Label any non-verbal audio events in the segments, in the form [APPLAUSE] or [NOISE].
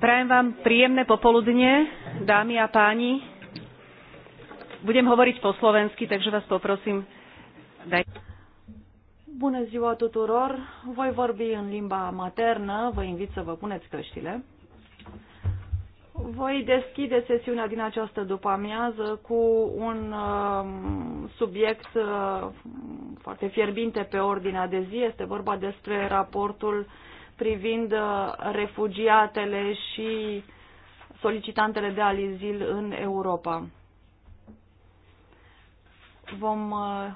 Prajem vám príjemné popoludne, dámy a páni. Budem hovoriť po slovensky, takže vás poprosím. Daj... Bună ziua tuturor! Voi vorbi în limba maternă, vă invit să vă puneți căștile. Voi deschide sesiunea din această după-amiază cu un uh, subiect uh, foarte fierbinte pe ordinea de zi. Este vorba despre raportul uh, privind uh, refugiatele și solicitantele de alizil în Europa. Vom uh,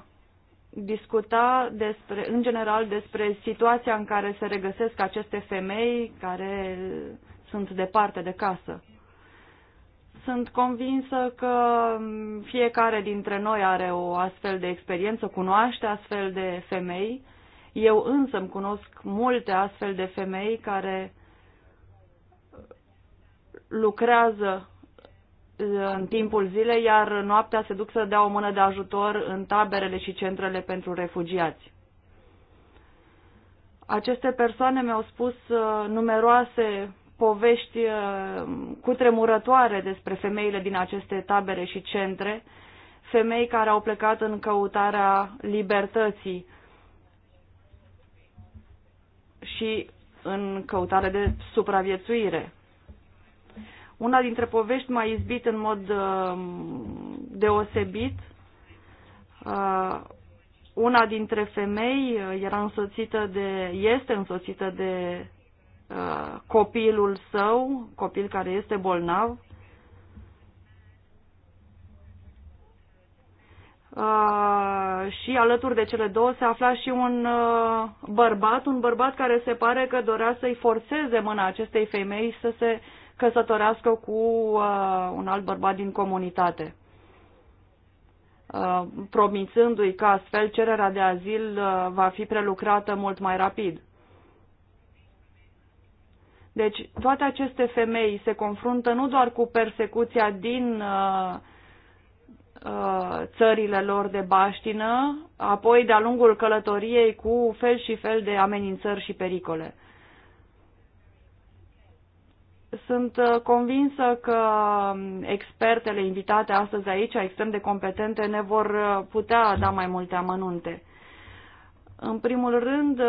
discuta despre, în general despre situația în care se regăsesc aceste femei care sunt departe de casă. Sunt convinsă că um, fiecare dintre noi are o astfel de experiență, cunoaște astfel de femei eu însă îmi cunosc multe astfel de femei care lucrează uh, în timpul zilei, iar noaptea se duc să dea o mână de ajutor în taberele și centrele pentru refugiați. Aceste persoane mi-au spus uh, numeroase povești uh, cutremurătoare despre femeile din aceste tabere și centre, femei care au plecat în căutarea libertății, și în căutare de supraviețuire. Una dintre povești m-a izbit în mod uh, deosebit. Uh, una dintre femei uh, era însoțită de, este însoțită de copilul său, copil care este bolnav Ah, și alături de cele două se afla și un uh, bărbat, un bărbat care se pare că dorea să-i forțeze mâna acestei femei să se căsătorească cu uh, un alt bărbat din comunitate, uh, promițându-i că astfel cererea de azil uh, va fi prelucrată mult mai rapid. Deci, toate aceste femei se confruntă nu doar cu persecuția din uh, Uh, țările lor de baștină, apoi de-a lungul călătoriei cu fel și fel de amenințări și pericole. Sunt uh, convinsă că um, expertele invitate astăzi aici, extrem de competente, ne vor uh, putea da mai multe amănunte. În primul rând,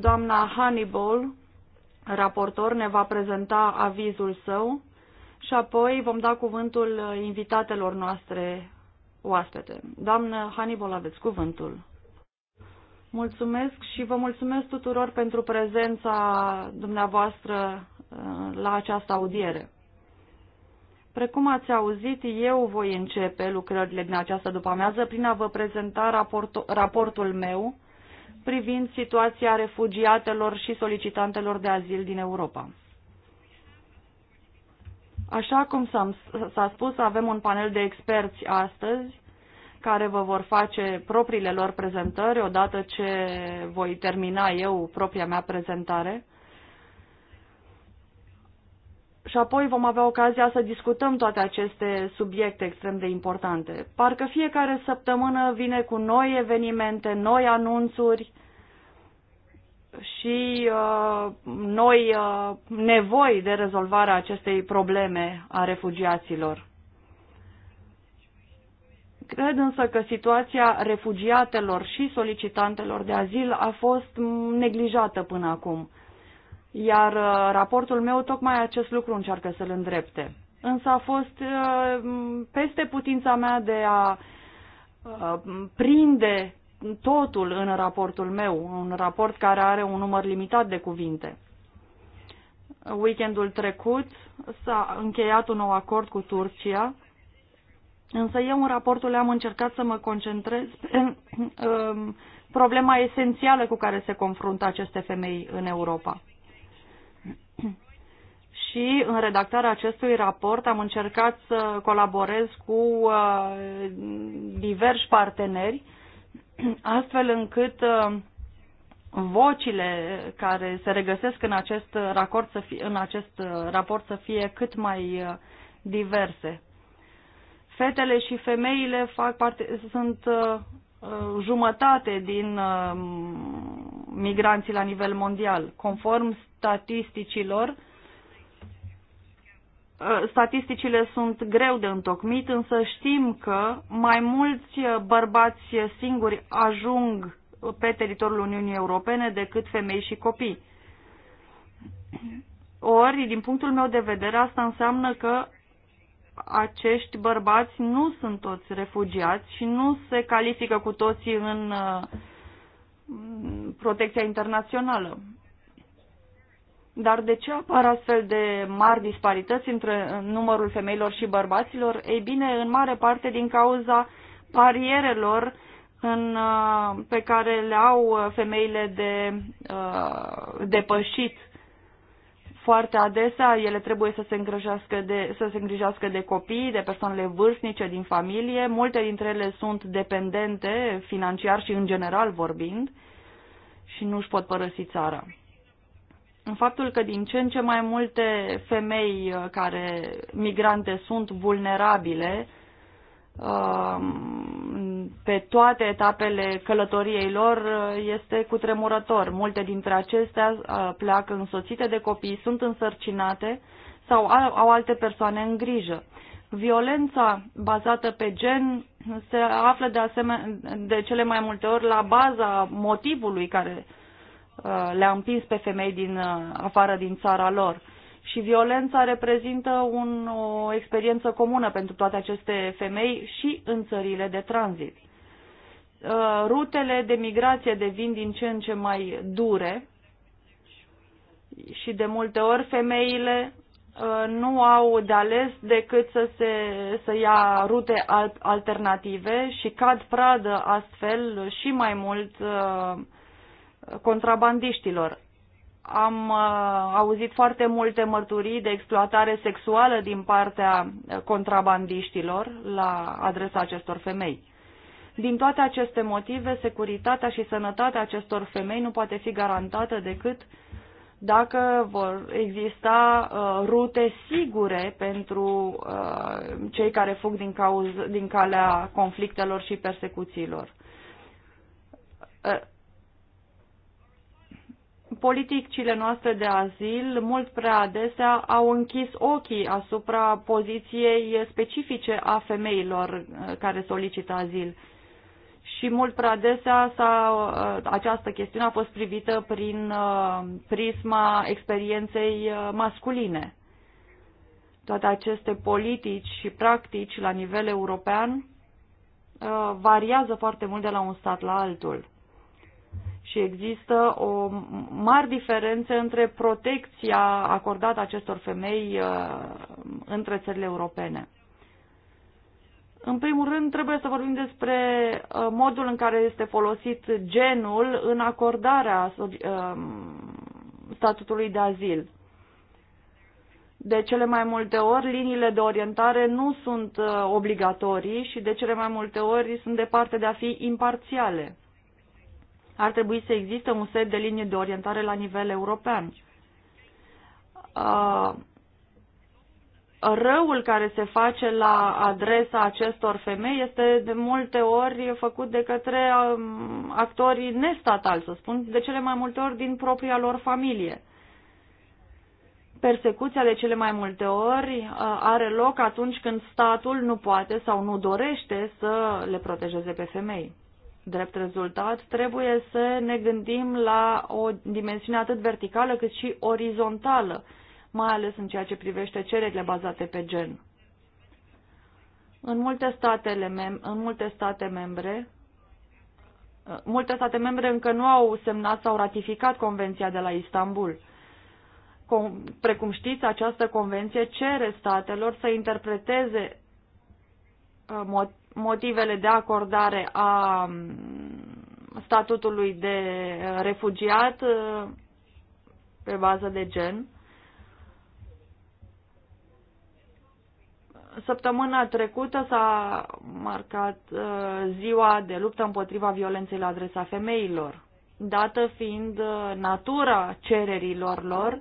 doamna Hannibal, raportor, ne va prezenta avizul său și apoi vom da cuvântul invitatelor noastre oaspete. Doamnă Hannibal, aveți cuvântul. Mulțumesc și vă mulțumesc tuturor pentru prezența dumneavoastră uh, la această audiere. Precum ați auzit, eu voi începe lucrările din această după-amiază prin a vă prezenta raportul, raportul meu privind situația refugiatelor și solicitantelor de azil din Europa. Așa cum s-a spus, avem un panel de experți astăzi care vă vor face propriile lor prezentări odată ce voi termina eu propria mea prezentare. Și apoi vom avea ocazia să discutăm toate aceste subiecte extrem de importante. Parcă fiecare săptămână vine cu noi evenimente, noi anunțuri, și uh, noi uh, nevoi de rezolvarea acestei probleme a refugiaților. Cred însă că situația refugiatelor și solicitantelor de azil a fost neglijată până acum, iar uh, raportul meu tocmai acest lucru încearcă să-l îndrepte. Însă a fost uh, peste putința mea de a uh, prinde totul în raportul meu, un raport care are un număr limitat de cuvinte. Weekendul trecut s-a încheiat un nou acord cu Turcia, însă eu în raportul am încercat să mă concentrez pe [CLEARS THROAT] um, problema esențială cu care se confruntă aceste femei în Europa. [CLEARS THROAT] Și în redactarea acestui raport am încercat să colaborez cu uh, diversi parteneri astfel încât uh, vocile care se regăsesc în acest, raport să fie, în acest uh, raport să fie cât mai uh, diverse. Fetele și femeile fac parte, sunt jumătate din migranții la nivel mondial. Conform statisticilor, Uh, statisticile sunt greu de întocmit, însă știm că mai mulți bărbați singuri ajung pe teritoriul Uniunii Europene decât femei și copii. Ori, din punctul meu de vedere, asta înseamnă că acești bărbați nu sunt toți refugiați și nu se califică cu toții în uh, protecția internațională. Dar de ce apar astfel de mari disparități între numărul femeilor și bărbaților? Ei bine, în mare parte din cauza barierelor în, uh, pe care le au uh, femeile de uh, depășit. Foarte adesea ele trebuie să se, îngrijească de, să se îngrijească de copii, de persoanele vârstnice din familie. Multe dintre ele sunt dependente financiar și în general vorbind și nu își pot părăsi țara în faptul că din ce în ce mai multe femei uh, care migrante sunt vulnerabile um, pe toate etapele călătoriei lor uh, este cutremurător. Multe dintre acestea uh, pleacă însoțite de copii, sunt însărcinate sau au alte persoane în grijă. Violența bazată pe gen se află de, asemenea, de cele mai multe ori la baza motivului care uh, Uh, le-a împins pe femei din uh, afară din țara lor. Și violența reprezintă un, o experiență comună pentru toate aceste femei și în țările de tranzit. Uh, rutele de migrație devin din ce în ce mai dure și de multe ori femeile nu au de ales decât să, se, să ia rute alternative și cad pradă astfel și mai mult uh, contrabandiștilor. Am uh, auzit foarte multe mărturii de exploatare sexuală din partea uh, contrabandiștilor la adresa acestor femei. Din toate aceste motive, securitatea și sănătatea acestor femei nu poate fi garantată decât dacă vor exista uh, rute sigure pentru uh, cei care fug din, cauza, din calea conflictelor și persecuțiilor. Uh, politicile noastre de azil mult prea adesea au închis ochii asupra poziției specifice a femeilor uh, care solicită azil. Și mult prea adesea uh, această chestiune a fost privită prin uh, prisma experienței masculine. Toate aceste politici și practici la nivel european variază foarte mult de la un stat la altul și există o mare diferență între protecția acordată acestor femei uh, între țările europene. În primul rând, trebuie să vorbim despre uh, modul în care este folosit genul în acordarea uh, statutului de azil. De cele mai multe ori, liniile de orientare nu sunt obligatorii și de cele mai multe ori sunt departe de a fi imparțiale ar trebui să existe un set de linii de orientare la nivel european. Uh, răul care se face la adresa acestor femei este de multe ori făcut de către um, actorii nestatali, să spun, de cele mai multe ori din propria lor familie persecuția de cele mai multe ori uh, are loc atunci când statul nu poate sau nu dorește să le protejeze pe femei. Drept rezultat, trebuie să ne gândim la o dimensiune atât verticală cât și orizontală, mai ales în ceea ce privește cererile bazate pe gen. În multe, statele mem- în multe state membre, multe state membre încă nu au semnat sau ratificat Convenția de la Istanbul. Precum știți, această convenție cere statelor să interpreteze uh, motivele de acordare a mm, statutului de refugiat pe bază de gen. Săptămâna trecută s-a marcat ziua de luptă împotriva violenței la adresa femeilor, dată fiind natura cererilor lor.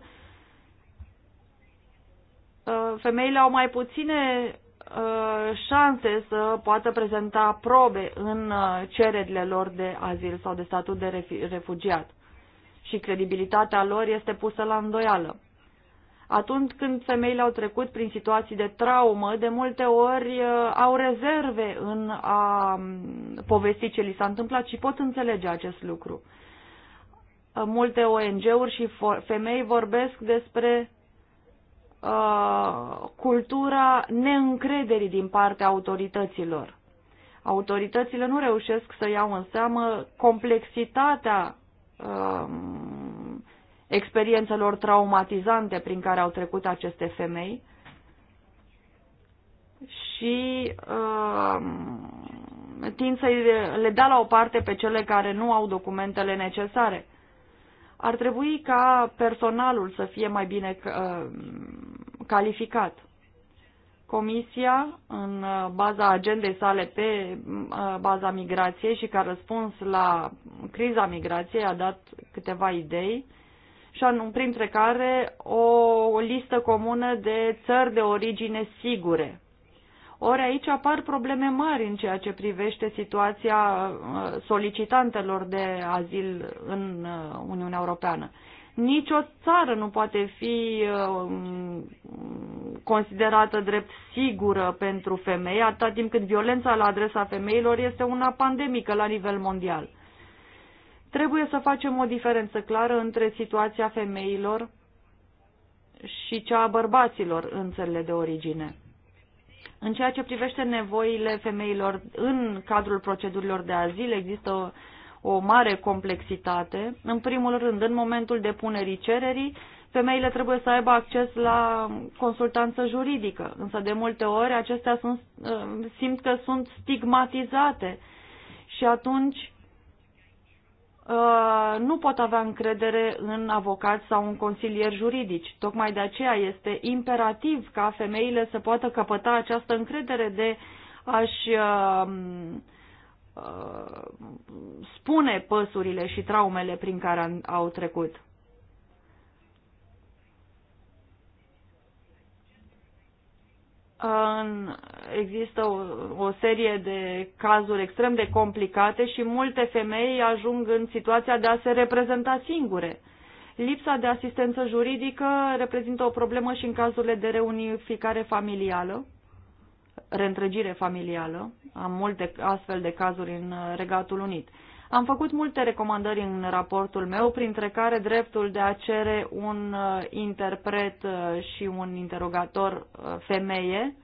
Femeile au mai puține Uh, șanse să poată prezenta probe în uh, cererile lor de azil sau de statut de refugiat și credibilitatea lor este pusă la îndoială. Atunci când femeile au trecut prin situații de traumă, de multe ori uh, au rezerve în a um, povesti ce li s-a întâmplat și pot înțelege acest lucru. Multe ONG-uri și femei vorbesc despre uh, cultura neîncrederii din partea autorităților. Autoritățile nu reușesc să iau în seamă complexitatea uh, experiențelor traumatizante prin care au trecut aceste femei și uh, tind să le dea la o parte pe cele care nu au documentele necesare. Ar trebui ca personalul să fie mai bine uh, calificat. Comisia, în uh, baza agendei sale pe uh, baza migrației și ca răspuns la criza migrației, a dat câteva idei, și anum, printre care o listă comună de țări de origine sigure. Ori aici apar probleme mari în ceea ce privește situația uh, solicitantelor de azil în Uniunea Europeană. Nicio țară nu poate fi um, considerată drept sigură pentru femei, atâta timp cât violența la adresa femeilor este una pandemică la nivel mondial. Trebuie să facem o diferență clară între situația femeilor și cea a bărbaților în țările de origine. În ceea ce privește nevoile femeilor în cadrul procedurilor de azil, există o mare complexitate. În primul rând, în momentul depunerii cererii, femeile trebuie să aibă acces la consultanță juridică, însă de multe ori acestea sunt, uh, simt că sunt stigmatizate și atunci uh, nu pot avea încredere în avocați sau în consilieri juridici. Tocmai de aceea este imperativ ca femeile să poată căpăta această încredere de a-și uh, Uh, spune păsurile și traumele prin care au trecut. Există o, o serie de cazuri extrem de complicate și multe femei ajung în situația de a se reprezenta singure. Lipsa de asistență juridică reprezintă o problemă și în cazurile de reunificare familială reîntregire familială. Am multe astfel de cazuri în Regatul Unit. Am făcut multe recomandări în raportul meu, printre care dreptul de a cere un uh, interpret uh, și un interogator uh, femeie.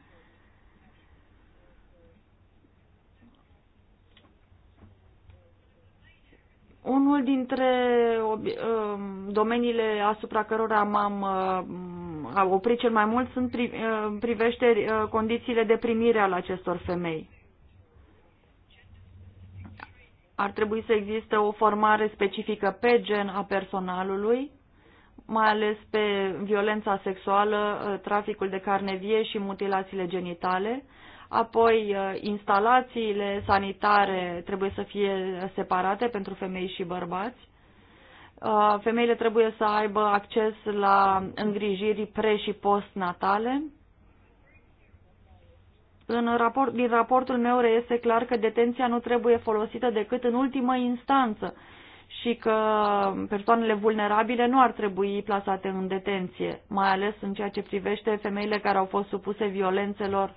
Unul dintre um, domeniile asupra cărora m-am a opri cel mai mult sunt pri, uh, privește uh, condițiile de primire al acestor femei. Ar trebui să existe o formare specifică pe gen a personalului, mai ales pe violența sexuală, uh, traficul de carne vie și mutilațiile genitale. Apoi, instalațiile sanitare trebuie să fie separate pentru femei și bărbați Uh, femeile trebuie să aibă acces la îngrijiri pre- și postnatale. În raport, din raportul meu reiese clar că detenția nu trebuie folosită decât în ultimă instanță și că persoanele vulnerabile nu ar trebui plasate în detenție, mai ales în ceea ce privește femeile care au fost supuse violențelor uh,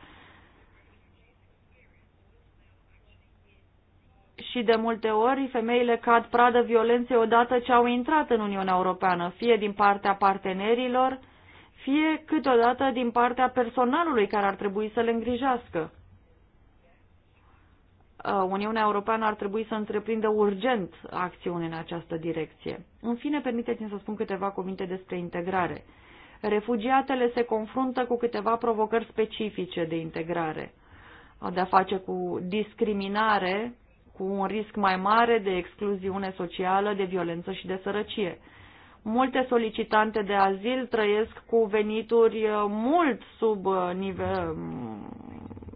și de multe ori femeile cad pradă violenței odată ce au intrat în Uniunea Europeană, fie din partea partenerilor, fie câteodată din partea personalului care ar trebui să le îngrijească. Uh, Uniunea Europeană ar trebui să întreprindă urgent acțiuni în această direcție. În fine, permiteți-mi să spun câteva cuvinte despre integrare. Refugiatele se confruntă cu câteva provocări specifice de integrare. Au de-a face cu discriminare cu un risc mai mare de excluziune socială, de violență și de sărăcie. Multe solicitante de azil trăiesc cu venituri uh, mult sub uh, nivel, mm,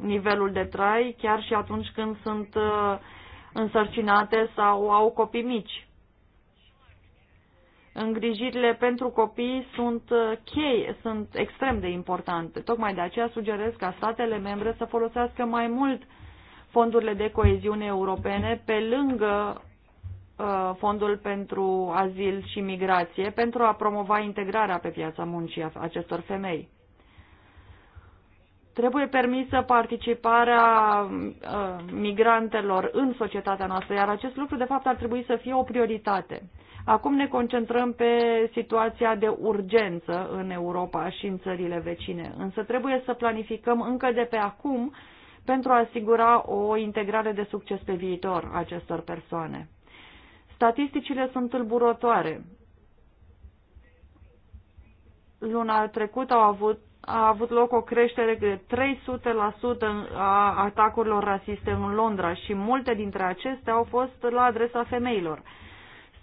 nivelul de trai, chiar și atunci când sunt uh, însărcinate sau au copii mici. Îngrijirile pentru copii sunt chei, sunt extrem de importante. Tocmai de aceea sugerez ca statele membre să folosească mai mult uh, fondurile de coeziune europene pe lângă uh, fondul pentru azil și migrație pentru a promova integrarea pe piața muncii a acestor femei. Trebuie permisă participarea uh, migrantelor în societatea noastră, iar acest lucru, de fapt, ar trebui să fie o prioritate. Acum ne concentrăm pe situația de urgență în Europa și în țările vecine, însă trebuie să planificăm încă de pe acum pentru a asigura o integrare de succes pe viitor acestor persoane. Statisticile sunt tulburătoare. Luna trecută au avut, a avut loc o creștere de 300% a atacurilor rasiste în Londra și multe dintre acestea au fost la adresa femeilor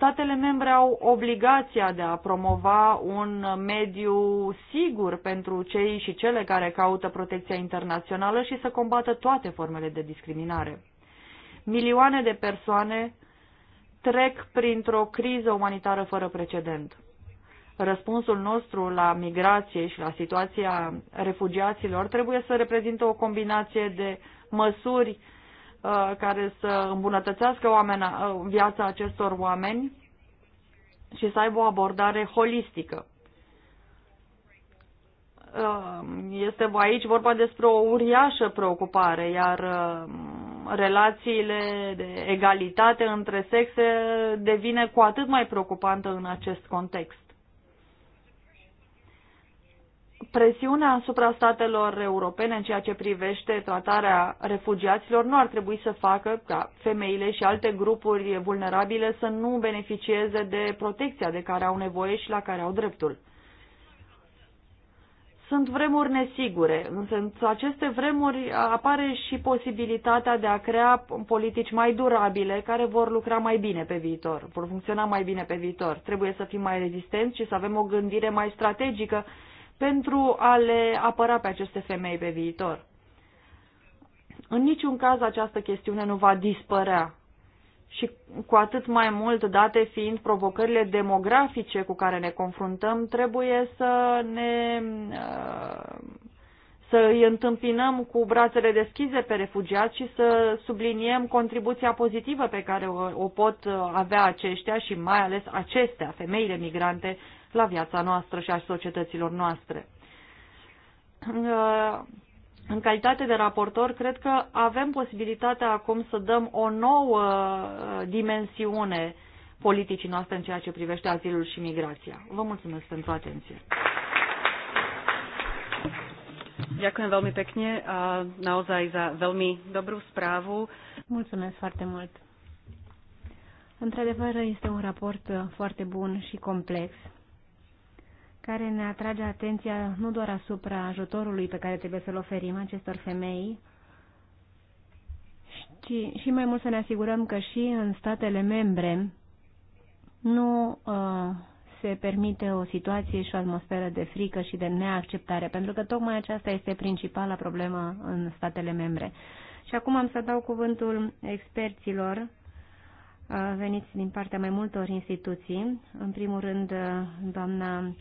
statele membre au obligația de a promova un mediu sigur pentru cei și cele care caută protecția internațională și să combată toate formele de discriminare. Milioane de persoane trec printr-o criză umanitară fără precedent. Răspunsul nostru la migrație și la situația refugiaților trebuie să reprezintă o combinație de măsuri Uh, care să îmbunătățească oamena, uh, viața acestor oameni și să aibă o abordare holistică. Uh, este aici vorba despre o uriașă preocupare, iar relațiile de egalitate între sexe devine cu atât mai preocupantă în acest context. presiunea asupra statelor europene în ceea ce privește tratarea refugiaților nu ar trebui să facă ca femeile și alte grupuri vulnerabile să nu beneficieze de protecția de care au nevoie și la care au dreptul. Sunt vremuri nesigure, însă în aceste vremuri apare și posibilitatea de a crea politici mai durabile care vor lucra mai bine pe viitor, vor funcționa mai bine pe viitor. Trebuie să fim mai rezistenți și să avem o gândire mai strategică pentru a le apăra pe aceste femei pe viitor. În niciun caz această chestiune nu va dispărea și cu atât mai mult, date fiind provocările demografice cu care ne confruntăm, trebuie să ne uh, să îi întâmpinăm cu brațele deschise pe refugiați și să subliniem contribuția pozitivă pe care o pot avea aceștia și mai ales acestea, femeile migrante, la viața noastră și a societăților noastre. În calitate de raportor, cred că avem posibilitatea acum să dăm o nouă uh, dimensiune politicii noastre în ceea ce privește azilul și migrația. Vă mulțumesc pentru atenție. Ďakujem veľmi pekne a uh, naozaj za veľmi dobrú správu. Mulțumesc foarte mult. Într-adevăr, este un raport uh, foarte bun și complex care ne atrage atenția nu doar asupra ajutorului pe care trebuie să-l oferim acestor femei, ci și mai mult să ne asigurăm că și în statele membre nu uh, se permite o situație și o atmosferă de frică și de neacceptare, pentru că tocmai aceasta este principala problemă în statele membre. Și acum am să dau cuvântul experților uh, veniți din partea mai multor instituții. În primul rând, uh, doamna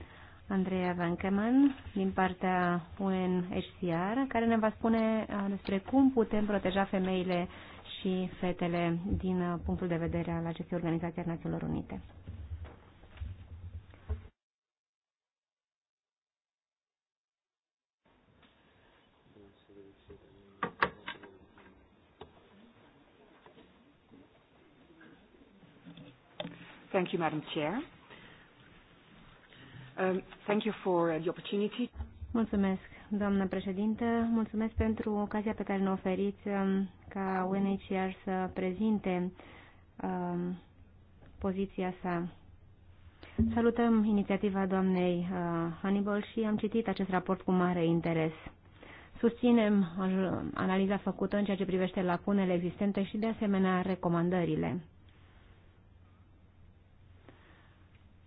Andreea Van Kemen din partea UNHCR, care ne va spune uh, despre cum putem proteja femeile și fetele din uh, punctul de vedere al acestei organizații a Națiunilor Unite. Thank you, Madam Chair. Um, thank you for uh, the opportunity. Mulțumesc, doamnă președintă. Mulțumesc pentru ocazia pe care ne oferiți um, ca UNHCR să prezinte um, poziția sa. Salutăm inițiativa doamnei uh, Hannibal și am citit acest raport cu mare interes. Susținem analiza făcută în ceea ce privește lacunele existente și, de asemenea, recomandările.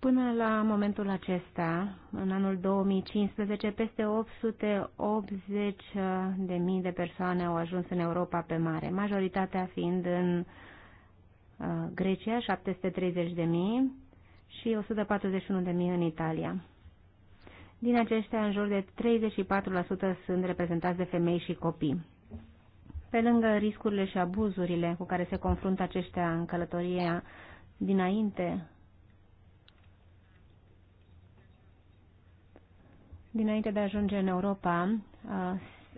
Până la momentul acesta, în anul 2015, peste 880 de mii de persoane au ajuns în Europa pe mare, majoritatea fiind în uh, Grecia, 730 de mii și 141 de mii în Italia. Din aceștia, în jur de 34% sunt reprezentați de femei și copii. Pe lângă riscurile și abuzurile cu care se confruntă aceștia în călătoria dinainte dinainte de a ajunge în Europa,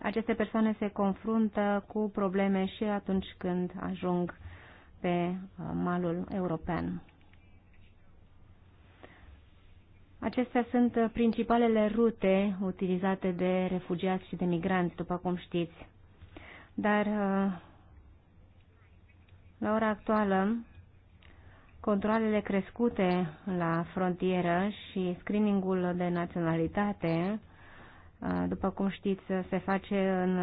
aceste persoane se confruntă cu probleme și atunci când ajung pe malul european. Acestea sunt principalele rute utilizate de refugiați și de migranți, după cum știți. Dar la ora actuală controlele crescute la frontieră și screeningul de naționalitate, după cum știți, se face în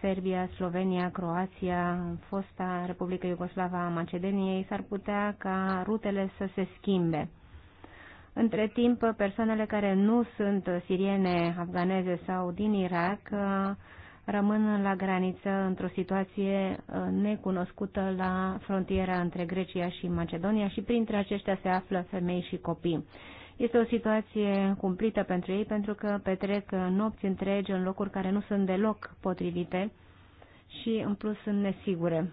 Serbia, Slovenia, Croația, în fosta Republică Iugoslava a Macedoniei, s-ar putea ca rutele să se schimbe. Între timp, persoanele care nu sunt siriene, afganeze sau din Irak rămân la graniță într-o situație uh, necunoscută la frontiera între Grecia și Macedonia și printre aceștia se află femei și copii. Este o situație cumplită pentru ei pentru că petrec nopți întregi în locuri care nu sunt deloc potrivite și în plus sunt nesigure.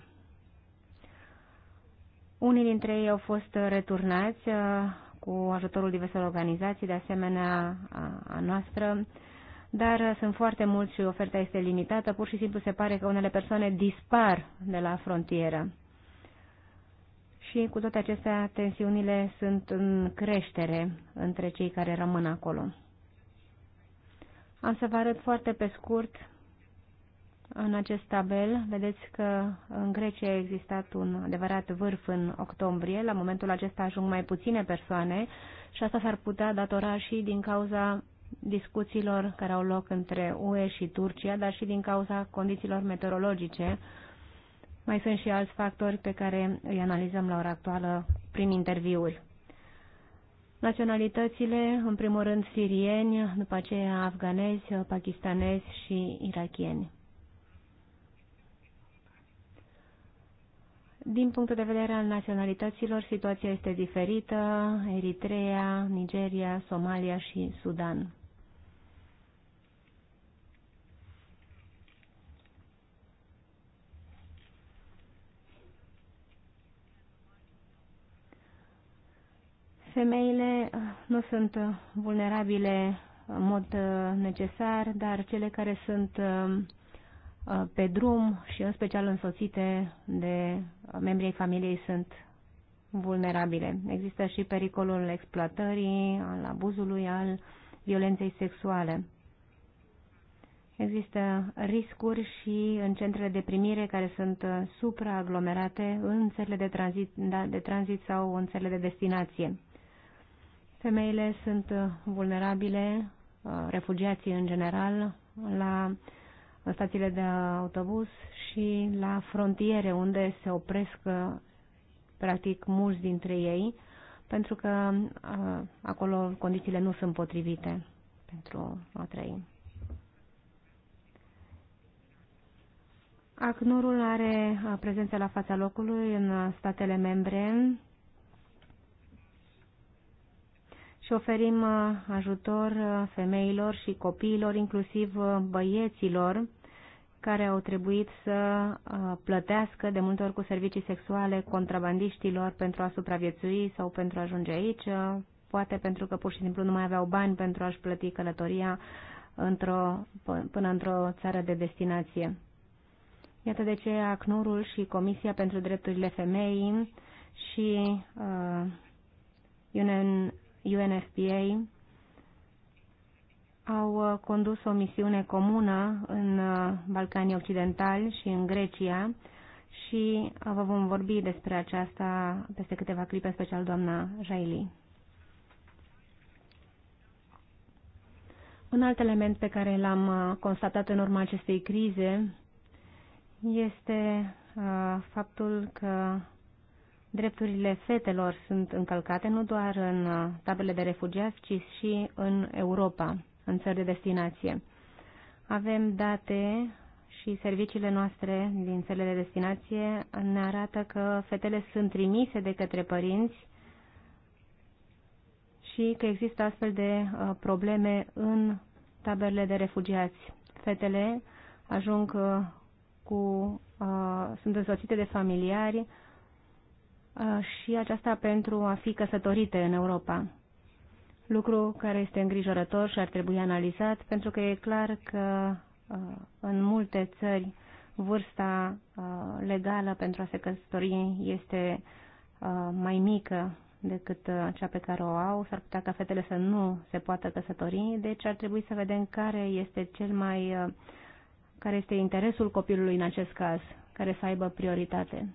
Unii dintre ei au fost returnați uh, cu ajutorul diverselor organizații, de asemenea a noastră, dar uh, sunt foarte mulți și oferta este limitată. Pur și simplu se pare că unele persoane dispar de la frontieră. Și cu toate acestea, tensiunile sunt în creștere între cei care rămân acolo. Am să vă arăt foarte pe scurt în acest tabel. Vedeți că în Grecia a existat un adevărat vârf în octombrie. La momentul acesta ajung mai puține persoane și asta s-ar putea datora și din cauza discuțiilor care au loc între UE și Turcia, dar și din cauza condițiilor meteorologice. Mai sunt și alți factori pe care îi analizăm la ora actuală prin interviuri. Naționalitățile, în primul rând sirieni, după aceea afganezi, pakistanezi și irachieni. Din punctul de vedere al naționalităților, situația este diferită, Eritrea, Nigeria, Somalia și Sudan. Femeile uh, nu sunt uh, vulnerabile în mod uh, necesar, dar cele care sunt Uh, pe drum și în special însoțite de membrii familiei sunt vulnerabile. Există și pericolul exploatării, al abuzului, al violenței sexuale. Există riscuri și în centrele de primire care sunt supraaglomerate în țările de tranzit, da, de tranzit sau în țările de destinație. Femeile sunt vulnerabile, uh, refugiații în general, la în stațiile de autobuz și la frontiere unde se opresc uh, practic mulți dintre ei pentru că uh, acolo condițiile nu sunt potrivite pentru a trăi. ACNUR-ul are uh, prezență la fața locului în statele membre și oferim ajutor femeilor și copiilor, inclusiv băieților, care au trebuit să uh, plătească de multe ori cu servicii sexuale contrabandiștilor pentru a supraviețui sau pentru a ajunge aici, uh, poate pentru că pur și simplu nu mai aveau bani pentru a-și plăti călătoria într-o, până într-o țară de destinație. Iată de ce ACNUR-ul și Comisia pentru Drepturile Femeii și uh, UNFPA au uh, condus o misiune comună în uh, Balcanii Occidentali și în Grecia și uh, vă vom vorbi despre aceasta peste câteva clipe, special doamna Jaili. Un alt element pe care l-am constatat în urma acestei crize este faptul că drepturile fetelor sunt încălcate nu doar în tabele de refugiați, ci și în Europa în țări de destinație. Avem date și serviciile noastre din țările de destinație ne arată că fetele sunt trimise de către părinți și că există astfel de uh, probleme în taberele de refugiați. Fetele ajung uh, cu, uh, sunt însoțite de familiari și aceasta pentru a fi căsătorite în Europa lucru care este îngrijorător și ar trebui analizat, pentru că e clar că uh, în multe țări vârsta uh, legală pentru a se căsători este uh, mai mică decât cea pe care o au, s-ar putea ca fetele să nu se poată căsători, deci ar trebui să vedem care este cel mai care este interesul copilului în acest caz, care să aibă prioritate.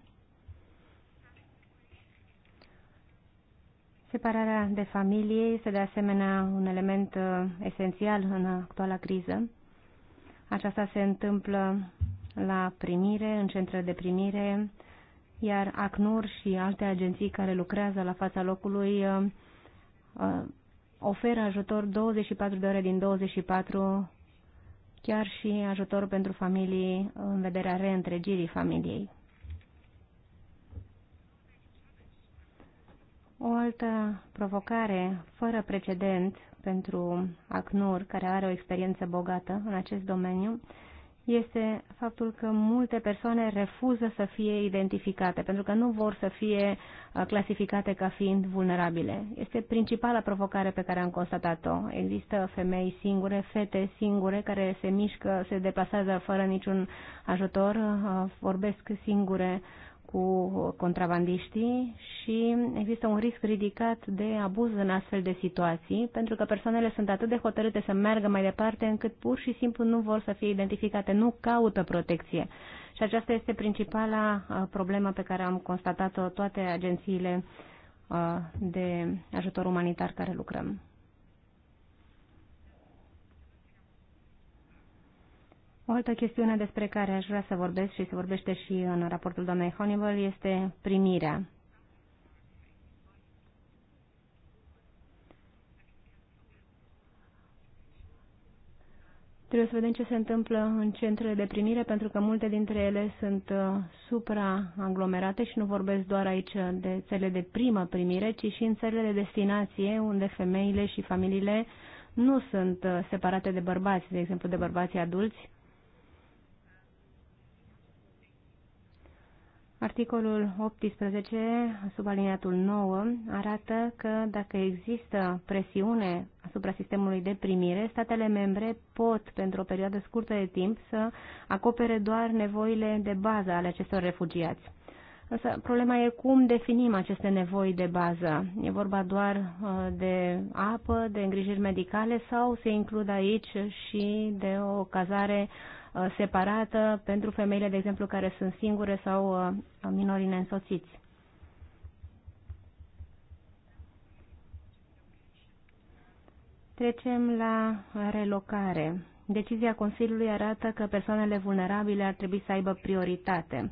Separarea de familie este de asemenea un element uh, esențial în actuala criză. Aceasta se întâmplă la primire, în centre de primire, iar ACNUR și alte agenții care lucrează la fața locului uh, uh, oferă ajutor 24 de ore din 24, chiar și ajutor pentru familii în vederea reîntregirii familiei. O altă provocare fără precedent pentru ACNUR, care are o experiență bogată în acest domeniu, este faptul că multe persoane refuză să fie identificate, pentru că nu vor să fie uh, clasificate ca fiind vulnerabile. Este principala provocare pe care am constatat-o. Există femei singure, fete singure, care se mișcă, se deplasează fără niciun ajutor, uh, vorbesc singure cu contrabandiștii și există un risc ridicat de abuz în astfel de situații, pentru că persoanele sunt atât de hotărâte să meargă mai departe încât pur și simplu nu vor să fie identificate, nu caută protecție. Și aceasta este principala uh, problemă pe care am constatat-o toate agențiile uh, de ajutor umanitar care lucrăm. O altă chestiune despre care aș vrea să vorbesc și se vorbește și în raportul doamnei Honeywell este primirea. Trebuie să vedem ce se întâmplă în centrele de primire, pentru că multe dintre ele sunt uh, supraaglomerate și nu vorbesc doar aici de țările de primă primire, ci și în țările de destinație, unde femeile și familiile nu sunt uh, separate de bărbați, de exemplu de bărbații adulți, Articolul 18, sub aliniatul 9, arată că dacă există presiune asupra sistemului de primire, statele membre pot, pentru o perioadă scurtă de timp, să acopere doar nevoile de bază ale acestor refugiați. Însă problema e cum definim aceste nevoi de bază. E vorba doar uh, de apă, de îngrijiri medicale sau se includ aici și de o cazare uh, Uh, separată pentru femeile, de exemplu, care sunt singure sau uh, minorii neînsoțiți. Trecem la relocare. Decizia Consiliului arată că persoanele vulnerabile ar trebui să aibă prioritate.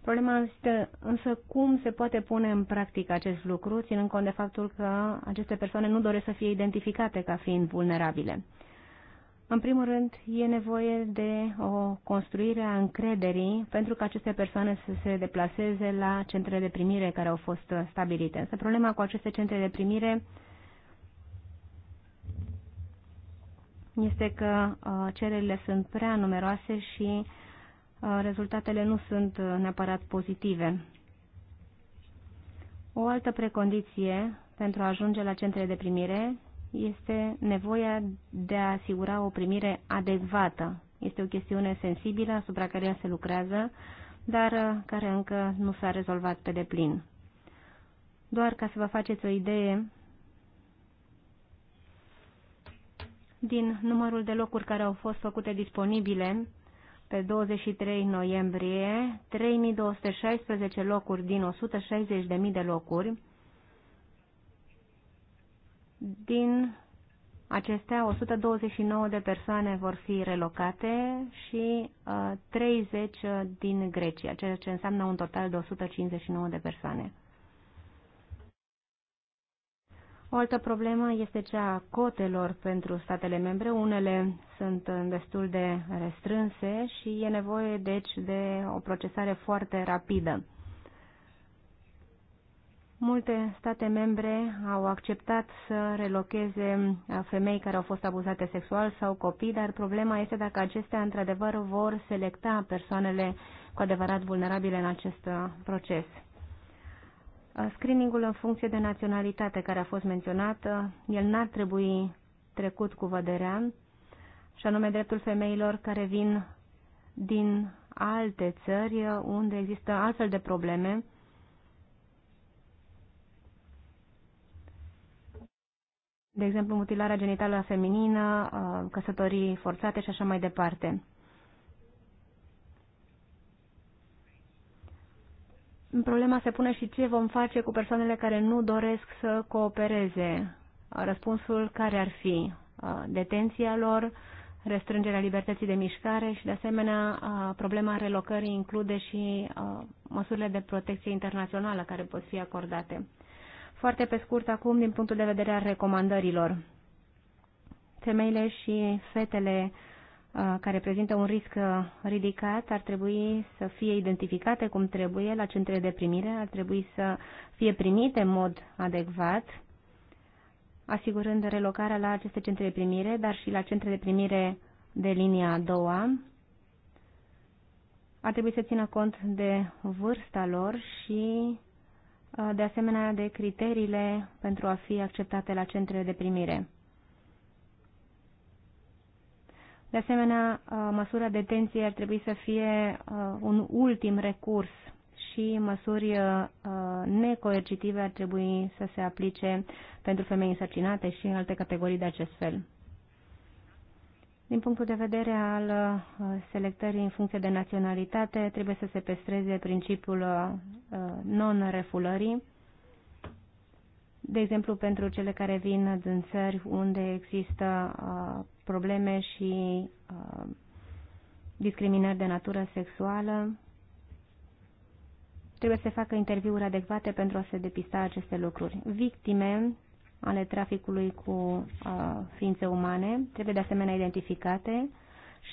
Problema este însă cum se poate pune în practică acest lucru, ținând cont de faptul că aceste persoane nu doresc să fie identificate ca fiind vulnerabile. În primul rând, e nevoie de o construire a încrederii pentru că aceste persoane să se deplaseze la centrele de primire care au fost stabilite. Însă problema cu aceste centre de primire este că uh, cererile sunt prea numeroase și uh, rezultatele nu sunt uh, neapărat pozitive. O altă precondiție pentru a ajunge la centrele de primire este nevoia de a asigura o primire adecvată. Este o chestiune sensibilă asupra care se lucrează, dar uh, care încă nu s-a rezolvat pe deplin. Doar ca să vă faceți o idee, din numărul de locuri care au fost făcute disponibile pe 23 noiembrie, 3216 locuri din 160.000 de locuri din acestea, 129 de persoane vor fi relocate și uh, 30 uh, din Grecia, ceea ce înseamnă un total de 159 de persoane. O altă problemă este cea a cotelor pentru statele membre. Unele sunt uh, destul de restrânse și e nevoie, deci, de o procesare foarte rapidă. Multe state membre au acceptat să relocheze uh, femei care au fost abuzate sexual sau copii, dar problema este dacă acestea într-adevăr vor selecta persoanele cu adevărat vulnerabile în acest uh, proces. Uh, screeningul în funcție de naționalitate care a fost menționat, el n-ar trebui trecut cu vederea, și anume dreptul femeilor care vin din alte țări unde există altfel de probleme, de exemplu, mutilarea genitală feminină, uh, căsătorii forțate și așa mai departe. Problema se pune și ce vom face cu persoanele care nu doresc să coopereze. Răspunsul care ar fi? Uh, detenția lor, restrângerea libertății de mișcare și, de asemenea, uh, problema relocării include și măsurile de protecție internațională care pot fi acordate. Foarte pe scurt acum, din punctul de vedere al recomandărilor. Femeile și fetele uh, care prezintă un risc uh, ridicat ar trebui să fie identificate cum trebuie la centre de primire, ar trebui să fie primite în mod adecvat, asigurând relocarea la aceste centre de primire, dar și la centre de primire de linia a doua. Ar trebui să țină cont de vârsta lor și Uh, de asemenea de criteriile pentru a fi acceptate la centrele de primire. De asemenea, uh, măsura detenției ar trebui să fie uh, un ultim recurs și măsuri necoercitive ar trebui să se aplice pentru femei însărcinate și în alte categorii de acest fel. Din punctul de vedere al uh, selectării în funcție de naționalitate, trebuie să se pestreze principiul uh, uh, non-refulării, de exemplu pentru cele care vin din țări unde există probleme și discriminări de natură sexuală. Trebuie să se facă interviuri adecvate pentru a se depista aceste lucruri. Victime ale traficului cu uh, ființe umane trebuie de asemenea identificate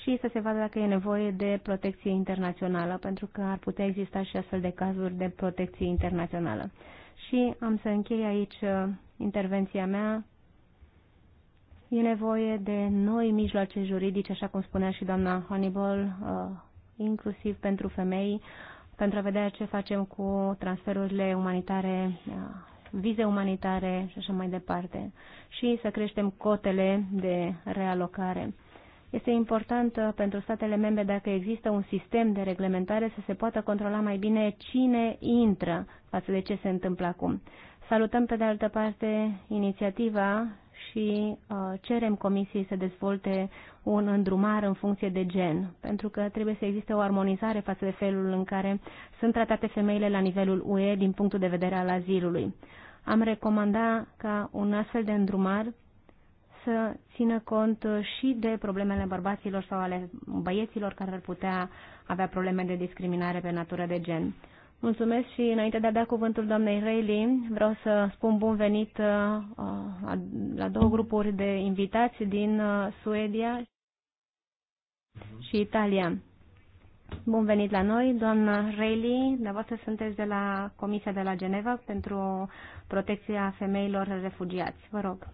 și să se vadă dacă e nevoie de protecție internațională, pentru că ar putea exista și astfel de cazuri de protecție internațională. Și am să închei aici uh, intervenția mea. E nevoie de noi mijloace juridice, așa cum spunea și doamna Hannibal, uh, inclusiv pentru femei, pentru a vedea ce facem cu transferurile umanitare uh, vize umanitare și așa mai departe, și să creștem cotele de realocare. Este important pentru statele membre dacă există un sistem de reglementare să se poată controla mai bine cine intră față de ce se întâmplă acum. Salutăm pe de altă parte inițiativa și uh, cerem comisiei să dezvolte un îndrumar în funcție de gen, pentru că trebuie să existe o armonizare față de felul în care sunt tratate femeile la nivelul UE din punctul de vedere al azilului. Am recomanda ca un astfel de îndrumar să țină cont și de problemele bărbaților sau ale băieților care ar putea avea probleme de discriminare pe natură de gen. Mulțumesc și înainte de a da cuvântul doamnei Reilly, vreau să spun bun venit uh, la două grupuri de invitați din uh, Suedia și Italia. Bun venit la noi, doamna Reilly, dumneavoastră sunteți de la Comisia de la Geneva pentru protecția femeilor refugiați. Vă rog.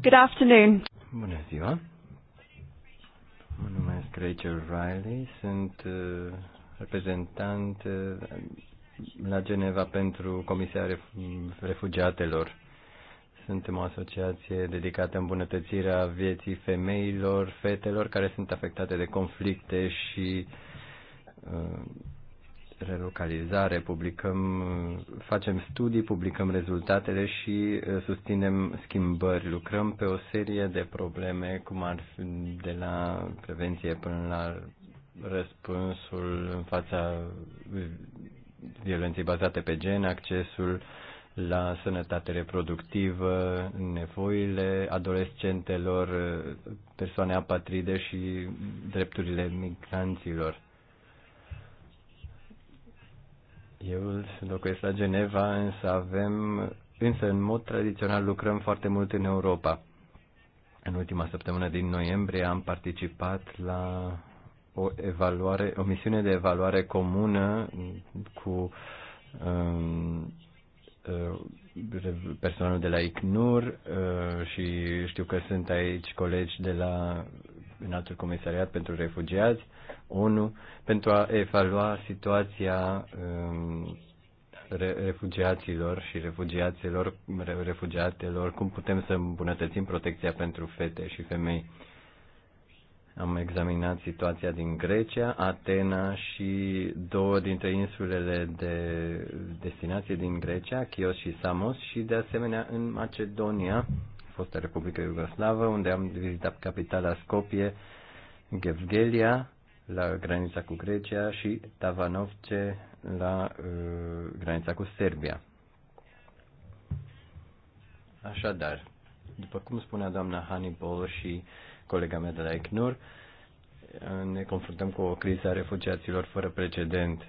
Good afternoon. Bună ziua. Rachel Riley, sunt uh, reprezentant uh, la Geneva pentru Comisia Refugiatelor. Suntem o asociație dedicată îmbunătățirea vieții femeilor, fetelor care sunt afectate de conflicte și uh, relocalizare. Publicăm, facem studii, publicăm rezultatele și uh, susținem schimbări. Lucrăm pe o serie de probleme, cum ar fi de la prevenție până la răspunsul în fața violenței bazate pe gen, accesul la sănătate reproductivă, nevoile adolescentelor, uh, persoane apatride și drepturile migranților. Eu locuiesc la Geneva, însă avem, însă în mod tradițional lucrăm foarte mult în Europa. În ultima săptămână din noiembrie am participat la o evaluare, o misiune de evaluare comună cu um, uh, personalul de la ICNUR uh, și știu că sunt aici colegi de la altul Comisariat pentru Refugiați ONU pentru a evalua situația um, refugiaților și refugiaților, refugiatelor, cum putem să îmbunătățim protecția pentru fete și femei. Am examinat situația din Grecia, Atena și două dintre insulele de destinație din Grecia, Chios și Samos, și de asemenea în Macedonia, fosta Republică Iugoslavă, unde am vizitat capitala Skopje, Gevgelia, la granița cu Grecia și Tavanovce la uh, granița cu Serbia. Așadar, după cum spunea doamna Hannibal și colega mea de la ICNUR, uh, ne confruntăm cu o criză a refugiaților fără precedent.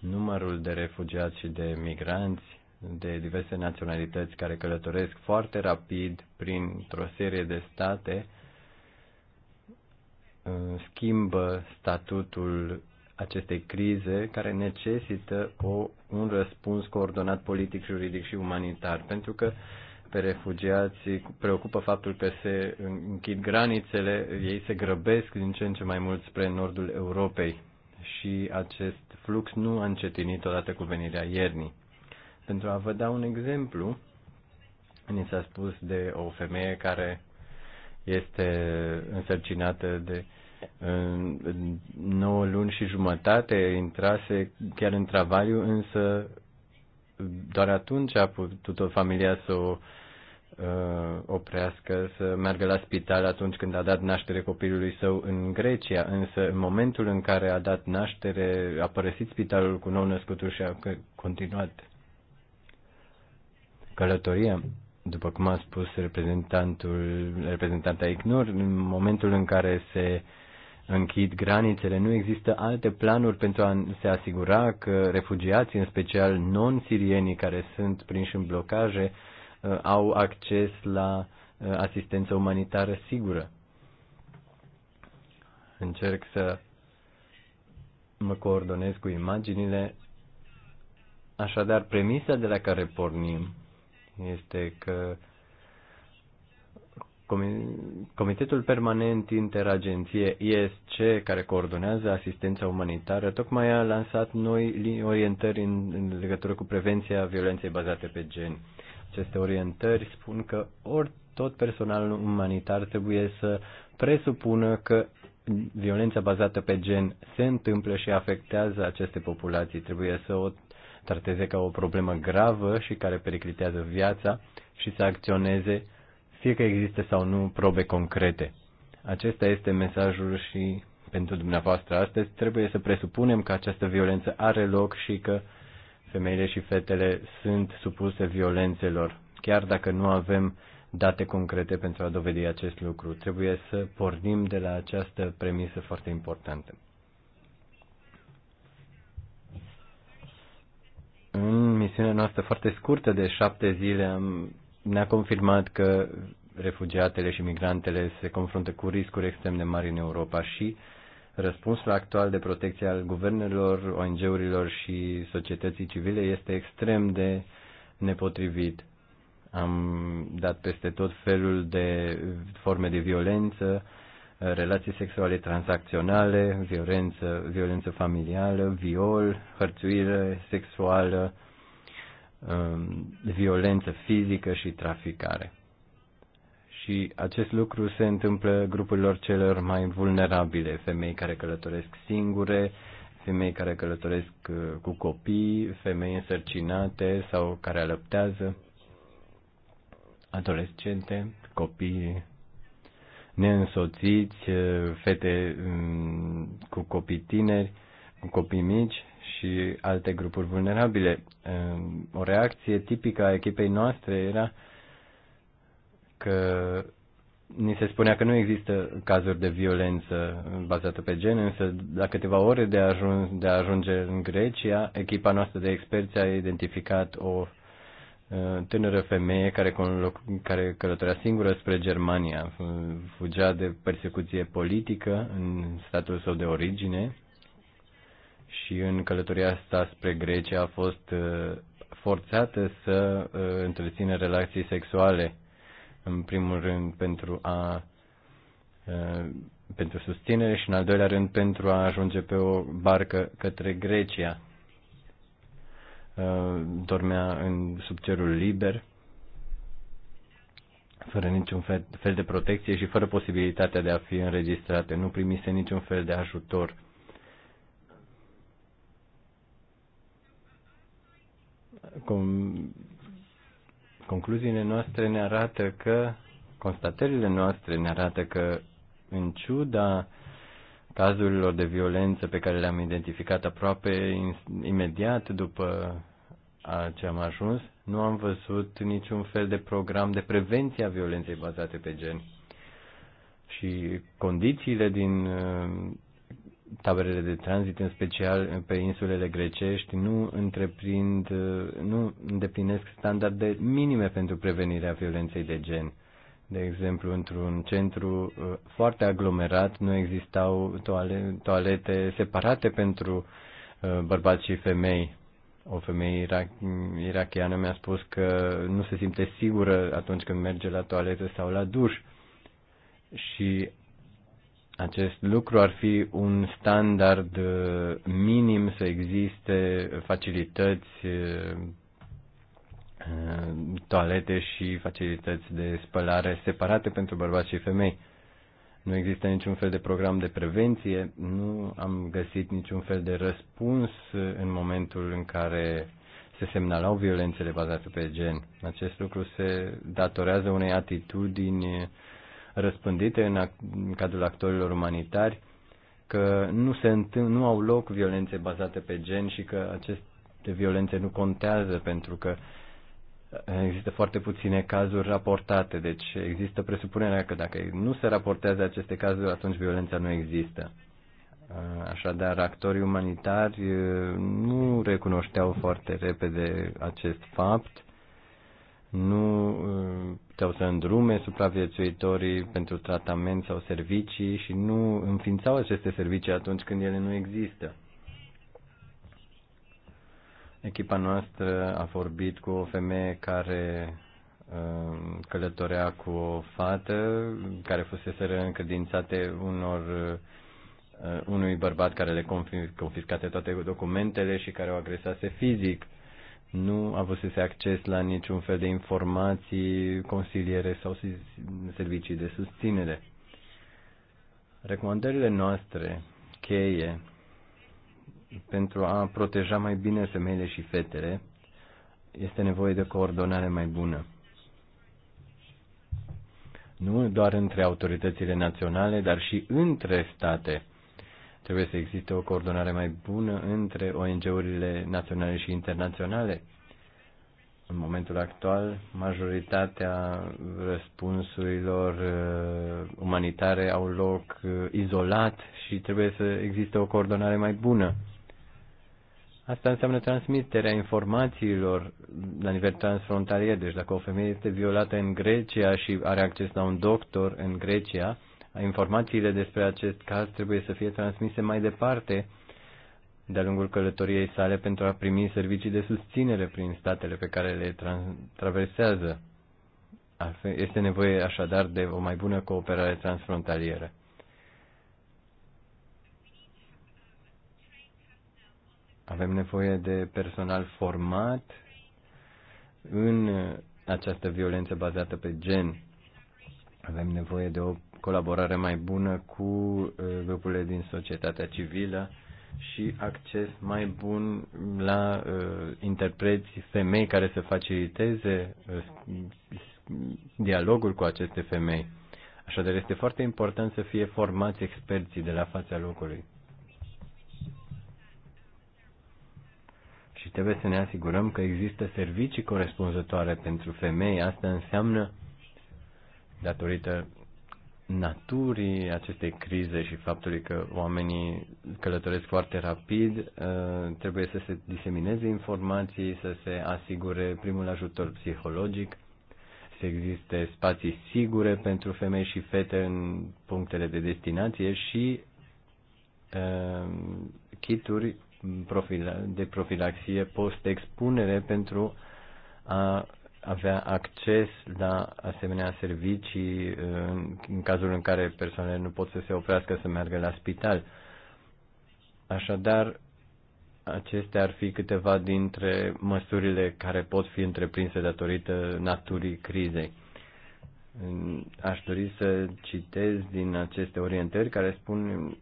Numărul de refugiați și de migranți de diverse naționalități care călătoresc foarte rapid printr-o serie de state Uh, schimbă statutul acestei crize care necesită o, un răspuns coordonat politic, juridic și umanitar, pentru că pe refugiații preocupă faptul că se închid granițele, ei se grăbesc din ce în ce mai mult spre nordul Europei și acest flux nu a încetinit odată cu venirea iernii. Pentru a vă da un exemplu, ni s-a spus de o femeie care este însărcinată de nouă luni și jumătate, intrase chiar în travaliu, însă doar atunci a putut o familia să o uh, oprească să meargă la spital atunci când a dat naștere copilului său în Grecia, însă în momentul în care a dat naștere a părăsit spitalul cu nou născutul și a continuat călătoria după cum a spus reprezentantul, reprezentanta IGNOR, în momentul în care se închid granițele, nu există alte planuri pentru a se asigura că refugiații, în special non-sirienii care sunt prinși în blocaje, uh, au acces la uh, asistență umanitară sigură. Încerc să mă coordonez cu imaginile. Așadar, premisa de la care pornim este că Comitetul Permanent Interagenție ISC, care coordonează asistența umanitară, tocmai a lansat noi orientări în legătură cu prevenția violenței bazate pe gen. Aceste orientări spun că ori tot personalul umanitar trebuie să presupună că violența bazată pe gen se întâmplă și afectează aceste populații. Trebuie să o trateze ca o problemă gravă și care periclitează viața și să acționeze, fie că există sau nu probe concrete. Acesta este mesajul și pentru dumneavoastră astăzi. Trebuie să presupunem că această violență are loc și că femeile și fetele sunt supuse violențelor, chiar dacă nu avem date concrete pentru a dovedi acest lucru. Trebuie să pornim de la această premisă foarte importantă. În misiunea noastră foarte scurtă de șapte zile am, ne-a confirmat că refugiatele și migrantele se confruntă cu riscuri extrem de mari în Europa și răspunsul actual de protecție al guvernelor, ONG-urilor și societății civile este extrem de nepotrivit. Am dat peste tot felul de forme de violență, relații sexuale tranzacționale, violență, violență familială, viol, hărțuire sexuală, um, violență fizică și traficare. Și acest lucru se întâmplă grupurilor celor mai vulnerabile, femei care călătoresc singure, femei care călătoresc uh, cu copii, femei însărcinate sau care alăptează, adolescente, copii neînsoțiți, fete cu copii tineri, cu copii mici și alte grupuri vulnerabile. O reacție tipică a echipei noastre era că ni se spunea că nu există cazuri de violență bazată pe gen, însă la câteva ore de a, ajunge, de a ajunge în Grecia, echipa noastră de experți a identificat o tânără femeie care, care călătorea singură spre Germania, fugea de persecuție politică în statul său de origine și în călătoria asta spre Grecia a fost uh, forțată să uh, întrețină relații sexuale, în primul rând pentru a uh, pentru susținere și în al doilea rând pentru a ajunge pe o barcă către Grecia Uh, dormea în sub cerul liber, fără niciun fel, fel de protecție și fără posibilitatea de a fi înregistrate. Nu primise niciun fel de ajutor. Com, concluziile noastre ne arată că, constatările noastre ne arată că, în ciuda cazurilor de violență pe care le-am identificat aproape imediat după ce am ajuns, nu am văzut niciun fel de program de prevenție a violenței bazate pe gen. Și condițiile din uh, taberele de tranzit, în special pe insulele grecești, nu, întreprind, uh, nu îndeplinesc standarde minime pentru prevenirea violenței de gen. De exemplu, într-un centru uh, foarte aglomerat nu existau toale, toalete separate pentru uh, bărbați și femei. O femeie irac- irachiană mi-a spus că nu se simte sigură atunci când merge la toaletă sau la duș. Și acest lucru ar fi un standard uh, minim să existe facilități Uh, toalete și facilități de spălare separate pentru bărbați și femei. Nu există niciun fel de program de prevenție, nu am găsit niciun fel de răspuns în momentul în care se semnalau violențele bazate pe gen. Acest lucru se datorează unei atitudini răspândite în, în cadrul actorilor umanitari că nu, se întâm- nu au loc violențe bazate pe gen și că aceste violențe nu contează pentru că uh, Există foarte puține cazuri raportate, deci există presupunerea că dacă nu se raportează aceste cazuri, atunci violența nu există. Uh, așadar, actorii umanitari uh, nu recunoșteau foarte repede acest fapt, nu puteau uh, să îndrume supraviețuitorii pentru tratament sau servicii și nu înființau aceste servicii atunci când ele nu există. Echipa noastră a vorbit cu o femeie care um, călătorea cu o fată care fusese încredințate unor uh, unui bărbat care le confiscate toate documentele și care o agresase fizic. Nu avusese acces la niciun fel de informații, consiliere sau servicii de susținere. Recomandările noastre cheie pentru a proteja mai bine femeile și fetele, este nevoie de coordonare mai bună. Nu doar între autoritățile naționale, dar și între state. Trebuie să existe o coordonare mai bună între ONG-urile naționale și internaționale. În momentul actual, majoritatea răspunsurilor uh, umanitare au loc uh, izolat și trebuie să existe o coordonare mai bună. Asta înseamnă transmiterea informațiilor la nivel transfrontalier. Deci dacă o femeie este violată în Grecia și are acces la un doctor în Grecia, informațiile despre acest caz trebuie să fie transmise mai departe de-a lungul călătoriei sale pentru a primi servicii de susținere prin statele pe care le tra- traversează. Este nevoie așadar de o mai bună cooperare transfrontalieră. Avem nevoie de personal format în această violență bazată pe gen. Avem nevoie de o colaborare mai bună cu uh, grupurile din societatea civilă și acces mai bun la uh, interpreți femei care să faciliteze uh, dialogul cu aceste femei. Așadar, este foarte important să fie formați experții de la fața locului. trebuie să ne asigurăm că există servicii corespunzătoare pentru femei. Asta înseamnă, datorită naturii acestei crize și faptului că oamenii călătoresc foarte rapid, uh, trebuie să se disemineze informații, să se asigure primul ajutor psihologic, să existe spații sigure pentru femei și fete în punctele de destinație și kituri uh, de profilaxie post-expunere pentru a avea acces la asemenea servicii în cazul în care persoanele nu pot să se oprească să meargă la spital. Așadar, acestea ar fi câteva dintre măsurile care pot fi întreprinse datorită naturii crizei. Aș dori să citez din aceste orientări care spun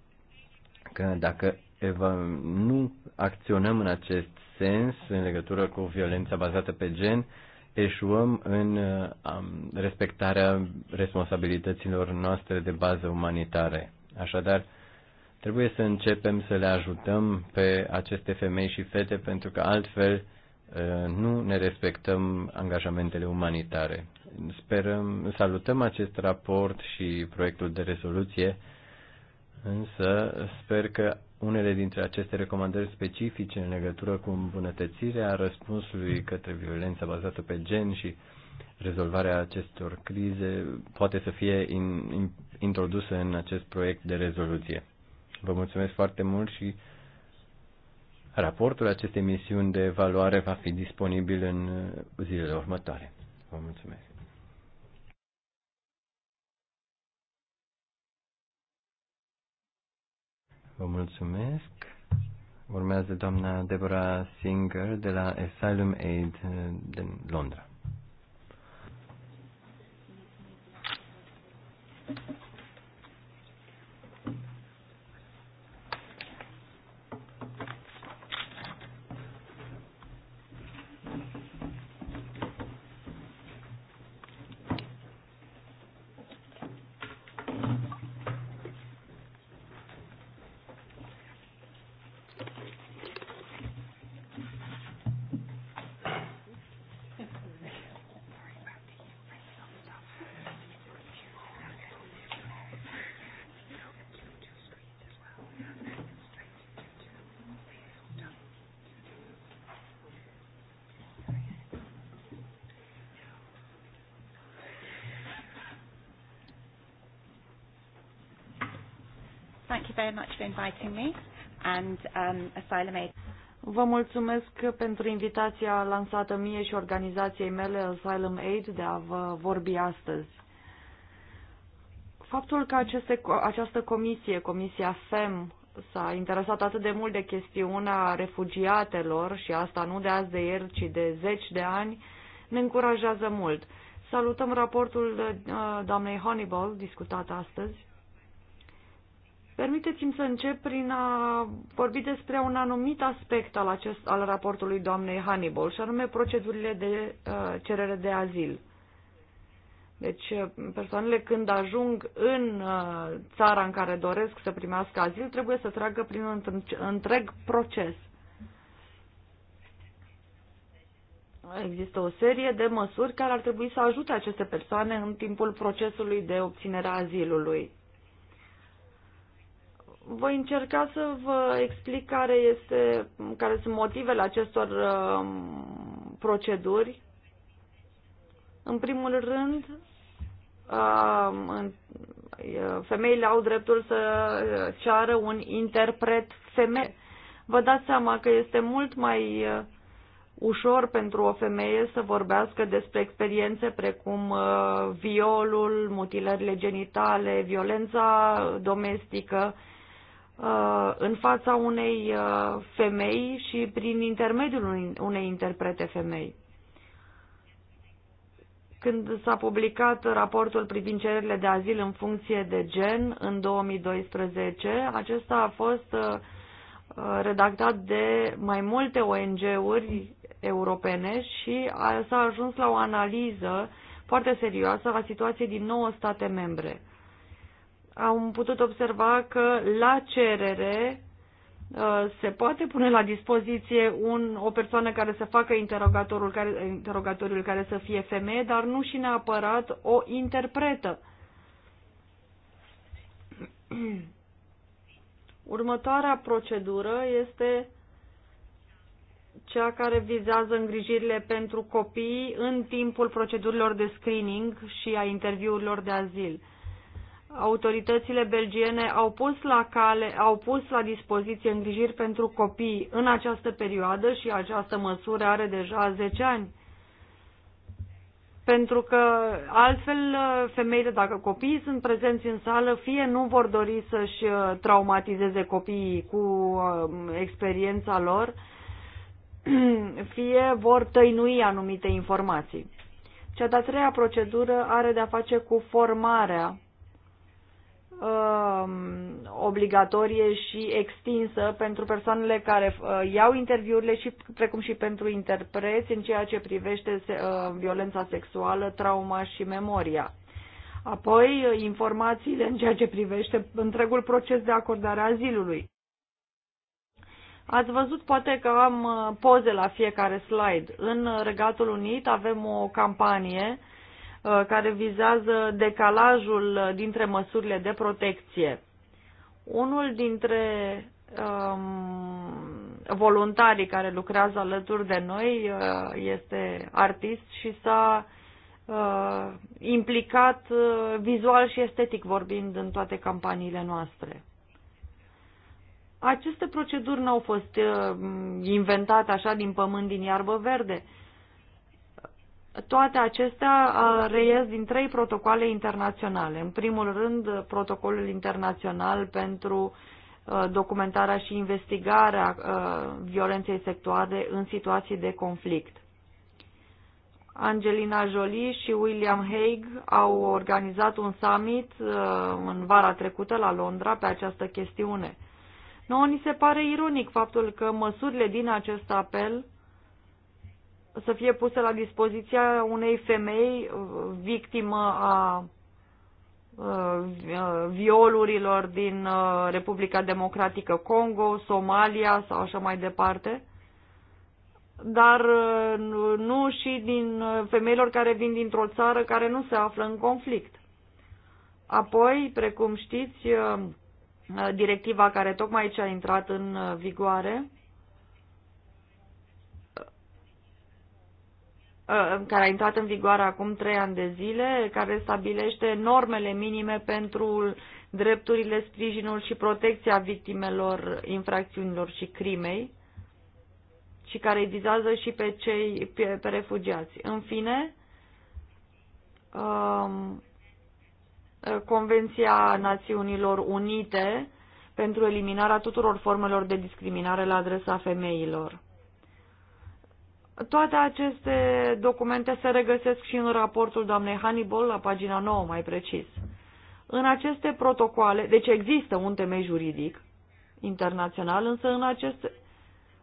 că dacă Eva nu acționăm în acest sens în legătură cu violența bazată pe gen, eșuăm în respectarea responsabilităților noastre de bază umanitare. Așadar, trebuie să începem să le ajutăm pe aceste femei și fete pentru că altfel ă, nu ne respectăm angajamentele umanitare. Sperăm, salutăm acest raport și proiectul de rezoluție, însă sper că unele dintre aceste recomandări specifice în legătură cu îmbunătățirea răspunsului către violența bazată pe gen și rezolvarea acestor crize poate să fie in, in, introdusă în acest proiect de rezoluție. Vă mulțumesc foarte mult și raportul acestei misiuni de evaluare va fi disponibil în uh, zilele următoare. Vă mulțumesc. Vă mulțumesc. Urmează doamna Deborah Singer de la Asylum Aid eh, din Londra. very much for inviting me and um, Asylum Aid. Vă mulțumesc pentru invitația lansată mie și organizației mele Asylum Aid de a vă vorbi astăzi. Faptul că aceste, această comisie, Comisia FEM, s-a interesat atât de mult de chestiunea refugiatelor și asta nu de azi de ieri, ci de zeci de ani, ne încurajează mult. Salutăm raportul uh, doamnei Honeyball discutat astăzi Permiteți-mi să încep prin a vorbi despre un anumit aspect al, acest, al raportului doamnei Hannibal, și anume procedurile de uh, cerere de azil. Deci, uh, persoanele când ajung în uh, țara în care doresc să primească azil, trebuie să treacă prin un întreg proces. Există o serie de măsuri care ar trebui să ajute aceste persoane în timpul procesului de obținere a azilului voi încerca să vă explic care, este, care sunt motivele acestor um, proceduri. În primul rând, um, femeile au dreptul să uh, ceară un interpret femeie. Vă dați seama că este mult mai uh, ușor pentru o femeie să vorbească despre experiențe precum uh, violul, mutilările genitale, violența domestică, Uh, în fața unei uh, femei și prin intermediul unei interprete femei. Când s-a publicat raportul privind cererile de azil în funcție de gen în 2012, acesta a fost uh, redactat de mai multe ONG-uri europene și s-a ajuns la o analiză foarte serioasă a situației din 9 state membre am putut observa că la cerere uh, se poate pune la dispoziție un, o persoană care să facă interogatorul care, interogatoriul care să fie femeie, dar nu și neapărat o interpretă. [CLEARS THROAT] Următoarea procedură este cea care vizează îngrijirile pentru copii în timpul procedurilor de screening și a interviurilor de azil autoritățile belgiene au pus la cale, au pus la dispoziție îngrijiri pentru copii în această perioadă și această măsură are deja 10 ani. Pentru că altfel femeile, dacă copiii sunt prezenți în sală, fie nu vor dori să-și uh, traumatizeze copiii cu um, experiența lor, [CLEARS THROAT] fie vor tăinui anumite informații. Cea de-a treia procedură are de-a face cu formarea Um, obligatorie și extinsă pentru persoanele care uh, iau interviurile și precum și pentru interpreți în ceea ce privește uh, violența sexuală, trauma și memoria. Apoi, uh, informațiile în ceea ce privește întregul proces de acordare a azilului. Ați văzut poate că am poze la fiecare slide. În Regatul Unit avem o campanie uh, Uh, care vizează decalajul dintre măsurile de protecție. Unul dintre um, voluntarii care lucrează alături de noi uh, este artist și s-a uh, implicat uh, vizual și estetic vorbind în toate campaniile noastre. Aceste proceduri n-au fost uh, inventate așa din pământ, din iarbă verde. Uh, toate acestea reiesc din trei protocoale internaționale. În primul rând, protocolul internațional pentru documentarea și investigarea violenței sexuale în situații de conflict. Angelina Jolie și William Hague au organizat un summit în vara trecută la Londra pe această chestiune. Noi ni se pare ironic faptul că măsurile din acest apel să fie pusă la dispoziția unei femei uh, victimă uh, a violurilor din uh, Republica Democratică Congo, Somalia sau așa mai departe, dar nu și din femeilor care vin dintr-o țară care nu se află în conflict. Apoi, precum știți, directiva care tocmai aici a intrat în vigoare, Uh, care a intrat în vigoare acum trei ani de zile, care stabilește normele minime pentru drepturile, sprijinul și protecția victimelor infracțiunilor și crimei și care vizează și pe cei pe, pe refugiați. În fine, um, Convenția Națiunilor Unite pentru eliminarea tuturor formelor de discriminare la adresa femeilor. Toate aceste documente se regăsesc și în raportul doamnei Hannibal, la pagina 9 mai precis. În aceste protocoale, deci există un temei juridic internațional, însă, în aceste,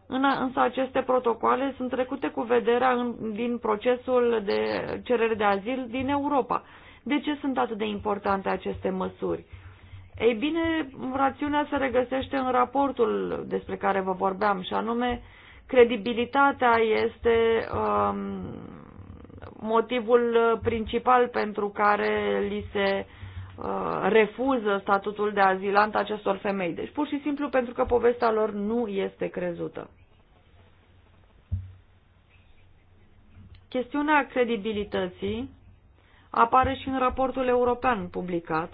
în, însă aceste protocoale sunt trecute cu vederea în, din procesul de cerere de azil din Europa. De ce sunt atât de importante aceste măsuri? Ei bine, rațiunea se regăsește în raportul despre care vă vorbeam, și anume Credibilitatea este um, motivul principal pentru care li se uh, refuză statutul de azilant acestor femei. Deci pur și simplu pentru că povestea lor nu este crezută. Chestiunea credibilității apare și în raportul european publicat.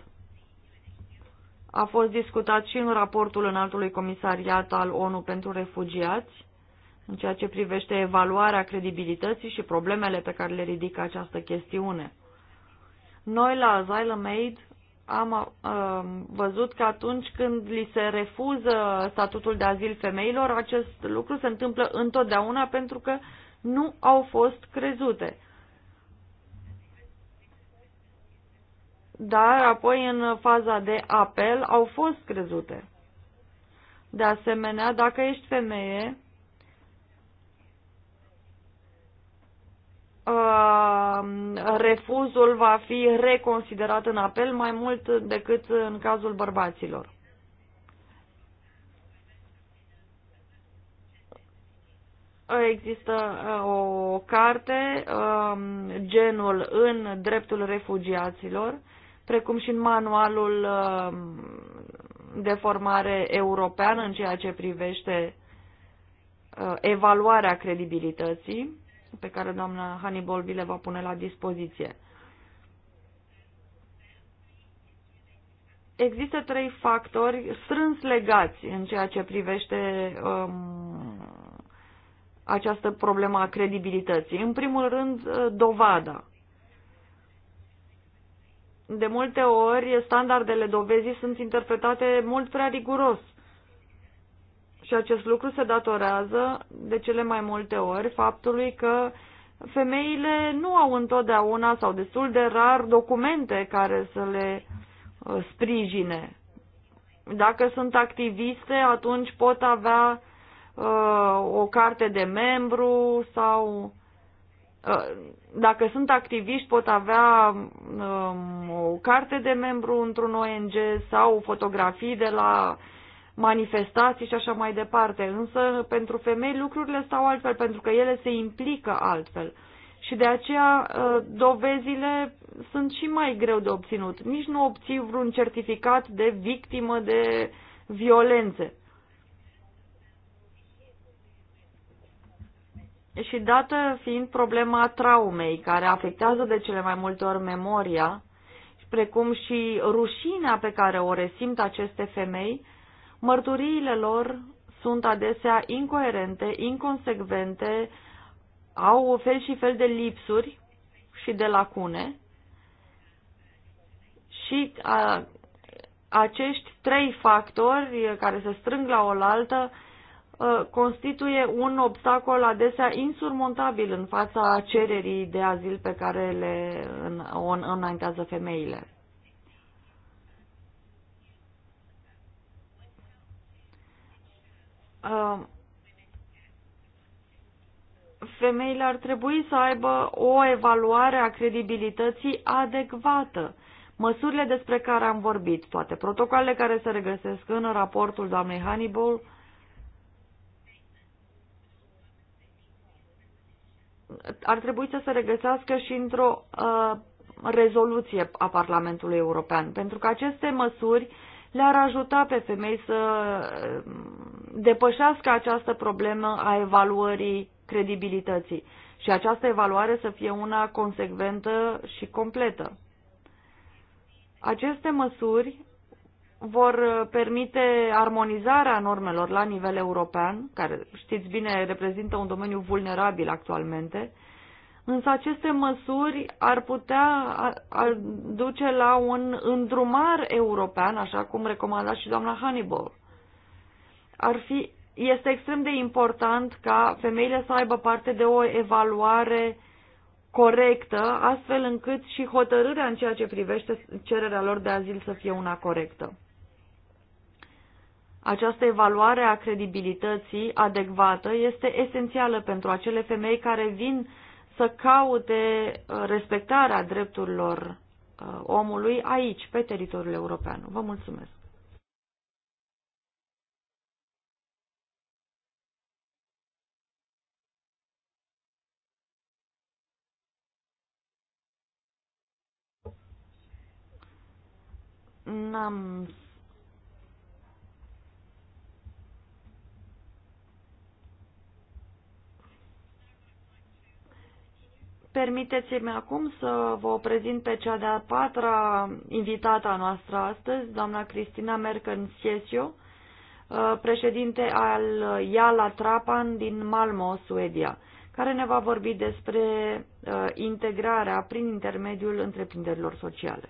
A fost discutat și în raportul înaltului comisariat al ONU pentru refugiați în ceea ce privește evaluarea credibilității și problemele pe care le ridică această chestiune. Noi la Asylum Aid am uh, um, văzut că atunci când li se refuză statutul de azil femeilor, acest lucru se întâmplă întotdeauna pentru că nu au fost crezute. Dar apoi în faza de apel au fost crezute. De asemenea, dacă ești femeie, Uh, refuzul va fi reconsiderat în apel mai mult decât în cazul bărbaților. Există uh, o carte, um, genul în dreptul refugiaților, precum și în manualul um, de formare european în ceea ce privește uh, evaluarea credibilității pe care doamna Hannibal vi le va pune la dispoziție. Există trei factori strâns legați în ceea ce privește um, această problemă a credibilității. În primul rând, uh, dovada. De multe ori, standardele dovezii sunt interpretate mult prea riguros și deci acest lucru se datorează de cele mai multe ori faptului că femeile nu au întotdeauna sau destul de rar documente care să le uh, sprijine. Dacă sunt activiste, atunci pot avea uh, o carte de membru sau uh, dacă sunt activiști pot avea um, o carte de membru într-un ONG sau fotografii de la uh, manifestații și așa mai departe. Însă pentru femei lucrurile stau altfel, pentru că ele se implică altfel. Și de aceea uh, dovezile sunt și mai greu de obținut. Nici nu obții vreun certificat de victimă de violențe. Și dată fiind problema traumei, care afectează de cele mai multe ori memoria, precum și rușinea pe care o resimt aceste femei, Mărturiile lor sunt adesea incoerente, inconsecvente, au fel și fel de lipsuri și de lacune și a, acești trei factori care se strâng la oaltă ă, constituie un obstacol adesea insurmontabil în fața cererii de azil pe care le o înaintează femeile. Um, femeile ar trebui să aibă o evaluare a credibilității adecvată. Măsurile despre care am vorbit, toate protocoalele care se regăsesc în raportul doamnei Hannibal, ar trebui să se regăsească și într-o uh, rezoluție a Parlamentului European, pentru că aceste măsuri le-ar ajuta pe femei să uh, depășească această problemă a evaluării credibilității și această evaluare să fie una consecventă și completă. Aceste măsuri vor permite armonizarea normelor la nivel european, care știți bine reprezintă un domeniu vulnerabil actualmente, însă aceste măsuri ar putea ar duce la un îndrumar european, așa cum recomanda și doamna Hannibal ar fi, este extrem de important ca femeile să aibă parte de o evaluare corectă, astfel încât și hotărârea în ceea ce privește cererea lor de azil să fie una corectă. Această evaluare a credibilității adecvată este esențială pentru acele femei care vin să caute uh, respectarea drepturilor uh, omului aici, pe teritoriul european. Vă mulțumesc! N-am Permiteți-mi acum să vă prezint pe cea de-a patra invitată a noastră astăzi, doamna Cristina Mercansiesio, uh, președinte al Iala Trapan din Malmo, Suedia, care ne va vorbi despre uh, integrarea prin intermediul întreprinderilor sociale.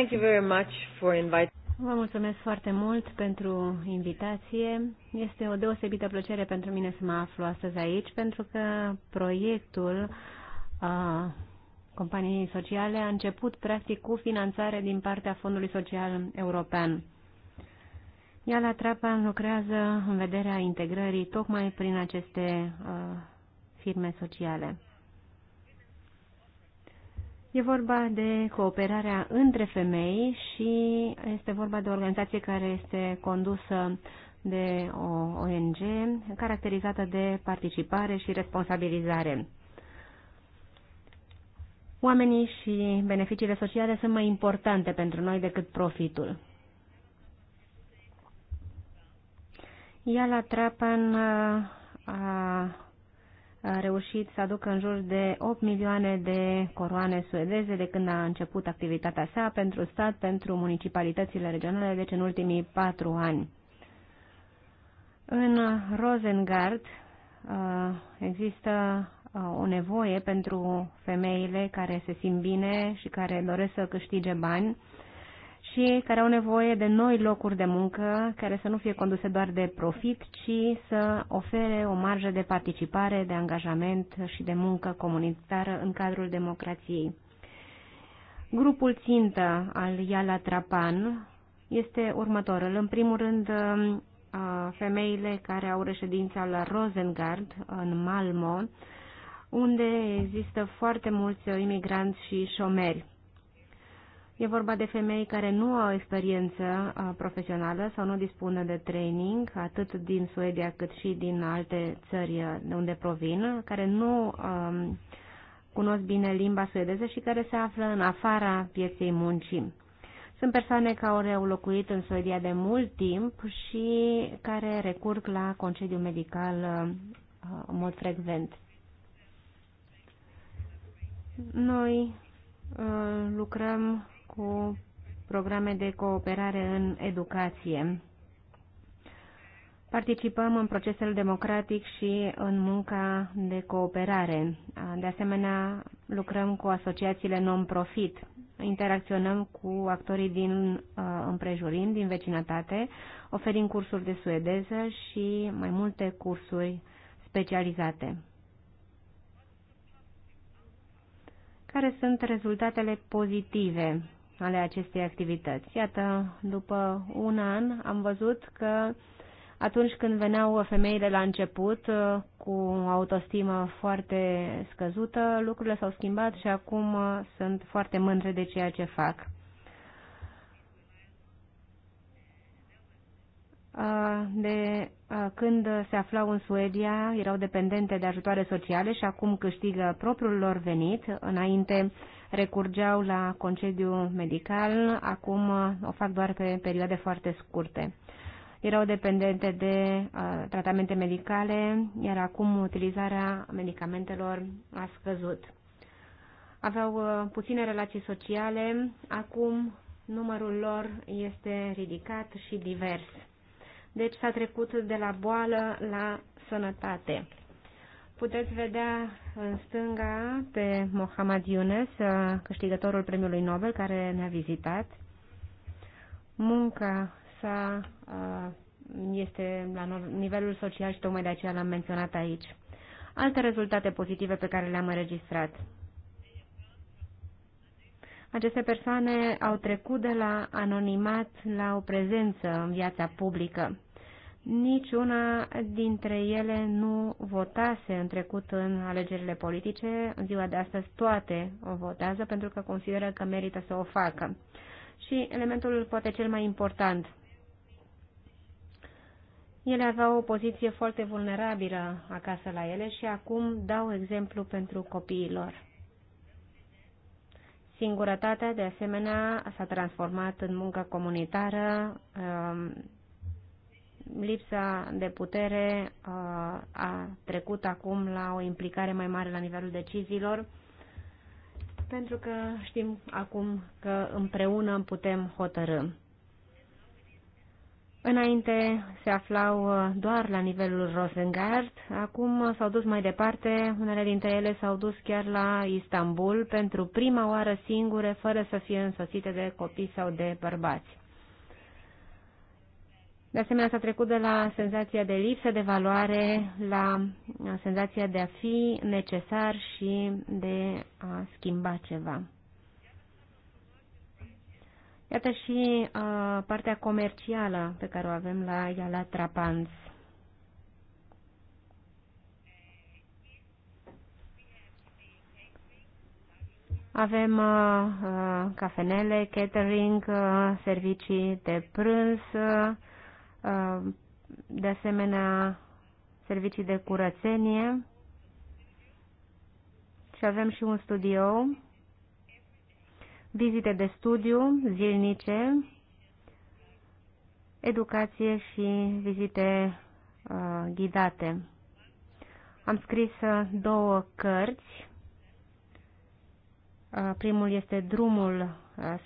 thank you very much for inviting. Vă mulțumesc foarte mult pentru invitație. Este o deosebită plăcere pentru mine să mă aflu astăzi aici, pentru că proiectul uh, companiei sociale a început practic cu finanțare din partea Fondului Social European. la Trapan lucrează în vederea integrării tocmai prin aceste uh, firme sociale. E vorba de cooperarea între femei și este vorba de o organizație care este condusă de o ONG caracterizată de participare și responsabilizare. Oamenii și beneficiile sociale sunt mai importante pentru noi decât profitul. Iala Trapan uh, a a reușit să aducă în jur de 8 milioane de coroane suedeze de când a început activitatea sa pentru stat, pentru municipalitățile regionale, deci în ultimii patru ani. În Rosengard există o nevoie pentru femeile care se simt bine și care doresc să câștige bani și care au nevoie de noi locuri de muncă care să nu fie conduse doar de profit, ci să ofere o marjă de participare, de angajament și de muncă comunitară în cadrul democrației. Grupul țintă al Iala Trapan este următorul. În primul rând, femeile care au reședința la Rosengard, în Malmo, unde există foarte mulți imigranți și șomeri. E vorba de femei care nu au experiență uh, profesională sau nu dispun de training, atât din Suedia cât și din alte țări uh, de unde provin, care nu um, cunosc bine limba suedeză și care se află în afara pieței muncii. Sunt persoane care au locuit în Suedia de mult timp și care recurg la concediu medical uh, mult frecvent. Noi uh, lucrăm cu programe de cooperare în educație. Participăm în procesul democratic și în munca de cooperare. De asemenea, lucrăm cu asociațiile non-profit. Interacționăm cu actorii din uh, împrejurim, din vecinătate, oferim cursuri de suedeză și mai multe cursuri specializate. Care sunt rezultatele pozitive ale acestei activități. Iată, după un an am văzut că atunci când veneau femeile la început uh, cu o autostimă foarte scăzută, lucrurile s-au schimbat și acum uh, sunt foarte mândre de ceea ce fac. Uh, de când se aflau în Suedia, erau dependente de ajutoare sociale și acum câștigă propriul lor venit. Înainte recurgeau la concediu medical, acum uh, o fac doar pe perioade foarte scurte. Erau dependente de uh, tratamente medicale, iar acum utilizarea medicamentelor a scăzut. Aveau uh, puține relații sociale, acum numărul lor este ridicat și divers. Deci s-a trecut de la boală la sănătate. Puteți vedea în stânga pe Mohamed Yunes, uh, câștigătorul premiului Nobel, care ne-a vizitat. Munca sa uh, este la nivelul social și tocmai de aceea l-am menționat aici. Alte rezultate pozitive pe care le-am înregistrat. Aceste persoane au trecut de la anonimat la o prezență în viața publică. Niciuna dintre ele nu votase în trecut în alegerile politice. În ziua de astăzi toate o votează pentru că consideră că merită să o facă. Și elementul poate cel mai important. Ele aveau o poziție foarte vulnerabilă acasă la ele și acum dau exemplu pentru copiilor. Singurătatea, de asemenea, s-a transformat în muncă comunitară, um, lipsa de putere uh, a trecut acum la o implicare mai mare la nivelul deciziilor, pentru că știm acum că împreună putem hotărâ. Înainte se aflau uh, doar la nivelul Rosengard, acum s-au dus mai departe, unele dintre ele s-au dus chiar la Istanbul pentru prima oară singure, fără să fie însoțite de copii sau de bărbați. De asemenea, s-a trecut de la senzația de lipsă de valoare la senzația de a fi necesar și de a schimba ceva. Iată și uh, partea comercială pe care o avem la Iala Trapans. Avem uh, uh, cafenele, catering, uh, servicii de prânz, uh, Uh, de asemenea servicii de curățenie și avem și un studio, vizite de studiu zilnice, educație și vizite uh, ghidate. Am scris uh, două cărți Primul este Drumul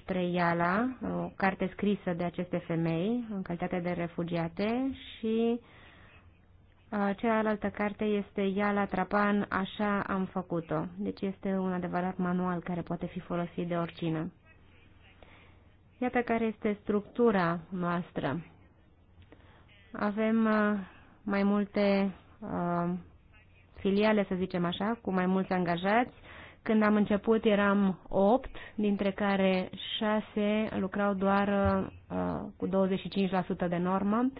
spre Iala, o carte scrisă de aceste femei în calitate de refugiate și cealaltă carte este Iala Trapan, așa am făcut-o. Deci este un adevărat manual care poate fi folosit de oricine. Iată care este structura noastră. Avem mai multe filiale, să zicem așa, cu mai mulți angajați, când am început eram 8, dintre care 6 lucrau doar uh, cu 25% de normă.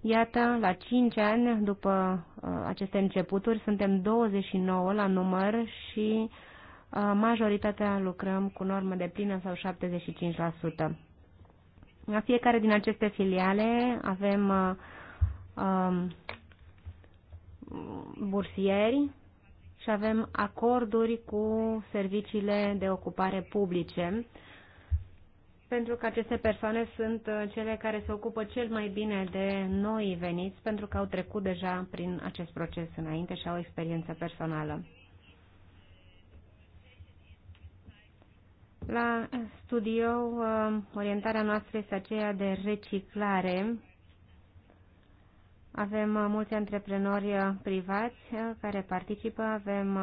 Iată, la 5 ani după uh, aceste începuturi suntem 29 la număr și uh, majoritatea lucrăm cu normă de plină sau 75%. La fiecare din aceste filiale avem uh, um, bursieri și avem acorduri cu serviciile de ocupare publice, pentru că aceste persoane sunt uh, cele care se ocupă cel mai bine de noi veniți, pentru că au trecut deja prin acest proces înainte și au experiență personală. La studio, uh, orientarea noastră este aceea de reciclare avem uh, mulți antreprenori uh, privați uh, care participă, avem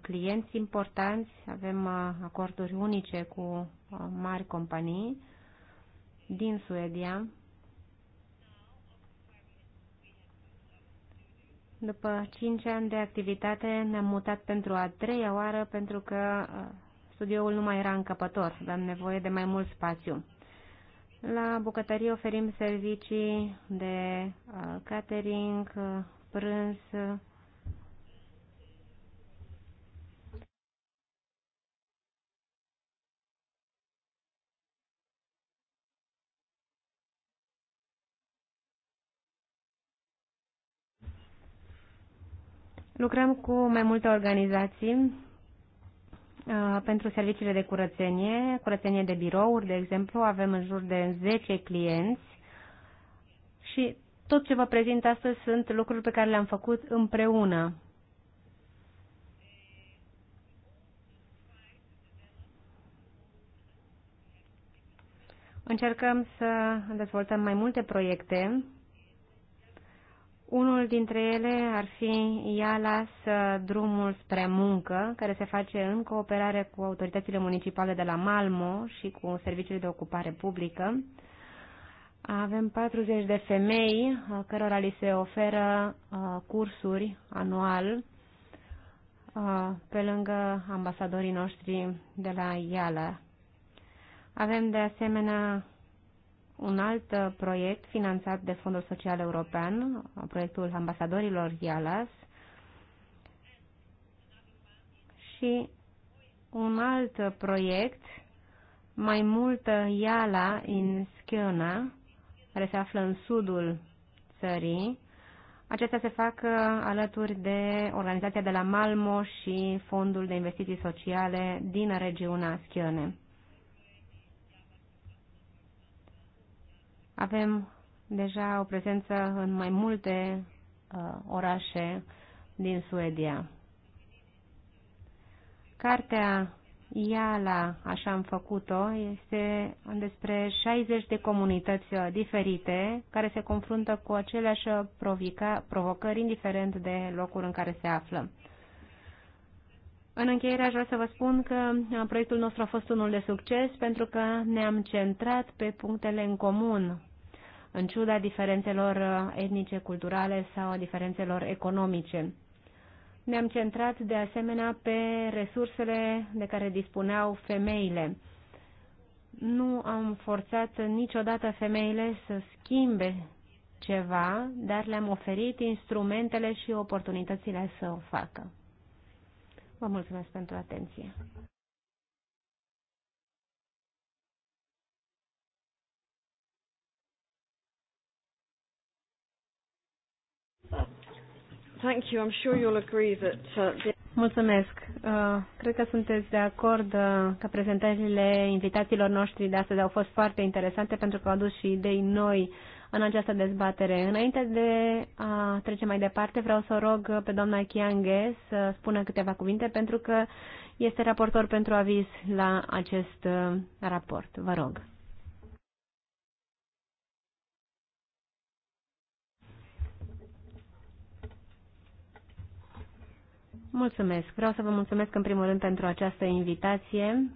clienți importanți, avem acorduri unice cu mari companii din Suedia. După 5 ani de activitate ne-am mutat pentru a treia oară pentru că studioul nu mai era încăpător, am nevoie de mai mult spațiu. La bucătărie oferim servicii de uh, catering, prânz, Lucrăm cu mai multe organizații Uh, pentru serviciile de curățenie, curățenie de birouri, de exemplu, avem în jur de 10 clienți și tot ce vă prezint astăzi sunt lucruri pe care le-am făcut împreună. Încercăm să dezvoltăm mai multe proiecte unul dintre ele ar fi IALAS drumul spre muncă, care se face în cooperare cu autoritățile municipale de la Malmo și cu serviciile de ocupare publică. Avem 40 de femei cărora li se oferă cursuri anual pe lângă ambasadorii noștri de la IALA. Avem de asemenea un alt uh, proiect finanțat de Fondul Social European, proiectul ambasadorilor IALAS, și un alt uh, proiect, mai multă uh, Iala în Schiona, care se află în sudul țării. Acestea se fac alături de organizația de la Malmo și Fondul de Investiții Sociale din regiunea Schione. Avem deja o prezență în mai multe uh, orașe din Suedia. Cartea Iala, așa am făcut-o, este despre 60 de comunități uh, diferite care se confruntă cu aceleași provocări indiferent de locul în care se află. În încheiere aș vrea să vă spun că uh, proiectul nostru a fost unul de succes pentru că ne-am centrat pe punctele în comun, în ciuda diferențelor uh, etnice, culturale sau a diferențelor economice. Ne-am centrat de asemenea pe resursele de care dispuneau femeile. Nu am forțat niciodată femeile să schimbe ceva, dar le-am oferit instrumentele și oportunitățile să o facă. Vă mulțumesc pentru atenție. Thank you. I'm sure you'll agree that uh, the Mulțumesc. Uh, cred că sunteți de acord uh, că prezentările invitațiilor noștri de astăzi au fost foarte interesante pentru că au adus și idei noi în această dezbatere. Înainte de a trece mai departe, vreau să o rog pe doamna Chianghe să spună câteva cuvinte, pentru că este raportor pentru aviz la acest uh, raport. Vă rog. Mulțumesc. Vreau să vă mulțumesc în primul rând pentru această invitație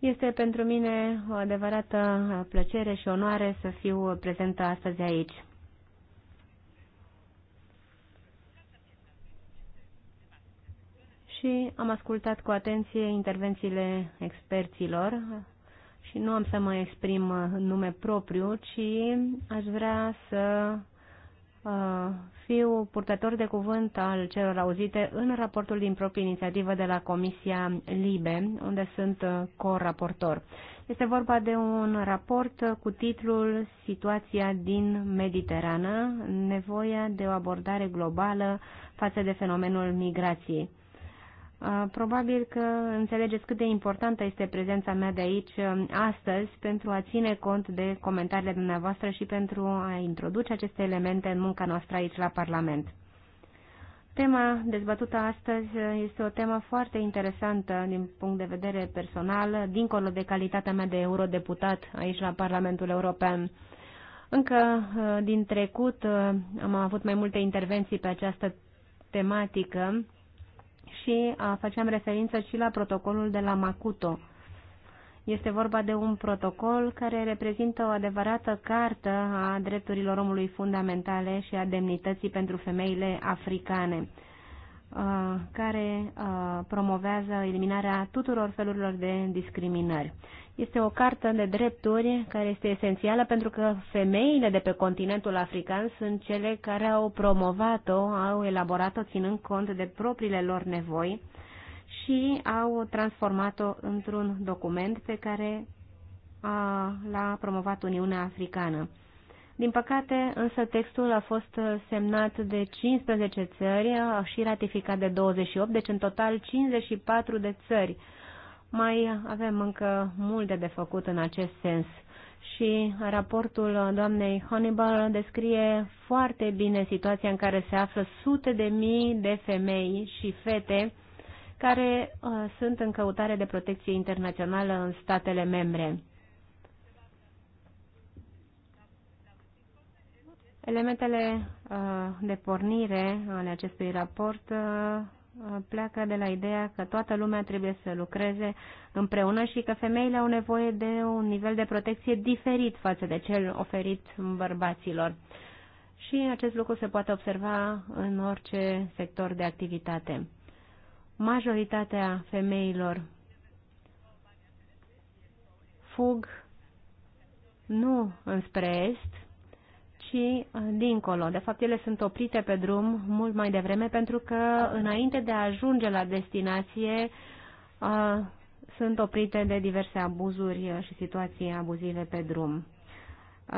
este pentru mine o adevărată plăcere și onoare să fiu prezentă astăzi aici. Și am ascultat cu atenție intervențiile experților și nu am să mă exprim în nume propriu, ci aș vrea să Uh, fiu purtător de cuvânt al celor auzite în raportul din proprie inițiativă de la Comisia LIBE, unde sunt uh, co-raportor. Este vorba de un raport cu titlul Situația din Mediterană, nevoia de o abordare globală față de fenomenul migrației. Probabil că înțelegeți cât de importantă este prezența mea de aici um, astăzi pentru a ține cont de comentariile dumneavoastră și pentru a introduce aceste elemente în munca noastră aici la Parlament. Tema dezbătută astăzi uh, este o temă foarte interesantă din punct de vedere personal, dincolo de calitatea mea de eurodeputat aici la Parlamentul European. Încă uh, din trecut uh, am avut mai multe intervenții pe această tematică și făceam referință și la protocolul de la Makuto. Este vorba de un protocol care reprezintă o adevărată cartă a drepturilor omului fundamentale și a demnității pentru femeile africane, care promovează eliminarea tuturor felurilor de discriminări. Este o cartă de drepturi care este esențială pentru că femeile de pe continentul african sunt cele care au promovat-o, au elaborat-o ținând cont de propriile lor nevoi și au transformat-o într-un document pe care l-a promovat Uniunea Africană. Din păcate, însă textul a fost semnat de 15 țări și ratificat de 28, deci în total 54 de țări mai avem încă multe de făcut în acest sens și raportul doamnei Hannibal descrie foarte bine situația în care se află sute de mii de femei și fete care uh, sunt în căutare de protecție internațională în statele membre. Elementele uh, de pornire ale acestui raport uh, pleacă de la ideea că toată lumea trebuie să lucreze împreună și că femeile au nevoie de un nivel de protecție diferit față de cel oferit bărbaților. Și acest lucru se poate observa în orice sector de activitate. Majoritatea femeilor fug nu înspre est, și uh, dincolo. De fapt, ele sunt oprite pe drum mult mai devreme pentru că înainte de a ajunge la destinație uh, sunt oprite de diverse abuzuri uh, și situații abuzive pe drum.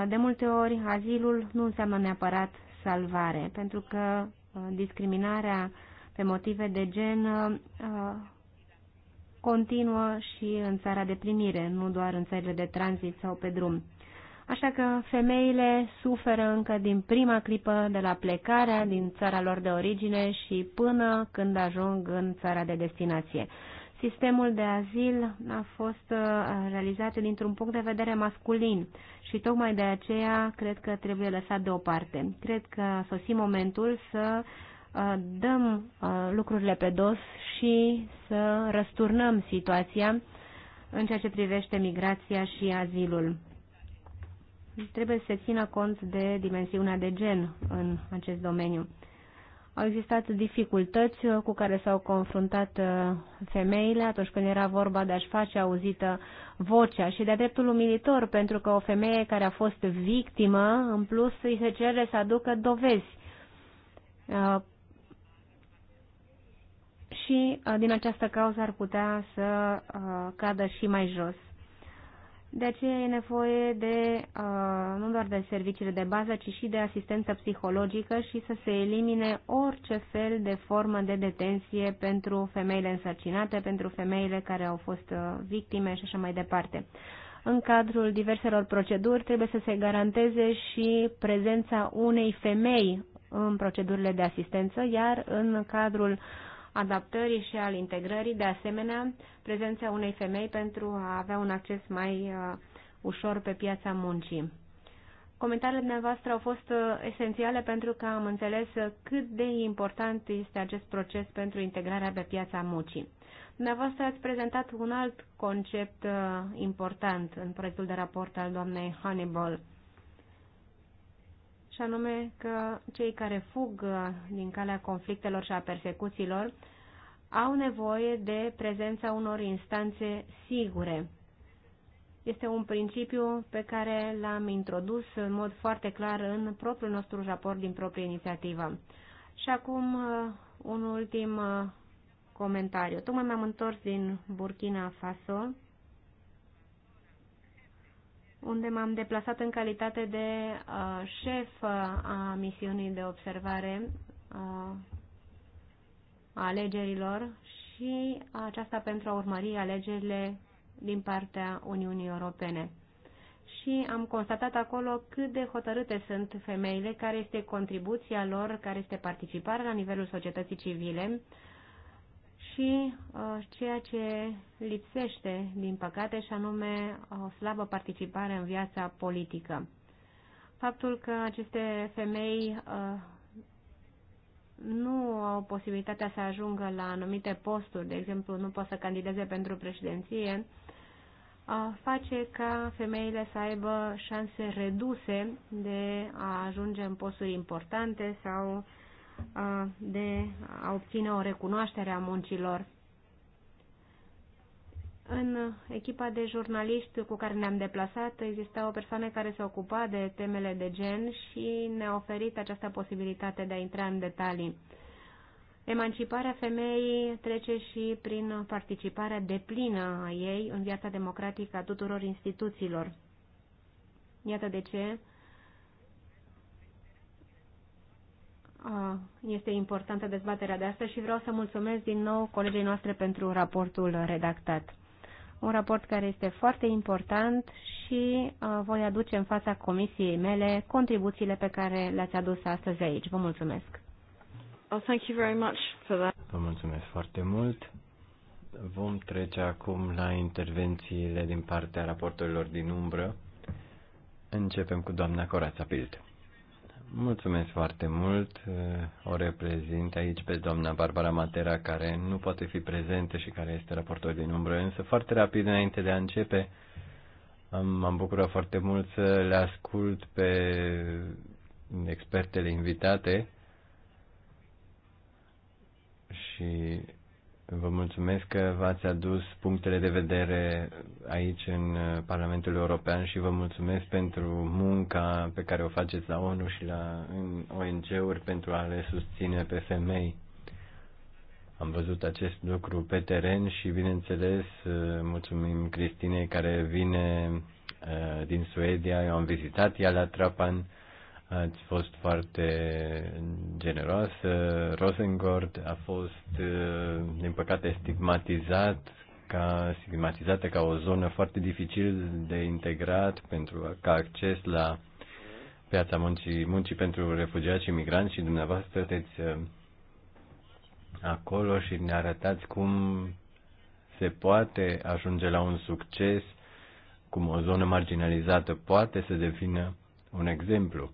De multe ori, azilul nu înseamnă neapărat salvare, pentru că discriminarea pe motive de gen continuă și în țara de primire, nu doar în țările de tranzit sau pe drum. Așa că femeile suferă încă din prima clipă de la plecarea din țara lor de origine și până când ajung în țara de destinație. Sistemul de azil a fost uh, realizat dintr-un punct de vedere masculin și tocmai de aceea cred că trebuie lăsat deoparte. Cred că a sosit momentul să uh, dăm uh, lucrurile pe dos și să răsturnăm situația în ceea ce privește migrația și azilul trebuie să se țină cont de dimensiunea de gen în acest domeniu. Au existat dificultăți uh, cu care s-au confruntat uh, femeile atunci când era vorba de a-și face auzită vocea și de-a dreptul umilitor, pentru că o femeie care a fost victimă, în plus, îi se cere să aducă dovezi. Uh, și din această cauză ar putea să cadă și mai jos. De aceea e nevoie de, uh, nu doar de serviciile de bază, ci și de asistență psihologică și să se elimine orice fel de formă de detenție pentru femeile însărcinate, pentru femeile care au fost uh, victime și așa mai departe. În cadrul diverselor proceduri trebuie să se garanteze și prezența unei femei în procedurile de asistență, iar în cadrul uh, adaptării și al integrării, de asemenea prezența unei femei pentru a avea un acces mai uh, ușor pe piața muncii. Comentariile dumneavoastră au fost uh, esențiale pentru că am înțeles uh, cât de important este acest proces pentru integrarea pe piața muncii. Dumneavoastră ați prezentat un alt concept important în proiectul de raport al doamnei Hannibal, și anume că cei care fug uh, din calea conflictelor și a persecuțiilor au nevoie de prezența unor instanțe sigure. Este un principiu pe care l-am introdus în mod foarte clar în propriul nostru raport din proprie inițiativă. Și acum uh, un ultim uh, comentariu. Tocmai m-am întors din Burkina Faso unde m-am deplasat în calitate de uh, șef uh, a misiunii de observare uh, a alegerilor și aceasta pentru a urmări alegerile din partea Uniunii Europene. Și am constatat acolo cât de hotărâte sunt femeile, care este contribuția lor, care este participarea la nivelul societății civile, uh, și uh, ceea ce lipsește, din păcate, și anume o slabă participare în viața politică. Faptul că aceste femei uh, nu au posibilitatea să ajungă la anumite posturi, de exemplu, nu pot să candideze pentru președinție, uh, face ca femeile să aibă șanse reduse de a ajunge în posturi importante sau de a obține o recunoaștere a muncilor. În echipa de jurnaliști cu care ne-am deplasat exista o persoană care se ocupa de temele de gen și ne-a oferit această posibilitate de a intra în detalii. Emanciparea femeii trece și prin participarea deplină a ei în viața democratică a tuturor instituțiilor. Iată de ce este importantă dezbaterea de astăzi și vreau să mulțumesc din nou colegii noastre pentru raportul redactat. Un raport care este foarte important și voi aduce în fața comisiei mele contribuțiile pe care le-ați adus astăzi aici. Vă mulțumesc! Oh, thank you very much for that. Vă mulțumesc foarte mult! Vom trece acum la intervențiile din partea raportorilor din umbră. Începem cu doamna Corața Pilt. Mulțumesc foarte mult. O reprezint aici pe doamna Barbara Matera, care nu poate fi prezentă și care este raportor din umbră, însă foarte rapid înainte de a începe, m-am bucurat foarte mult să le ascult pe expertele invitate și Vă mulțumesc că v-ați adus punctele de vedere aici în uh, Parlamentul European și vă mulțumesc pentru munca pe care o faceți la ONU și la ONG-uri pentru a le susține pe femei. Am văzut acest lucru pe teren și, bineînțeles, uh, mulțumim Cristinei care vine uh, din Suedia. Eu am vizitat ea la Trapan Ați fost foarte generoasă. Rosengord a fost, eh, din păcate, stigmatizat ca, stigmatizată ca o zonă foarte dificil de integrat pentru ca acces la piața muncii, muncii pentru refugiați și migranți și dumneavoastră sunteți eh, acolo și ne arătați cum se poate ajunge la un succes, cum o zonă marginalizată poate să devină un exemplu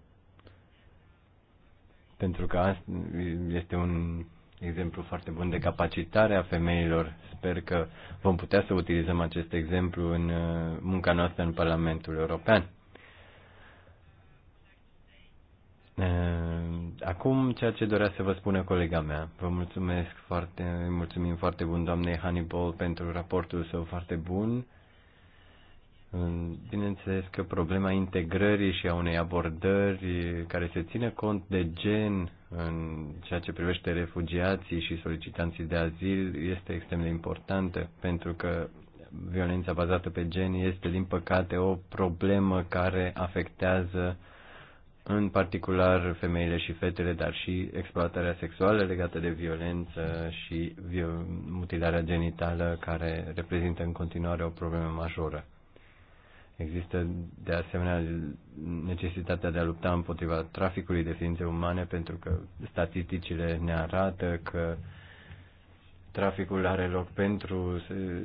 pentru că este un exemplu foarte bun de capacitare a femeilor. Sper că vom putea să utilizăm acest exemplu în uh, munca noastră în Parlamentul European. Uh, acum, ceea ce dorea să vă spună colega mea. Vă mulțumesc foarte, mulțumim foarte bun doamnei Hannibal pentru raportul său foarte bun. Bineînțeles că problema integrării și a unei abordări care se ține cont de gen în ceea ce privește refugiații și solicitanții de azil este extrem de importantă pentru că violența bazată pe gen este, din păcate, o problemă care afectează în particular femeile și fetele, dar și exploatarea sexuală legată de violență și mutilarea genitală, care reprezintă în continuare o problemă majoră. Există de asemenea necesitatea de a lupta împotriva traficului de ființe umane pentru că statisticile ne arată că traficul are loc pentru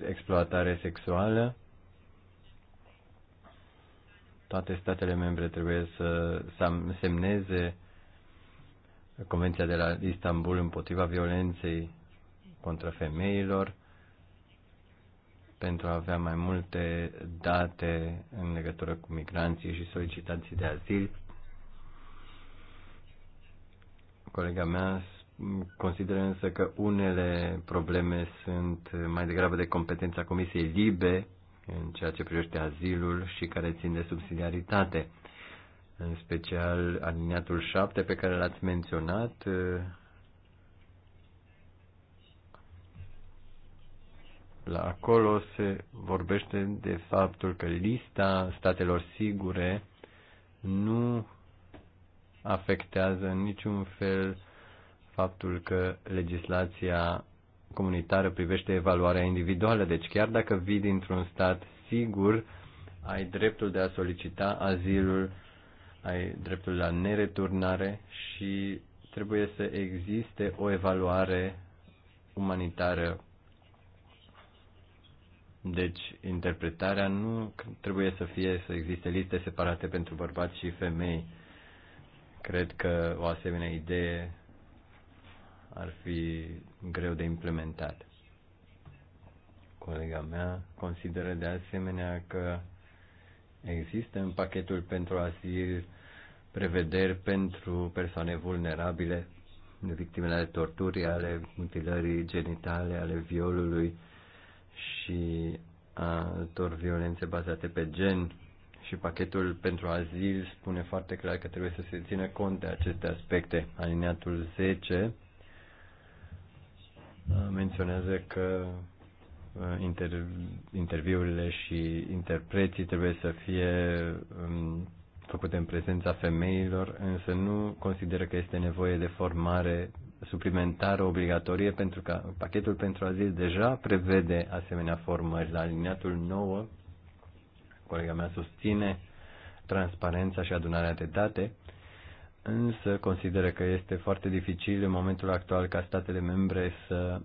exploatare sexuală. Toate statele membre trebuie să semneze Convenția de la Istanbul împotriva violenței contra femeilor pentru a avea mai multe date în legătură cu migranții și solicitații de azil. Colega mea consideră însă că unele probleme sunt mai degrabă de competența Comisiei Libe în ceea ce privește azilul și care țin de subsidiaritate. În special aliniatul 7 pe care l-ați menționat la acolo se vorbește de faptul că lista statelor sigure nu afectează în niciun fel faptul că legislația comunitară privește evaluarea individuală. Deci chiar dacă vii dintr-un stat sigur, ai dreptul de a solicita azilul, ai dreptul la nereturnare și trebuie să existe o evaluare umanitară deci, interpretarea nu trebuie să fie să existe liste separate pentru bărbați și femei. Cred că o asemenea idee ar fi greu de implementat. Colega mea consideră de asemenea că există în pachetul pentru asil prevederi pentru persoane vulnerabile, victimele torturii, ale mutilării genitale, ale violului, și altor violențe bazate pe gen și pachetul pentru azil spune foarte clar că trebuie să se țină cont de aceste aspecte. Alineatul 10 uh, menționează că uh, inter, interviurile și interpreții trebuie să fie um, făcute în prezența femeilor, însă nu consideră că este nevoie de formare suplimentară obligatorie pentru că pachetul pentru azil deja prevede asemenea formări. La aliniatul 9, colega mea susține transparența și adunarea de date, însă consideră că este foarte dificil în momentul actual ca statele membre să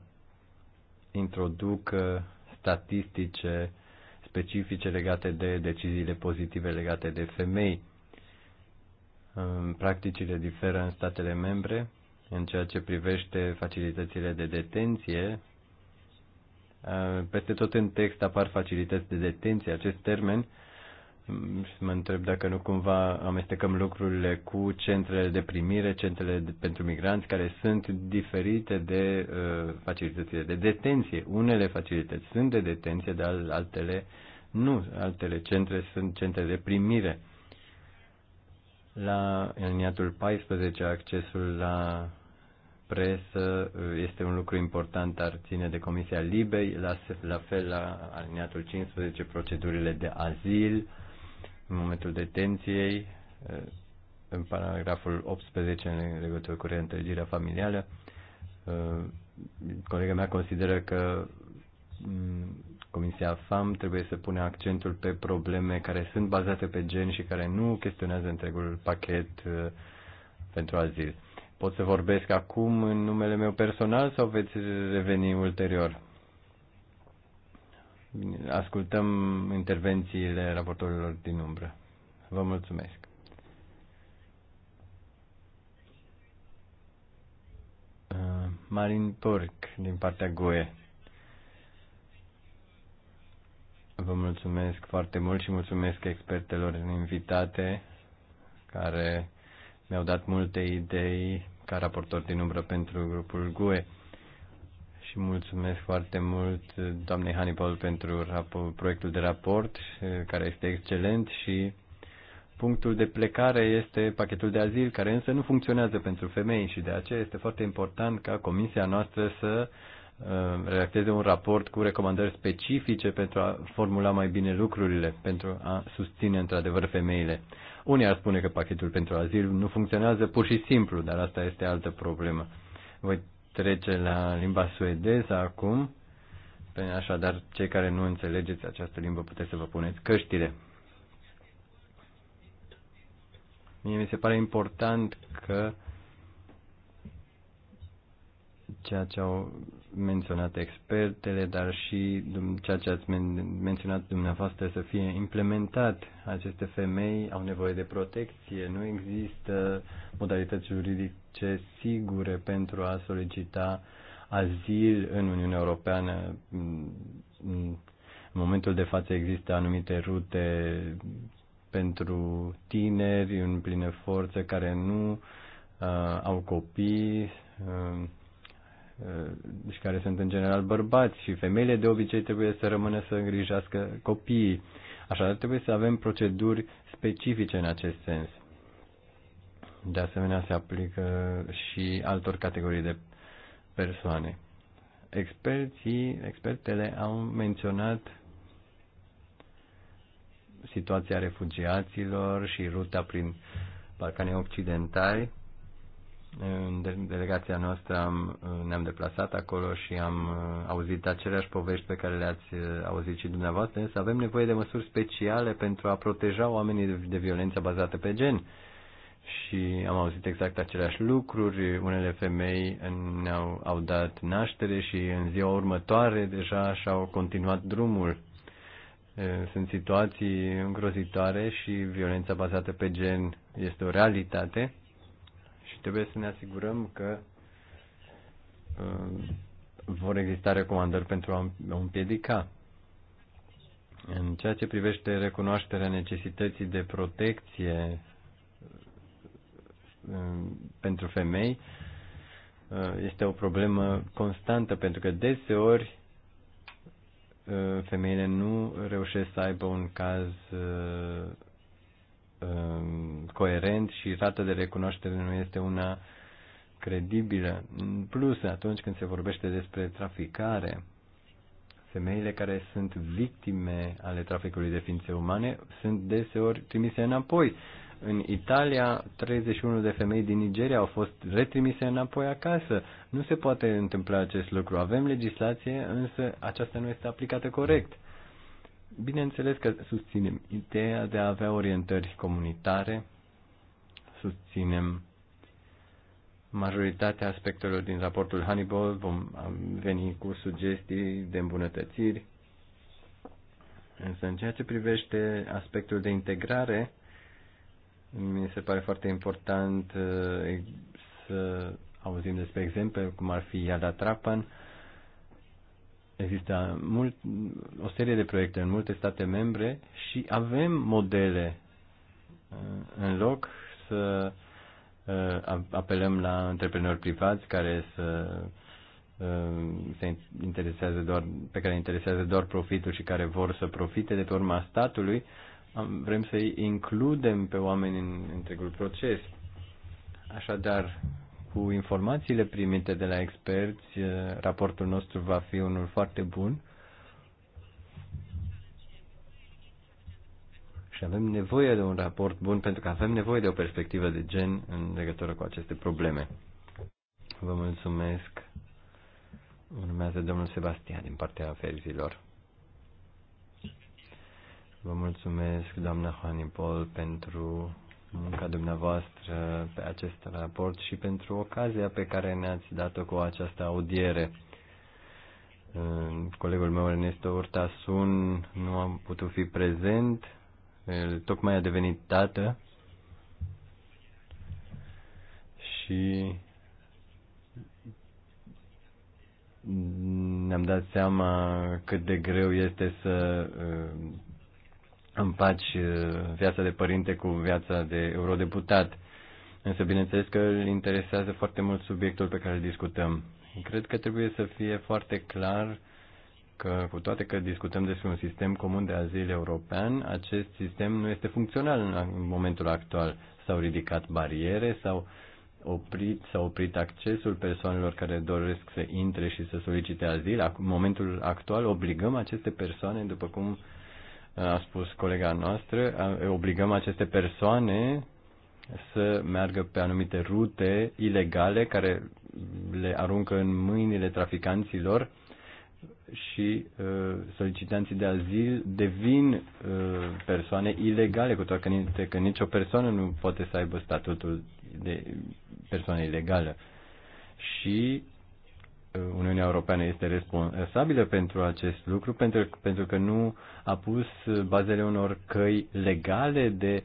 introducă statistice specifice legate de deciziile pozitive legate de femei. Practicile diferă în statele membre în ceea ce privește facilitățile de detenție. Eh, peste tot în text apar facilități de detenție, acest termen. Mă întreb dacă nu cumva amestecăm lucrurile cu centrele de primire, centrele pentru migranți, care sunt diferite de uh, facilitățile de detenție. Unele facilități sunt de detenție, dar altele nu. Altele centre sunt centre de primire la aliniatul 14, accesul la presă uh, este un lucru important, dar ține de Comisia Libei, la, la fel la aliniatul 15, procedurile de azil, în momentul detenției, uh, în paragraful 18 în legătură cu reîntregirea familială. Uh, colega mea consideră că mm, Comisia FAM trebuie să pune accentul pe probleme care sunt bazate pe gen și care nu chestionează întregul pachet uh, pentru azil. Pot să vorbesc acum în numele meu personal sau veți uh, reveni ulterior? Ascultăm intervențiile raportorilor din umbră. Vă mulțumesc. Uh, Marin Porc din partea GUE. Vă mulțumesc foarte mult și mulțumesc expertelor invitate care mi-au dat multe idei ca raportor din umbră pentru grupul GUE și mulțumesc foarte mult doamnei Hannibal pentru proiectul de raport care este excelent și punctul de plecare este pachetul de azil care însă nu funcționează pentru femei și de aceea este foarte important ca comisia noastră să Uh, redacteze un raport cu recomandări specifice pentru a formula mai bine lucrurile, pentru a susține într-adevăr femeile. Unii ar spune că pachetul pentru azil nu funcționează pur și simplu, dar asta este altă problemă. Voi trece la limba suedeză acum, așadar cei care nu înțelegeți această limbă puteți să vă puneți căștile. Mie mi se pare important că ceea ce au menționat expertele, dar și ceea ce ați menționat dumneavoastră să fie implementat. Aceste femei au nevoie de protecție, nu există modalități juridice sigure pentru a solicita azil în Uniunea Europeană. În momentul de față există anumite rute pentru tineri în plină forță care nu uh, au copii. Uh, Uh, și care sunt în general bărbați și femeile de obicei trebuie să rămână să îngrijească copiii. Așadar trebuie să avem proceduri specifice în acest sens. De asemenea se aplică și altor categorii de persoane. Experții, expertele au menționat situația refugiaților și ruta prin Balcanii Occidentali în delegația noastră am, ne-am deplasat acolo și am uh, auzit aceleași povești pe care le-ați uh, auzit și dumneavoastră, însă avem nevoie de măsuri speciale pentru a proteja oamenii de violență bazată pe gen. Și am auzit exact aceleași lucruri, unele femei ne-au au dat naștere și în ziua următoare deja și-au continuat drumul. Uh, sunt situații îngrozitoare și violența bazată pe gen este o realitate Trebuie să ne asigurăm că uh, vor exista recomandări pentru a împiedica. În ceea ce privește recunoașterea necesității de protecție uh, pentru femei, uh, este o problemă constantă, pentru că deseori femeile nu reușesc să aibă un caz Um, coerent și rata de recunoaștere nu este una credibilă. În plus, atunci când se vorbește despre traficare, femeile care sunt victime ale traficului de ființe umane sunt deseori trimise înapoi. În Italia, 31 de femei din Nigeria au fost retrimise înapoi acasă. Nu se poate întâmpla acest lucru. Avem legislație, însă aceasta nu este aplicată corect. Bineînțeles că susținem ideea de a avea orientări comunitare, susținem majoritatea aspectelor din raportul Hannibal, vom veni cu sugestii de îmbunătățiri, însă în ceea ce privește aspectul de integrare, mi se pare foarte important eh, să auzim despre exemple cum ar fi Iada Trapan, Există mult, o serie de proiecte în multe state membre și avem modele uh, în loc să uh, apelăm la antreprenori privați care să uh, se interesează doar, pe care interesează doar profitul și care vor să profite de pe urma statului, vrem să-i includem pe oameni în întregul proces. Așadar, cu informațiile primite de la experți, eh, raportul nostru va fi unul foarte bun. Și avem nevoie de un raport bun pentru că avem nevoie de o perspectivă de gen în legătură cu aceste probleme. Vă mulțumesc. Urmează domnul Sebastian din partea ferzilor. Vă mulțumesc, doamna Hanipol, pentru munca dumneavoastră pe acest raport și pentru ocazia pe care ne-ați dat-o cu această audiere. Colegul meu, Ernesto Urtasun, nu am putut fi prezent, el tocmai a devenit tată și ne-am dat seama cât de greu este să uh, împaci viața de părinte cu viața de eurodeputat. Însă, bineînțeles că îl interesează foarte mult subiectul pe care îl discutăm. Cred că trebuie să fie foarte clar că, cu toate că discutăm despre un sistem comun de azil european, acest sistem nu este funcțional în momentul actual. S-au ridicat bariere, s-au oprit, s-a oprit accesul persoanelor care doresc să intre și să solicite azil. În momentul actual obligăm aceste persoane, după cum uh, a spus colega noastră, obligăm aceste persoane să meargă pe anumite rute ilegale care le aruncă în mâinile traficanților și uh, solicitanții de azil devin uh, persoane ilegale, cu toate că nicio persoană nu poate să aibă statutul de persoană ilegală. Și Uniunea Europeană este responsabilă pentru acest lucru, pentru, pentru că nu a pus bazele unor căi legale de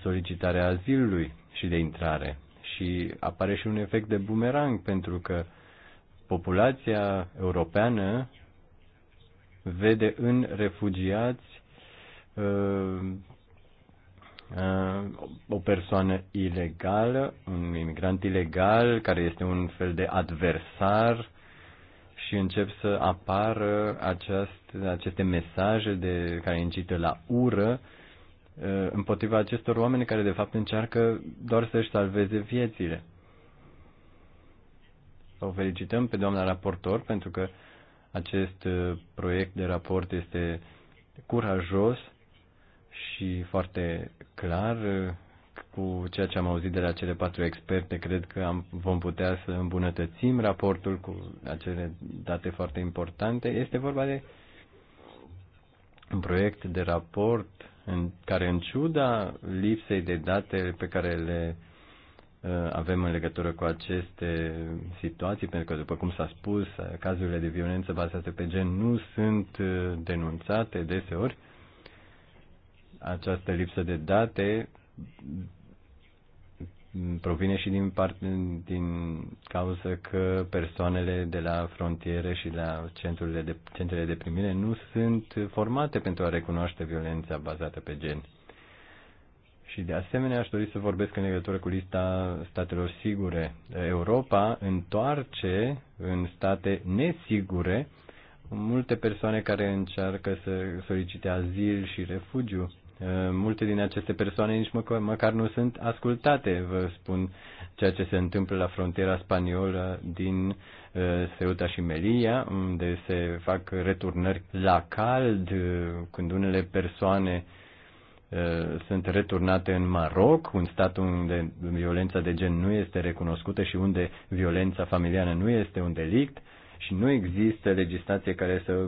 solicitare azilului și de intrare. Și apare și un efect de bumerang, pentru că populația europeană vede în refugiați uh, Uh, o persoană ilegală, un imigrant ilegal care este un fel de adversar și încep să apară aceast, aceste mesaje de, care incită la ură uh, împotriva acestor oameni care de fapt încearcă doar să-și salveze viețile. O felicităm pe doamna raportor pentru că acest uh, proiect de raport este curajos și foarte clar uh, cu ceea ce am auzit de la cele patru experte, cred că am, vom putea să îmbunătățim raportul cu acele date foarte importante. Este vorba de un proiect de raport în care, în ciuda lipsei de date pe care le uh, avem în legătură cu aceste situații, pentru că, după cum s-a spus, uh, cazurile de violență bazate pe gen nu sunt uh, denunțate deseori, uh, această lipsă de date provine și din, part, din cauza că persoanele de la frontiere și la centrele de, centrele de primire nu sunt formate pentru a recunoaște violența bazată pe gen. Și de asemenea aș dori să vorbesc în legătură cu lista statelor sigure. Europa întoarce în state nesigure multe persoane care încearcă să solicite azil și refugiu Eh, multe din aceste persoane nici măcar, măcar nu sunt ascultate, vă spun ceea ce se întâmplă la frontiera spaniolă din eh, Ceuta și Melilla, unde se fac returnări la cald, eh, când unele persoane sunt returnate în Maroc, un stat unde violența de gen nu este recunoscută și unde violența familiană nu este un delict și nu există legislație care să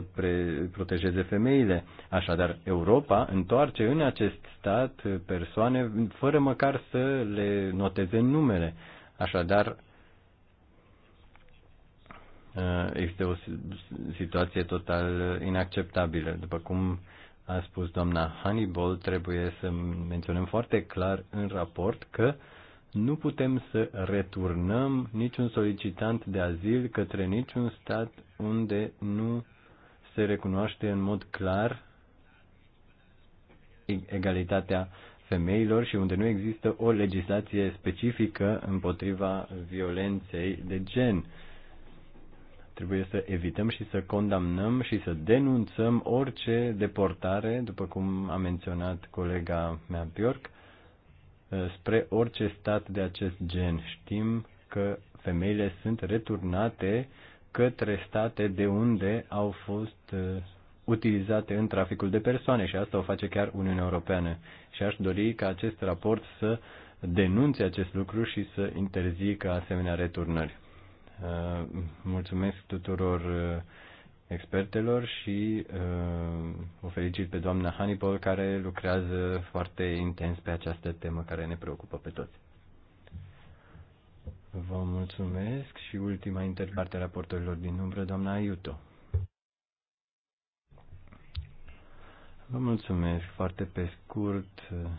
protejeze femeile. Așadar, Europa întoarce în acest stat persoane fără măcar să le noteze numele. Așadar, este o situație total inacceptabilă. După cum a spus doamna Hannibal, trebuie să menționăm foarte clar în raport că uh, nu putem să returnăm niciun solicitant de azil către niciun stat unde nu se recunoaște în mod clar egalitatea femeilor și unde nu există o legislație specifică împotriva violenței de gen. Trebuie să evităm și să condamnăm și să denunțăm orice deportare, după cum a menționat colega mea Bjork, Uh, spre orice stat de acest gen. Știm că femeile sunt returnate către state de unde au fost uh, utilizate în traficul de persoane și asta o face chiar Uniunea Europeană. Și aș dori ca acest raport să denunțe acest lucru și să interzică asemenea returnări. Uh, mulțumesc tuturor expertelor și uh, o felicit pe doamna Hannibal care lucrează foarte intens pe această temă care ne preocupă pe toți. Vă mulțumesc și ultima interparte a raportorilor din umbră, doamna Iuto. Vă mulțumesc foarte pe scurt. Uh,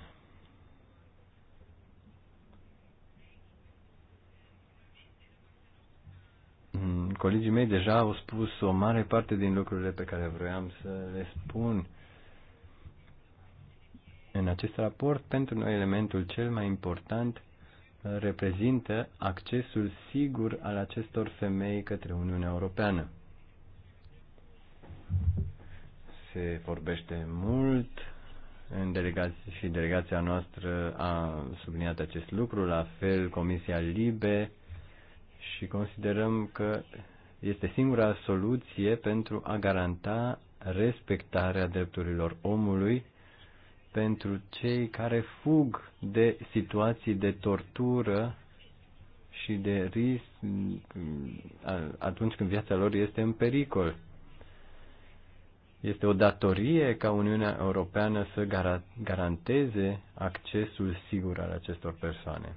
Mm, colegii mei deja au spus o mare parte din lucrurile pe care vroiam să le spun. În acest raport, pentru noi, elementul cel mai important uh, reprezintă accesul sigur al acestor femei către Uniunea Europeană. Se vorbește mult în și delegația noastră a subliniat acest lucru, la fel Comisia Libe, și considerăm că este singura soluție pentru a garanta respectarea drepturilor omului pentru cei care fug de situații de tortură și de risc atunci când viața lor este în pericol. Este o datorie ca Uniunea Europeană să garanteze accesul sigur al acestor persoane.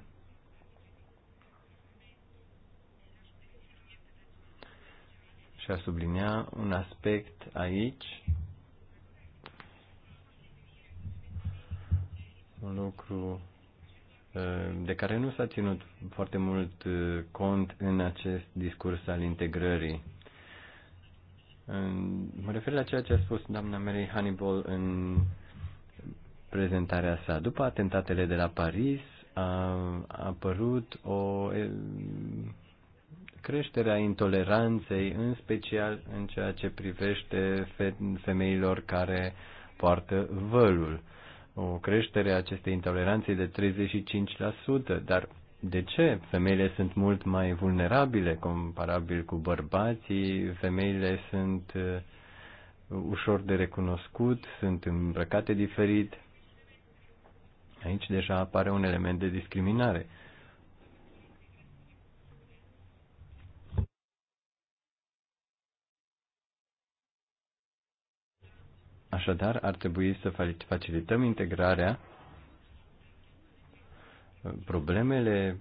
și a sublinea un aspect aici, un lucru uh, de care nu s-a ținut foarte mult uh, cont în acest discurs al integrării. Mă refer la ceea ce a spus doamna Mary Hannibal în prezentarea sa. După atentatele de la Paris a apărut o creșterea intoleranței, în special în ceea ce privește femeilor care poartă vălul. O creștere a acestei intoleranțe de 35%, dar de ce? Femeile sunt mult mai vulnerabile comparabil cu bărbații, femeile sunt uh, ușor de recunoscut, sunt îmbrăcate diferit. Aici deja apare un element de discriminare. Așadar, ar trebui să facilităm integrarea. Uh, problemele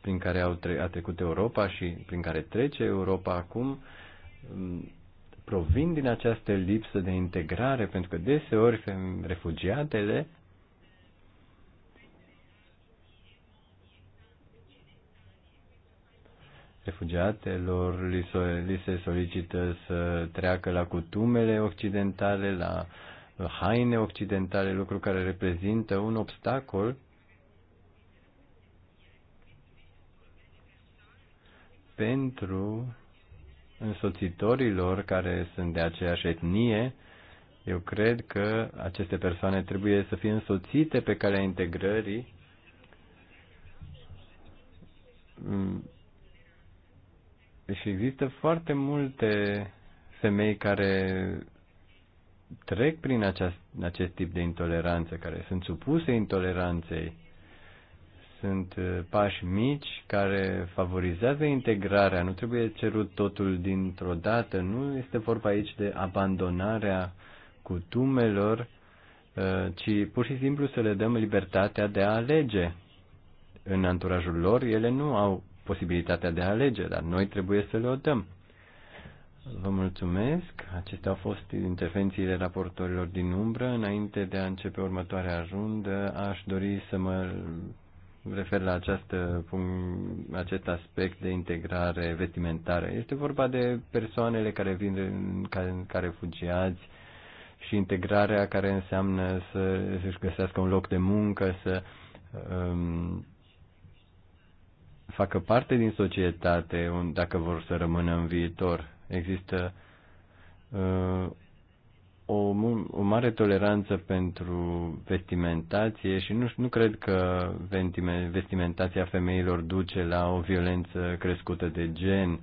prin care au tre- a trecut Europa și prin care trece Europa acum um, provin din această lipsă de integrare, pentru că deseori refugiatele refugiatelor, li, so, li se solicită să treacă la cutumele occidentale, la haine occidentale, lucru care reprezintă un obstacol pentru însoțitorilor care sunt de aceeași etnie, eu cred că aceste persoane trebuie să fie însoțite pe calea integrării și deci există foarte multe femei care trec prin aceast, acest tip de intoleranță, care sunt supuse intoleranței, sunt uh, pași mici care favorizează integrarea, nu trebuie cerut totul dintr-o dată, nu este vorba aici de abandonarea cutumelor, uh, ci pur și simplu să le dăm libertatea de a alege. În anturajul lor, ele nu au posibilitatea de a alege, dar noi trebuie să le o dăm. Vă mulțumesc. Acestea au fost intervențiile raportorilor din umbră. Înainte de a începe următoarea rundă, aș dori să mă refer la această, acest aspect de integrare vestimentară. Este vorba de persoanele care vin care, care fugiați și integrarea care înseamnă să își găsească un loc de muncă, să um, facă parte din societate dacă vor să rămână în viitor. Există uh, o, o mare toleranță pentru vestimentație și nu, nu cred că vestimentația femeilor duce la o violență crescută de gen.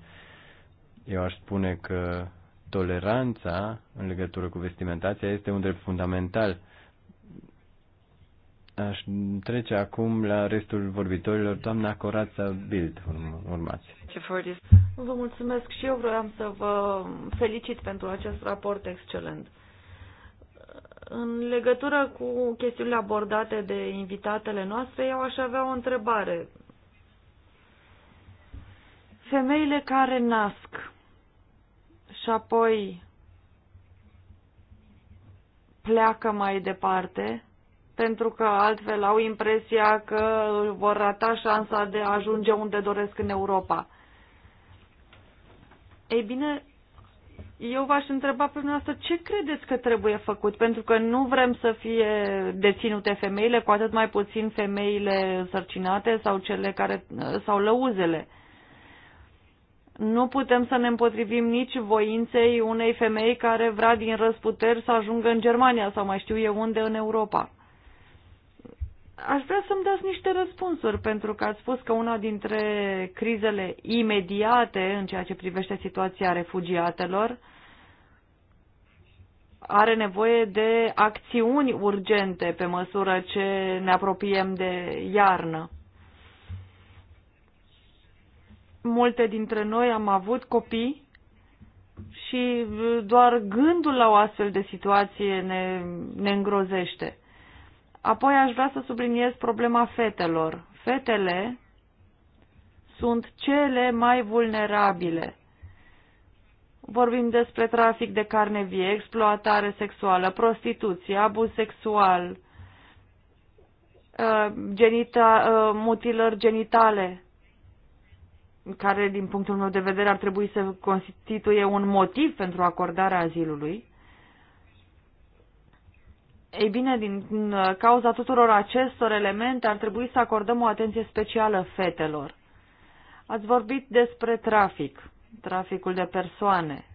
Eu aș spune că toleranța în legătură cu vestimentația este un drept fundamental. Aș trece acum la restul vorbitorilor. Doamna Corața Bild, urmați. Vă mulțumesc și eu vreau să vă felicit pentru acest raport excelent. În legătură cu chestiunile abordate de invitatele noastre, eu aș avea o întrebare. Femeile care nasc și apoi pleacă mai departe, pentru că altfel au impresia că vor rata șansa de a ajunge unde doresc în Europa. Ei bine, eu v-aș întreba pe dumneavoastră ce credeți că trebuie făcut, pentru că nu vrem să fie deținute femeile, cu atât mai puțin femeile însărcinate sau cele care sau lăuzele. Nu putem să ne împotrivim nici voinței unei femei care vrea din răzputeri să ajungă în Germania sau mai știu eu unde în Europa. Aș vrea să-mi dați niște răspunsuri, pentru că ați spus că una dintre crizele imediate în ceea ce privește situația refugiatelor are nevoie de acțiuni urgente pe măsură ce ne apropiem de iarnă. Multe dintre noi am avut copii și doar gândul la o astfel de situație ne, ne îngrozește. Apoi aș vrea să subliniez problema fetelor. Fetele sunt cele mai vulnerabile. Vorbim despre trafic de carne vie, exploatare sexuală, prostituție, abuz sexual, uh, genita, uh, mutilări genitale, care, din punctul meu de vedere, ar trebui să constituie un motiv pentru acordarea azilului. Ei bine, din uh, cauza tuturor acestor elemente ar trebui să acordăm o atenție specială fetelor. Ați vorbit despre trafic, traficul de persoane.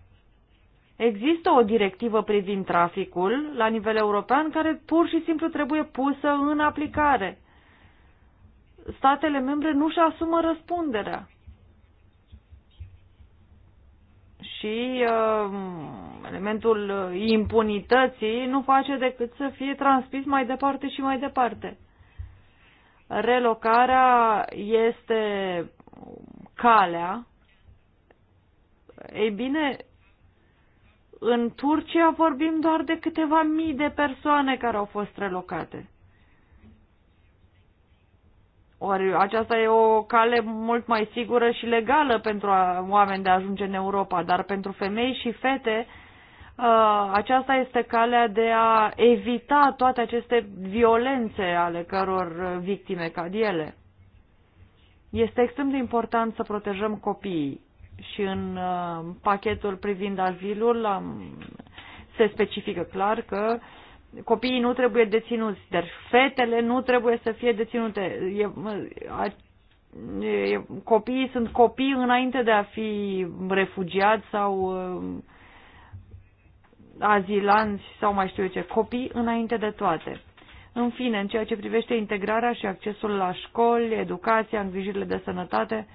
Există o directivă privind traficul la nivel european care pur și simplu trebuie pusă în aplicare. Statele membre nu și asumă răspunderea. și uh, elementul impunității nu face decât să fie transmis mai departe și mai departe. Relocarea este calea. Ei bine, în Turcia vorbim doar de câteva mii de persoane care au fost relocate. Ori aceasta e o cale mult mai sigură și legală pentru a, oameni de a ajunge în Europa, dar pentru femei și fete uh, aceasta este calea de a evita toate aceste violențe ale căror uh, victime cad ele. Este extrem de important să protejăm copiii și în uh, pachetul privind azilul se specifică clar că uh, copiii nu trebuie deținuți, dar fetele nu trebuie să fie deținute. E, a, e, copiii sunt copii înainte de a fi refugiați sau ă, azilanți sau mai știu eu ce, copii înainte de toate. În fine, în ceea ce privește integrarea și accesul la școli, educația, îngrijirile de sănătate,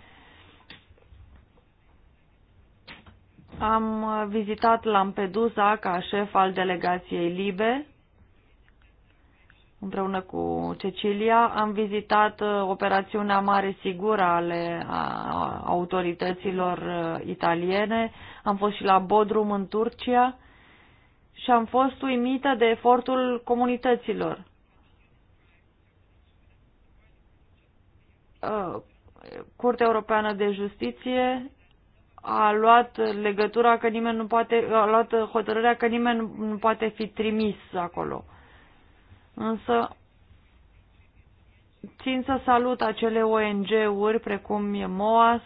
am vizitat Lampedusa ca șef al delegației LIBE Împreună cu Cecilia am vizitat uh, operațiunea Mare Sigură ale autorităților uh, italiene, am fost și la Bodrum în Turcia și am fost uimită de efortul comunităților. Uh, Curtea Europeană de Justiție a luat legătura că nimeni nu poate, a luat hotărârea că nimeni nu poate fi trimis acolo. Însă țin să salut acele ONG-uri precum MOAS,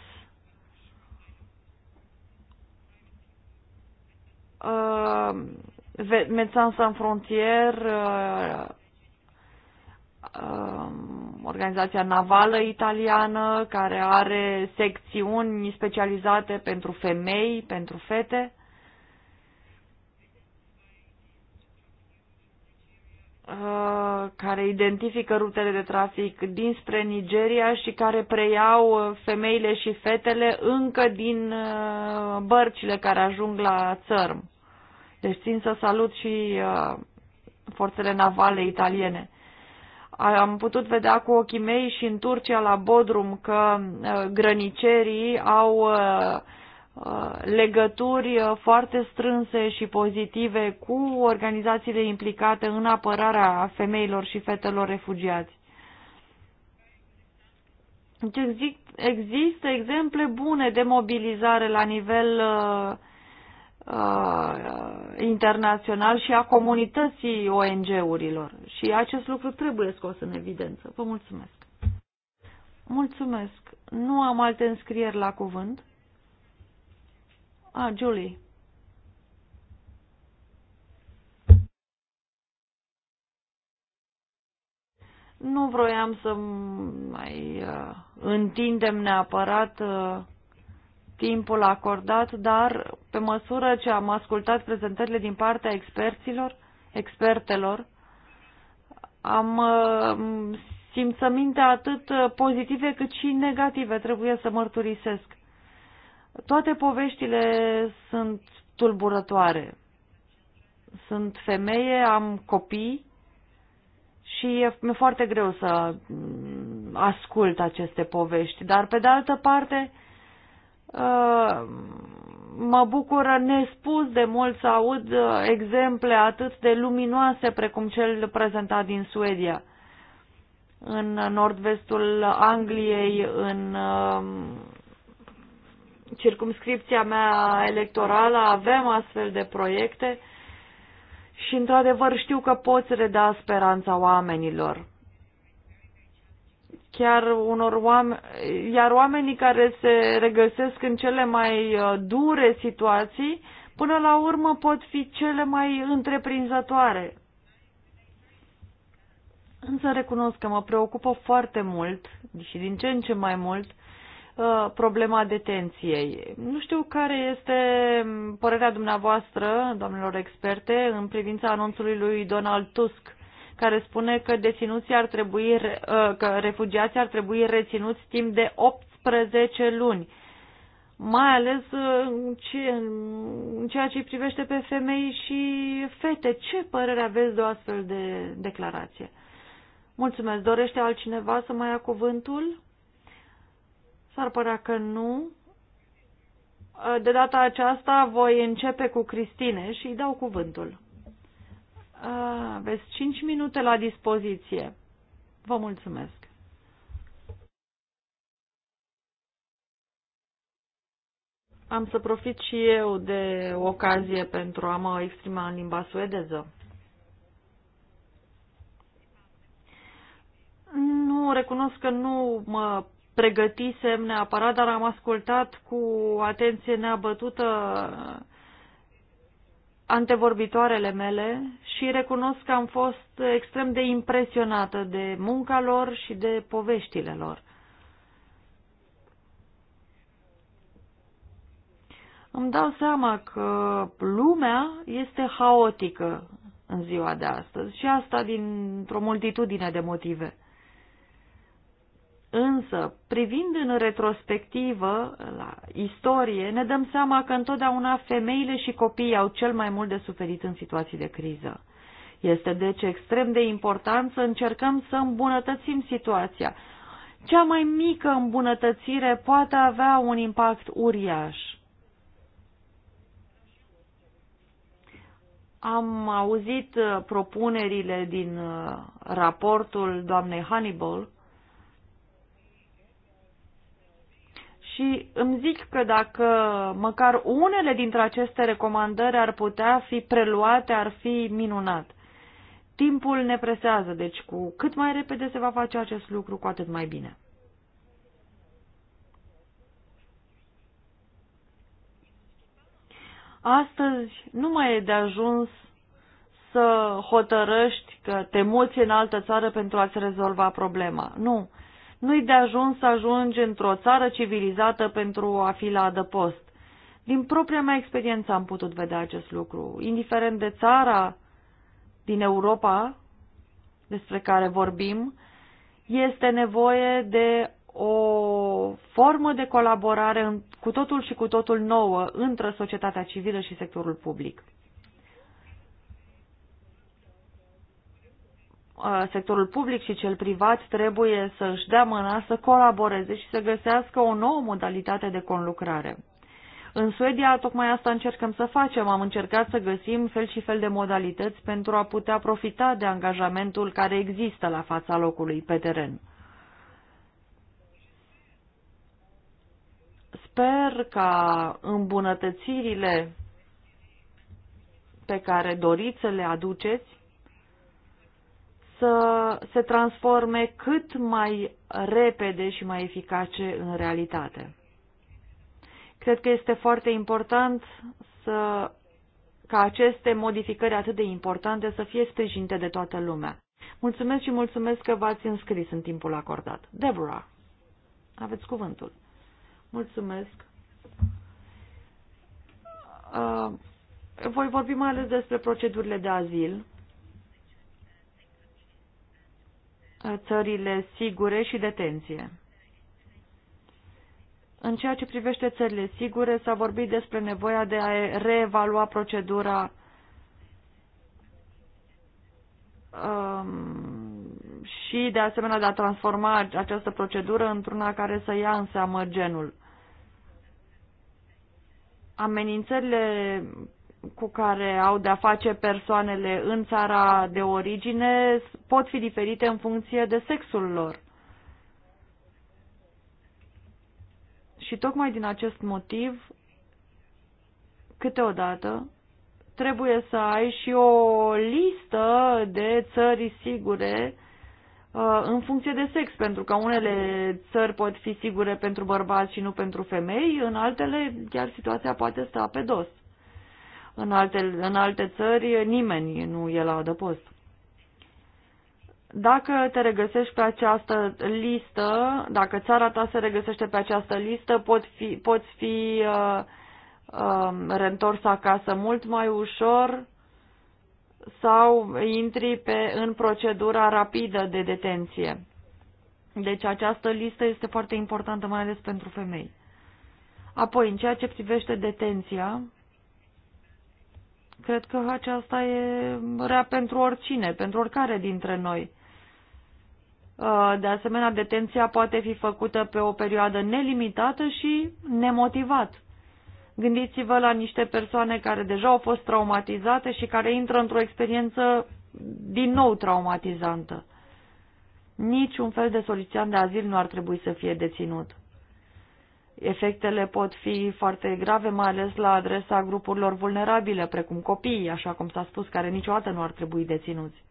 uh, Médecins Sans Frontières, uh, uh, organizația navală italiană care are secțiuni specializate pentru femei, pentru fete. Uh, care identifică rutele de trafic dinspre Nigeria și care preiau uh, femeile și fetele încă din uh, bărcile care ajung la țărm. Deci țin să salut și forțele navale italiene. Am putut vedea cu ochii mei și în Turcia la Bodrum că grănicerii au Uh, legături uh, foarte strânse și pozitive cu organizațiile implicate în apărarea femeilor și fetelor refugiați. Deci există exemple bune de mobilizare la nivel uh, uh internațional și a comunității ONG-urilor și acest lucru trebuie scos în evidență. Vă mulțumesc! Mulțumesc! Nu am alte înscrieri la cuvânt. Ah, Julie. Nu vroiam să mai uh, întindem neapărat uh, timpul acordat, dar pe măsură ce am ascultat prezentările din partea experților, expertelor, am uh, simțăminte atât uh, pozitive cât și negative, trebuie să mărturisesc. Toate poveștile sunt tulburătoare. Sunt femeie, am copii și e, e foarte greu să mm, ascult aceste povești. Dar, pe de altă parte, uh, mă bucură nespus de mult să aud uh, exemple atât de luminoase precum cel prezentat din Suedia. În nord-vestul Angliei, în uh, circumscripția mea electorală avem astfel de proiecte și, într-adevăr, știu că poți reda speranța oamenilor. Chiar unor oameni, iar oamenii care se regăsesc în cele mai uh, dure situații, până la urmă pot fi cele mai întreprinzătoare. Însă recunosc că mă preocupă foarte mult și din ce în ce mai mult Uh, problema detenției. Nu știu care este părerea dumneavoastră, domnilor experte, în privința anunțului lui Donald Tusk, care spune că deținuții ar trebui, uh, că refugiații ar trebui reținuți timp de 18 luni, mai ales uh, în ceea ce privește pe femei și fete. Ce părere aveți de o astfel de declarație? Mulțumesc. Dorește altcineva să mai ia cuvântul? S-ar părea că nu. De data aceasta voi începe cu Cristine și îi dau cuvântul. Aveți 5 minute la dispoziție. Vă mulțumesc. Am să profit și eu de ocazie pentru a mă exprima în limba suedeză. Nu, recunosc că nu mă pregătisem neapărat, dar am ascultat cu atenție neabătută antevorbitoarele mele și recunosc că am fost extrem de impresionată de munca lor și de poveștile lor. Îmi dau seama că lumea este haotică în ziua de astăzi și asta dintr-o multitudine de motive. Însă, privind în retrospectivă la istorie, ne dăm seama că întotdeauna femeile și copiii au cel mai mult de suferit în situații de criză. Este deci extrem de important să încercăm să îmbunătățim situația. Cea mai mică îmbunătățire poate avea un impact uriaș. Am auzit uh, propunerile din uh, raportul doamnei Hannibal Și îmi zic că dacă măcar unele dintre aceste recomandări ar putea fi preluate, ar fi minunat. Timpul ne presează, deci cu cât mai repede se va face acest lucru, cu atât mai bine. Astăzi nu mai e de ajuns să hotărăști că te muți în altă țară pentru a-ți rezolva problema. Nu. Nu-i de ajuns să ajungi într-o țară civilizată pentru a fi la adăpost. Din propria mea experiență am putut vedea acest lucru. Indiferent de țara din Europa despre care vorbim, este nevoie de o formă de colaborare cu totul și cu totul nouă între societatea civilă și sectorul public. Uh, sectorul public și cel privat trebuie să își dea mâna să colaboreze și să găsească o nouă modalitate de conlucrare. În Suedia tocmai asta încercăm să facem. Am încercat să găsim fel și fel de modalități pentru a putea profita de angajamentul care există la fața locului pe teren. Sper ca îmbunătățirile pe care doriți să le aduceți să se transforme cât mai repede și mai eficace în realitate. Cred că este foarte important să, ca aceste modificări atât de importante să fie sprijinite de toată lumea. Mulțumesc și mulțumesc că v-ați înscris în timpul acordat. Deborah, aveți cuvântul. Mulțumesc. Uh, voi vorbi mai ales despre procedurile de azil țările sigure și detenție. În ceea ce privește țările sigure, s-a vorbit despre nevoia de a reevalua procedura um, și, de asemenea, de a transforma această procedură într-una care să ia în seamă genul. Amenințările cu care au de-a face persoanele în țara de origine pot fi diferite în funcție de sexul lor. Și tocmai din acest motiv, câteodată, trebuie să ai și o listă de țări sigure uh, în funcție de sex, pentru că unele țări pot fi sigure pentru bărbați și nu pentru femei, în altele chiar situația poate sta pe dos. În alte, în alte țări nimeni nu e la adăpost. Dacă te regăsești pe această listă, dacă țara ta se regăsește pe această listă, pot fi, poți fi uh, uh, reîntors acasă mult mai ușor sau intri pe, în procedura rapidă de detenție. Deci această listă este foarte importantă, mai ales pentru femei. Apoi, în ceea ce privește detenția, Cred că aceasta e rea pentru oricine, pentru oricare dintre noi. Uh, de asemenea, detenția poate fi făcută pe o perioadă nelimitată și nemotivat. Gândiți-vă la niște persoane care deja au fost traumatizate și care intră într-o experiență din nou traumatizantă. Niciun fel de solicitant de azil nu ar trebui să fie deținut. Efectele pot fi foarte grave, mai ales la adresa grupurilor vulnerabile, precum copiii, așa cum s-a spus, care niciodată nu ar trebui deținuți.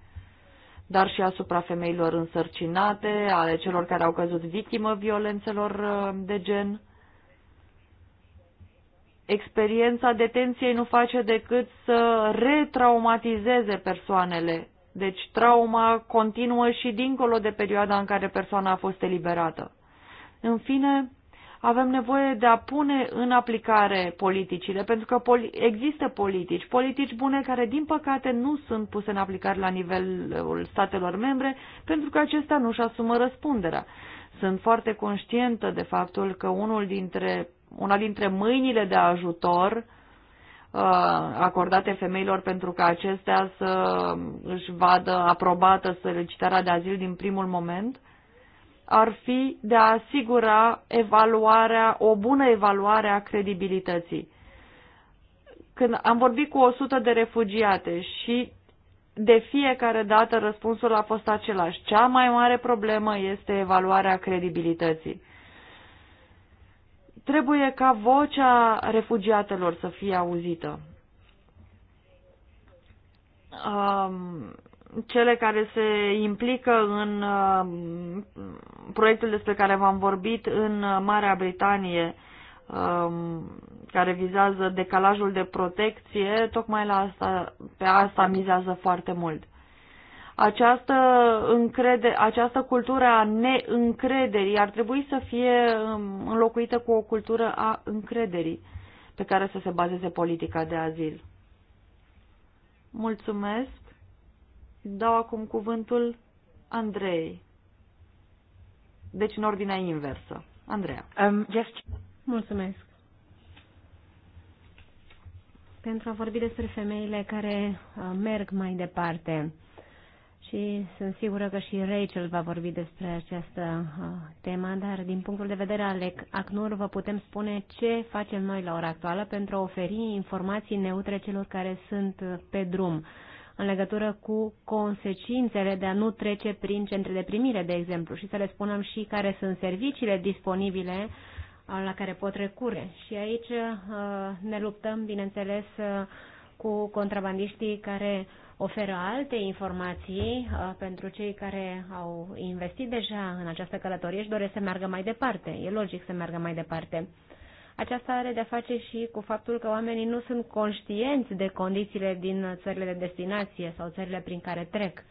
Dar și asupra femeilor însărcinate, ale celor care au căzut victimă violențelor uh, de gen. Experiența detenției nu face decât să retraumatizeze persoanele. Deci trauma continuă și dincolo de perioada în care persoana a fost eliberată. În fine, avem nevoie de a pune în aplicare politicile, pentru că poli există politici, politici bune care, din păcate, nu sunt puse în aplicare la nivelul statelor membre, pentru că acestea nu își asumă răspunderea. Sunt foarte conștientă de faptul că unul dintre, una dintre mâinile de ajutor uh, acordate femeilor pentru ca acestea să își vadă aprobată solicitarea de azil din primul moment, ar fi de a asigura evaluarea, o bună evaluare a credibilității. Când am vorbit cu 100 de refugiate și de fiecare dată răspunsul a fost același. Cea mai mare problemă este evaluarea credibilității. Trebuie ca vocea refugiatelor să fie auzită. Um, cele care se implică în uh, proiectul despre care v-am vorbit în Marea Britanie, um, care vizează decalajul de protecție, tocmai la asta, pe asta mizează foarte mult. Această, încrede, această cultură a neîncrederii ar trebui să fie um, înlocuită cu o cultură a încrederii pe care să se bazeze politica de azil. Mulțumesc! Dau acum cuvântul Andrei. Deci în ordinea inversă. Andreea. Um, yes. Mulțumesc. Pentru a vorbi despre femeile care uh, merg mai departe și sunt sigură că și Rachel va vorbi despre această uh, temă, dar din punctul de vedere al ACNUR vă putem spune ce facem noi la ora actuală pentru a oferi informații neutre celor care sunt uh, pe drum în legătură cu consecințele de a nu trece prin centre de primire, de exemplu, și să le spunem și care sunt serviciile disponibile uh, la care pot recurge. Și aici uh, ne luptăm, bineînțeles, uh, cu contrabandiștii care oferă alte informații pentru cei care au investit deja în această călătorie și doresc să meargă mai departe. E logic să meargă mai departe. Aceasta are de-a face și cu faptul că oamenii nu sunt conștienți de condițiile din țările de destinație sau țările prin care trec.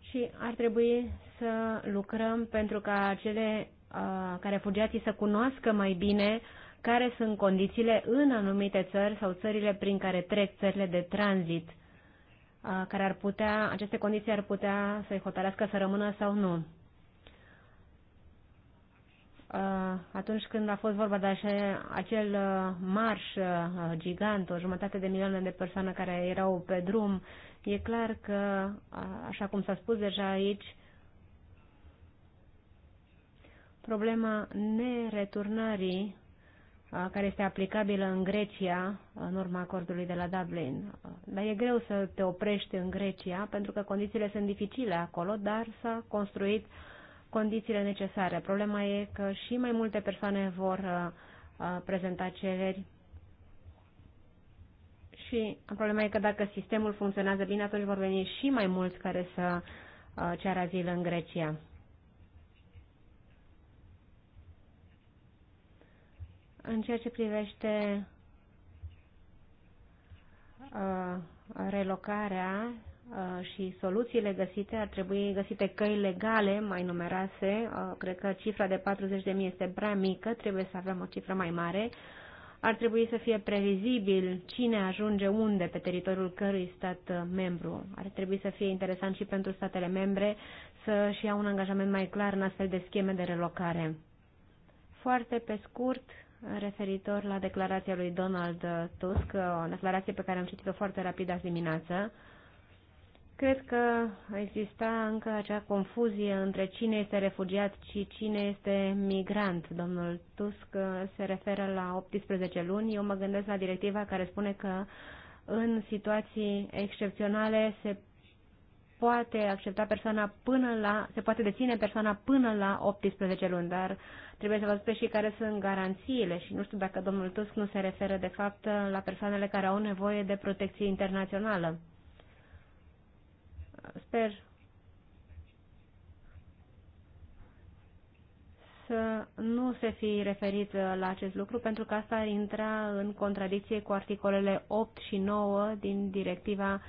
Și ar trebui să lucrăm pentru ca cele uh, care fugiații să cunoască mai bine care sunt condițiile în anumite țări sau țările prin care trec țările de tranzit, uh, care ar putea, aceste condiții ar putea să-i hotărească să rămână sau nu. Uh, atunci când a fost vorba de așa, acel uh, marș uh, gigant, o jumătate de milioane de persoane care erau pe drum, e clar că, așa cum s-a spus deja aici, problema nereturnării care este aplicabilă în Grecia în urma acordului de la Dublin. Dar e greu să te oprești în Grecia pentru că condițiile sunt dificile acolo, dar s-a construit uh, condițiile necesare. Problema e că și mai multe persoane vor uh, uh, prezenta cereri și problema e că dacă sistemul funcționează bine, atunci vor veni și mai mulți care să uh, ceară azil în Grecia. În ceea ce privește relocarea Uh, și soluțiile găsite, ar trebui găsite căi legale mai numeroase. Uh, cred că cifra de 40.000 este prea mică, trebuie să avem o cifră mai mare. Ar trebui să fie previzibil cine ajunge unde pe teritoriul cărui stat uh, membru. Ar trebui să fie interesant și pentru statele membre să-și ia un angajament mai clar în astfel de scheme de relocare. Foarte pe scurt, referitor la declarația lui Donald Tusk, o declarație pe care am citit-o foarte rapid azi dimineață, Cred că exista încă acea confuzie între cine este refugiat și cine este migrant. Domnul Tusk se referă la 18 luni. Eu mă gândesc la directiva care spune că în situații excepționale se poate accepta persoana până la, se poate deține persoana până la 18 luni, dar trebuie să vă spun și care sunt garanțiile și nu știu dacă domnul Tusk nu se referă de fapt la persoanele care au nevoie de protecție internațională sper să nu se fi referit la acest lucru, pentru că asta ar intra în contradicție cu articolele 8 și 9 din directiva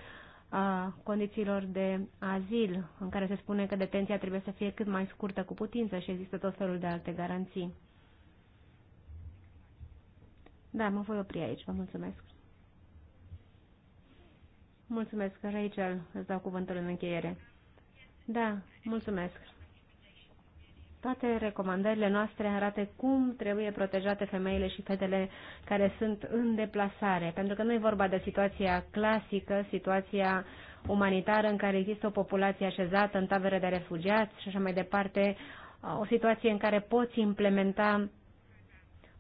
a condițiilor de azil, în care se spune că detenția trebuie să fie cât mai scurtă cu putință și există tot felul de alte garanții. Da, mă voi opri aici. Vă mulțumesc. Mulțumesc, Rachel. Îți dau cuvântul în încheiere. Da, mulțumesc. Toate recomandările noastre arată cum trebuie protejate femeile și fetele care sunt în deplasare, pentru că nu e vorba de situația clasică, situația umanitară în care există o populație așezată în tabere de refugiați și așa mai departe, o situație în care poți implementa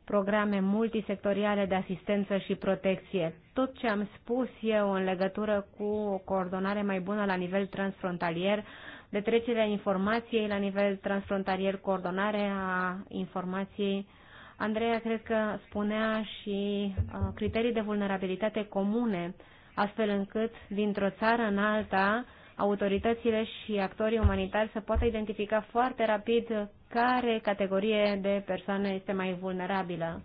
programe multisectoriale de asistență și protecție tot ce am spus eu în legătură cu o coordonare mai bună la nivel transfrontalier, de trecerea informației la nivel transfrontalier, coordonarea informației. Andreea, cred că spunea și uh, criterii de vulnerabilitate comune, astfel încât dintr-o țară în alta, autoritățile și actorii umanitari să poată identifica foarte rapid care categorie de persoane este mai vulnerabilă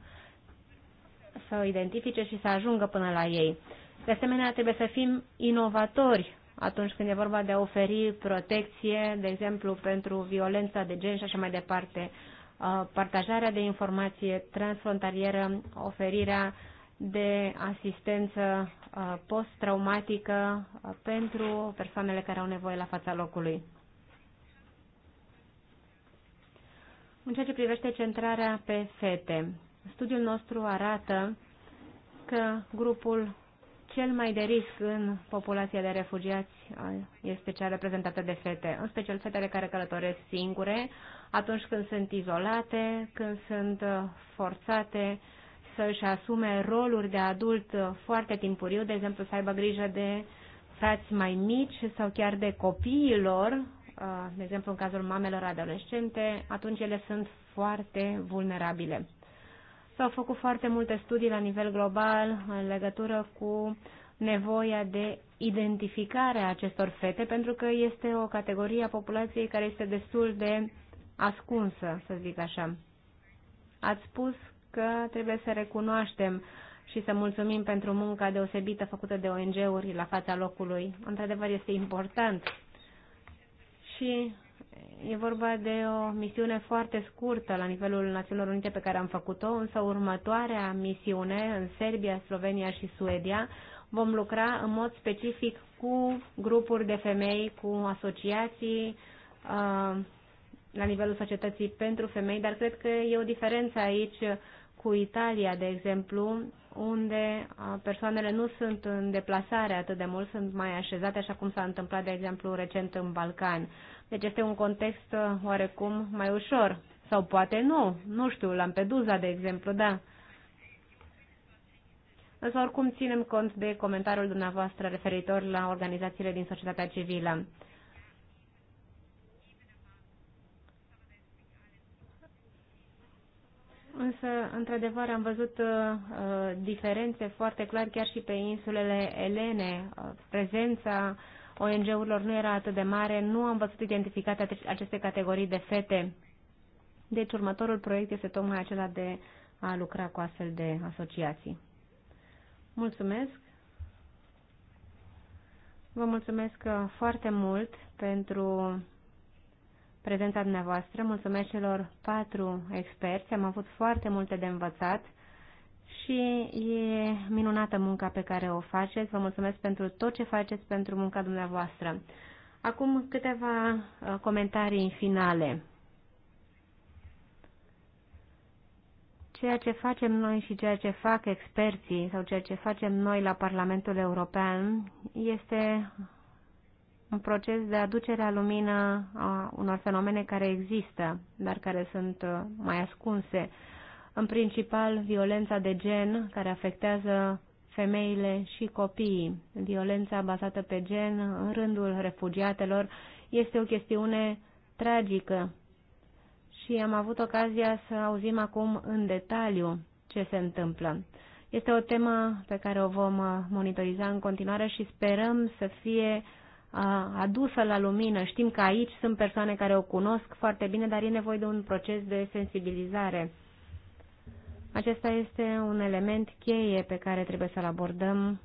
să identifice și să ajungă până la ei. De asemenea, trebuie să fim inovatori atunci când e vorba de a oferi protecție, de exemplu, pentru violența de gen și așa mai departe, uh, partajarea de informație transfrontalieră, oferirea de asistență uh, post-traumatică uh, pentru persoanele care au nevoie la fața locului. În ceea ce privește centrarea pe fete, Studiul nostru arată că grupul cel mai de risc în populația de refugiați este cea reprezentată de fete, în special fetele care călătoresc singure, atunci când sunt izolate, când sunt uh, forțate să își asume roluri de adult uh, foarte timpuriu, de exemplu să aibă grijă de frați mai mici sau chiar de copiilor, uh, de exemplu în cazul mamelor adolescente, atunci ele sunt foarte vulnerabile. S-au făcut foarte multe studii la nivel global în legătură cu nevoia de identificare a acestor fete, pentru că este o categorie a populației care este destul de ascunsă, să zic așa. Ați spus că trebuie să recunoaștem și să mulțumim pentru munca deosebită făcută de ONG-uri la fața locului. Într-adevăr, este important. Și E vorba de o misiune foarte scurtă la nivelul Națiunilor Unite pe care am făcut-o, însă următoarea misiune în Serbia, Slovenia și Suedia vom lucra în mod specific cu grupuri de femei, cu asociații uh, la nivelul societății pentru femei, dar cred că e o diferență aici cu Italia, de exemplu, unde uh, persoanele nu sunt în deplasare atât de mult, sunt mai așezate, așa cum s-a întâmplat, de exemplu, recent în Balcan. Deci este un context uh, oarecum mai ușor. Sau poate nu, nu știu, Lampedusa, de exemplu, da. Însă oricum ținem cont de comentariul dumneavoastră referitor la organizațiile din societatea civilă. Însă, într-adevăr, am văzut uh, uh diferențe foarte clar chiar și pe insulele Elene. Uh, prezența uh, ONG-urilor nu era atât de mare, nu am văzut identificate aceste categorii de fete. Deci următorul proiect este tocmai acela de a lucra cu astfel de asociații. Mulțumesc! Vă mulțumesc uh, foarte mult pentru prezența dumneavoastră. Mulțumesc celor patru experți. Am avut foarte multe de învățat și e minunată munca pe care o faceți. Vă mulțumesc pentru tot ce faceți, pentru munca dumneavoastră. Acum câteva uh, comentarii finale. Ceea ce facem noi și ceea ce fac experții sau ceea ce facem noi la Parlamentul European este un proces de aducere a lumină a unor fenomene care există, dar care sunt uh, mai ascunse în principal violența de gen care afectează femeile și copiii. Violența bazată pe gen în rândul refugiatelor este o chestiune tragică și am avut ocazia să auzim acum în detaliu ce se întâmplă. Este o temă pe care o vom monitoriza în continuare și sperăm să fie adusă la lumină. Știm că aici sunt persoane care o cunosc foarte bine, dar e nevoie de un proces de sensibilizare. Acesta este un element cheie pe care trebuie să-l abordăm,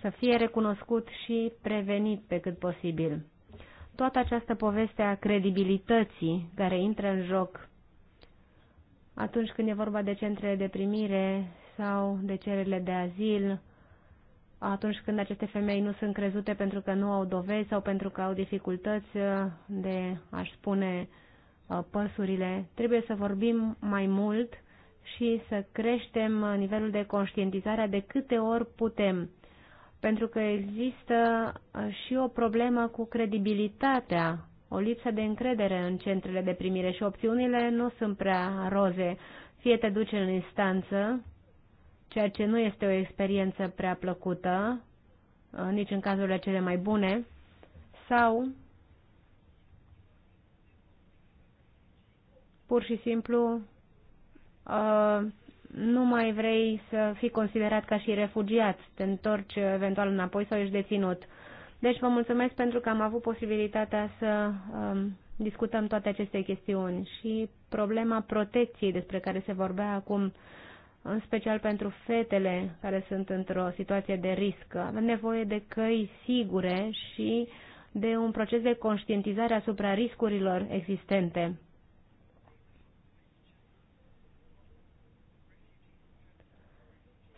să fie recunoscut și prevenit pe cât posibil. Toată această poveste a credibilității care intră în joc atunci când e vorba de centrele de primire sau de cererile de azil, atunci când aceste femei nu sunt crezute pentru că nu au dovezi sau pentru că au dificultăți de, aș spune, Uh, păsurile. Trebuie să vorbim mai mult și să creștem nivelul de conștientizare de câte ori putem. Pentru că există uh, și o problemă cu credibilitatea, o lipsă de încredere în centrele de primire și opțiunile nu sunt prea roze. Fie te duci în instanță, ceea ce nu este o experiență prea plăcută, uh, nici în cazurile cele mai bune, sau pur și simplu uh, nu mai vrei să fii considerat ca și refugiat, te întorci eventual înapoi sau ești deținut. Deci vă mulțumesc pentru că am avut posibilitatea să um, discutăm toate aceste chestiuni și problema protecției despre care se vorbea acum, în special pentru fetele care sunt într-o situație de risc. Avem nevoie de căi sigure și de un proces de conștientizare asupra riscurilor existente.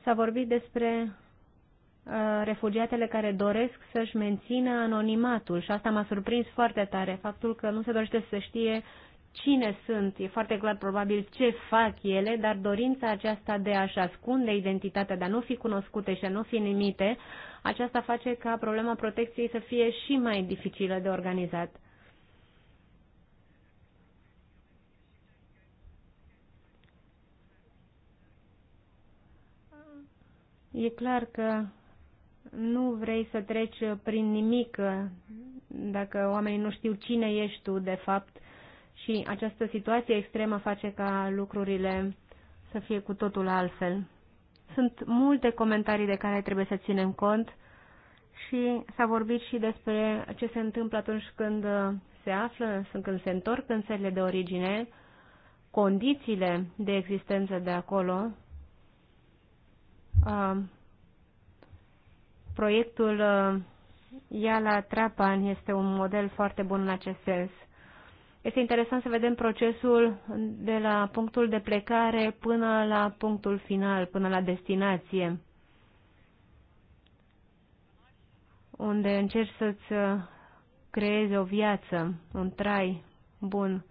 S-a vorbit despre uh, refugiatele care doresc să-și mențină anonimatul și asta m-a surprins foarte tare, faptul că nu se dorește să știe cine sunt, e foarte clar probabil ce fac ele, dar dorința aceasta de a-și ascunde identitatea, de a nu fi cunoscute și de a nu fi nimite, aceasta face ca problema protecției să fie și mai dificilă de organizat. E clar că nu vrei să treci prin nimic dacă oamenii nu știu cine ești tu, de fapt, și această situație extremă face ca lucrurile să fie cu totul altfel. Sunt multe comentarii de care trebuie să ținem cont și s-a vorbit și despre ce se întâmplă atunci când se află, când se întorc în țările de origine, condițiile de existență de acolo Um, proiectul uh, Iala Trapan este un model foarte bun în acest sens. Este interesant să vedem procesul de la punctul de plecare până la punctul final, până la destinație, unde încerci să-ți uh, creezi o viață, un trai bun.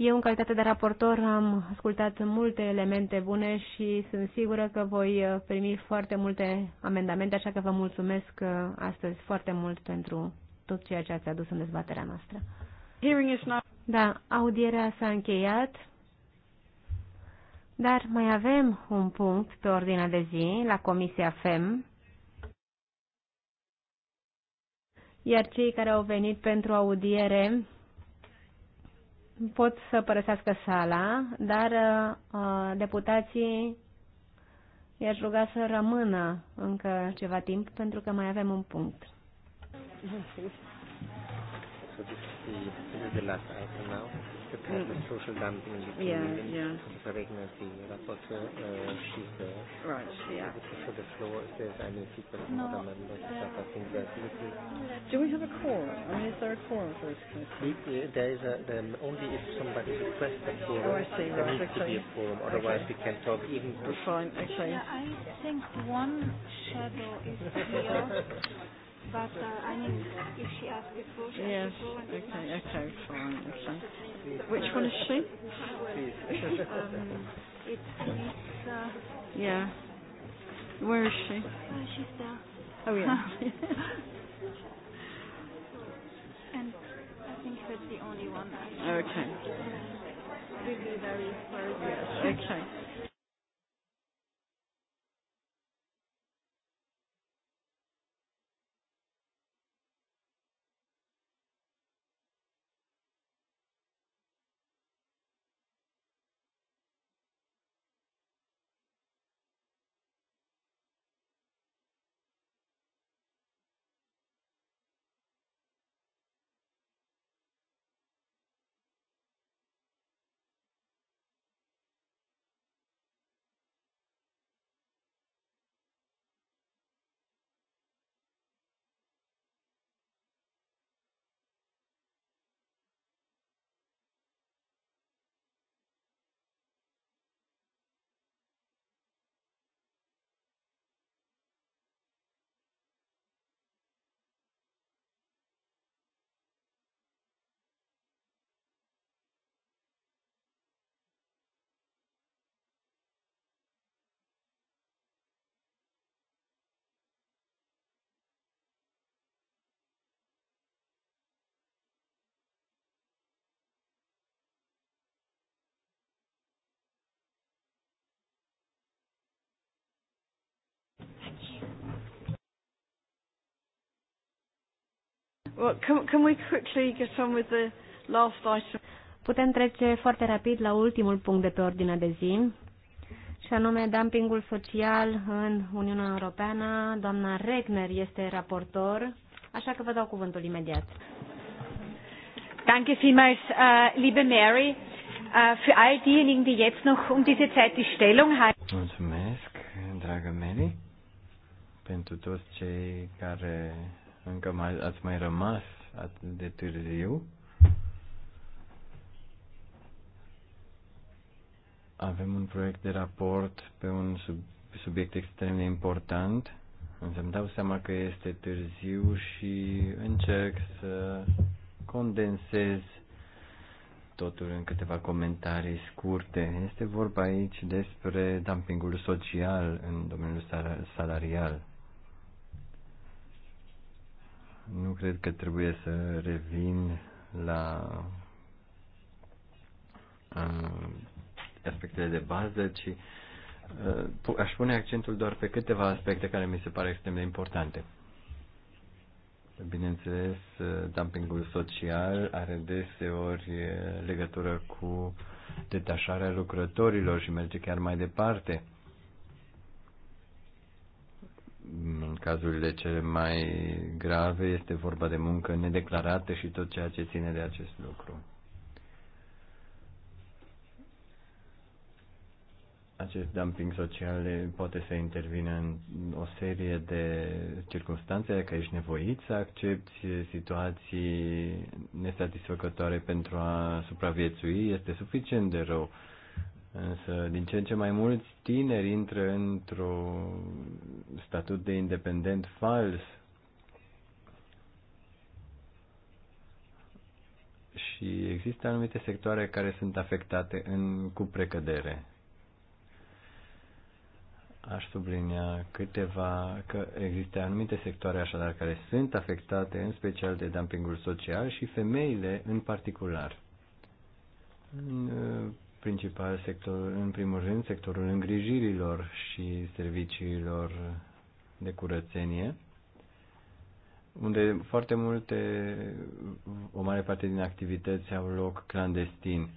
Eu, în calitate de raportor, am ascultat multe elemente bune și sunt sigură că voi uh, primi foarte multe amendamente, așa că vă mulțumesc uh, astăzi foarte mult pentru tot ceea ce ați adus în dezbaterea noastră. Da, audierea s-a încheiat, dar mai avem un punct pe ordinea de zi la Comisia FEM, iar cei care au venit pentru audiere pot să părăsească sala, dar uh, deputații i-aș ruga să rămână încă ceva timp, pentru că mai avem un punct. So prepared mm. with social dumping in yeah, yeah. Regner, the rapporteur, uh, she's there. Right, yeah. For the floor, if there's any feedback from no, other members, yeah. I think that Do we have a quorum? I mean, is there a quorum for this we, uh, There is a, um, only if somebody requests a quorum, oh, I see. there right, needs okay. to be a quorum, otherwise okay. we can talk even... to... Fine, okay. Yeah, I think one shadow is here. [LAUGHS] But uh, I mean, if she asked before, she yes. asked before. Yes. Okay. Okay. Fine. Okay. Which one is she? um, it's Miss. Uh, yeah. Where is she? Uh, she's there. Oh yeah. [LAUGHS] and I think that's the only one. I okay. Really very sorry. Yes. Okay. Putem trece foarte rapid la ultimul punct de pe ordinea de zi, și anume dumpingul social în Uniunea Europeană. Doamna Regner este raportor, așa că vă dau cuvântul imediat. Danke vielmals, uh, liebe Mary, uh, für all diejenigen, die jetzt noch um diese Zeit die Stellung halten. Mulțumesc, dragă Mary, pentru toți cei care încă mai, ați mai rămas atât de târziu. Avem un proiect de raport pe un sub, subiect extrem de important. Însă îmi dau seama că este târziu și încerc să condensez totul în câteva comentarii scurte. Este vorba aici despre dumpingul social în domeniul salarial. Nu cred că trebuie să revin la um, aspectele de bază, ci uh, aș pune accentul doar pe câteva aspecte care mi se pare extrem de importante. Bineînțeles, dumpingul social are deseori uh, legătură cu detașarea lucrătorilor și merge chiar mai departe. În cazurile cele mai grave este vorba de muncă nedeclarată și tot ceea ce ține de acest lucru. acest dumping social poate să intervine în o serie de circunstanțe, că ești nevoit să accepti situații nesatisfăcătoare pentru a supraviețui, este suficient de rău. Uh, Însă, din ce în ce mai mulți tineri intră într-un statut de independent fals și există anumite sectoare care sunt afectate în, cu precădere. Aș sublinia câteva că există anumite sectoare așadar care sunt afectate în special de dumpingul social și femeile în particular. În principal sector, în primul rând, sectorul îngrijirilor și serviciilor de curățenie, unde foarte multe, o mare parte din activități au loc clandestin.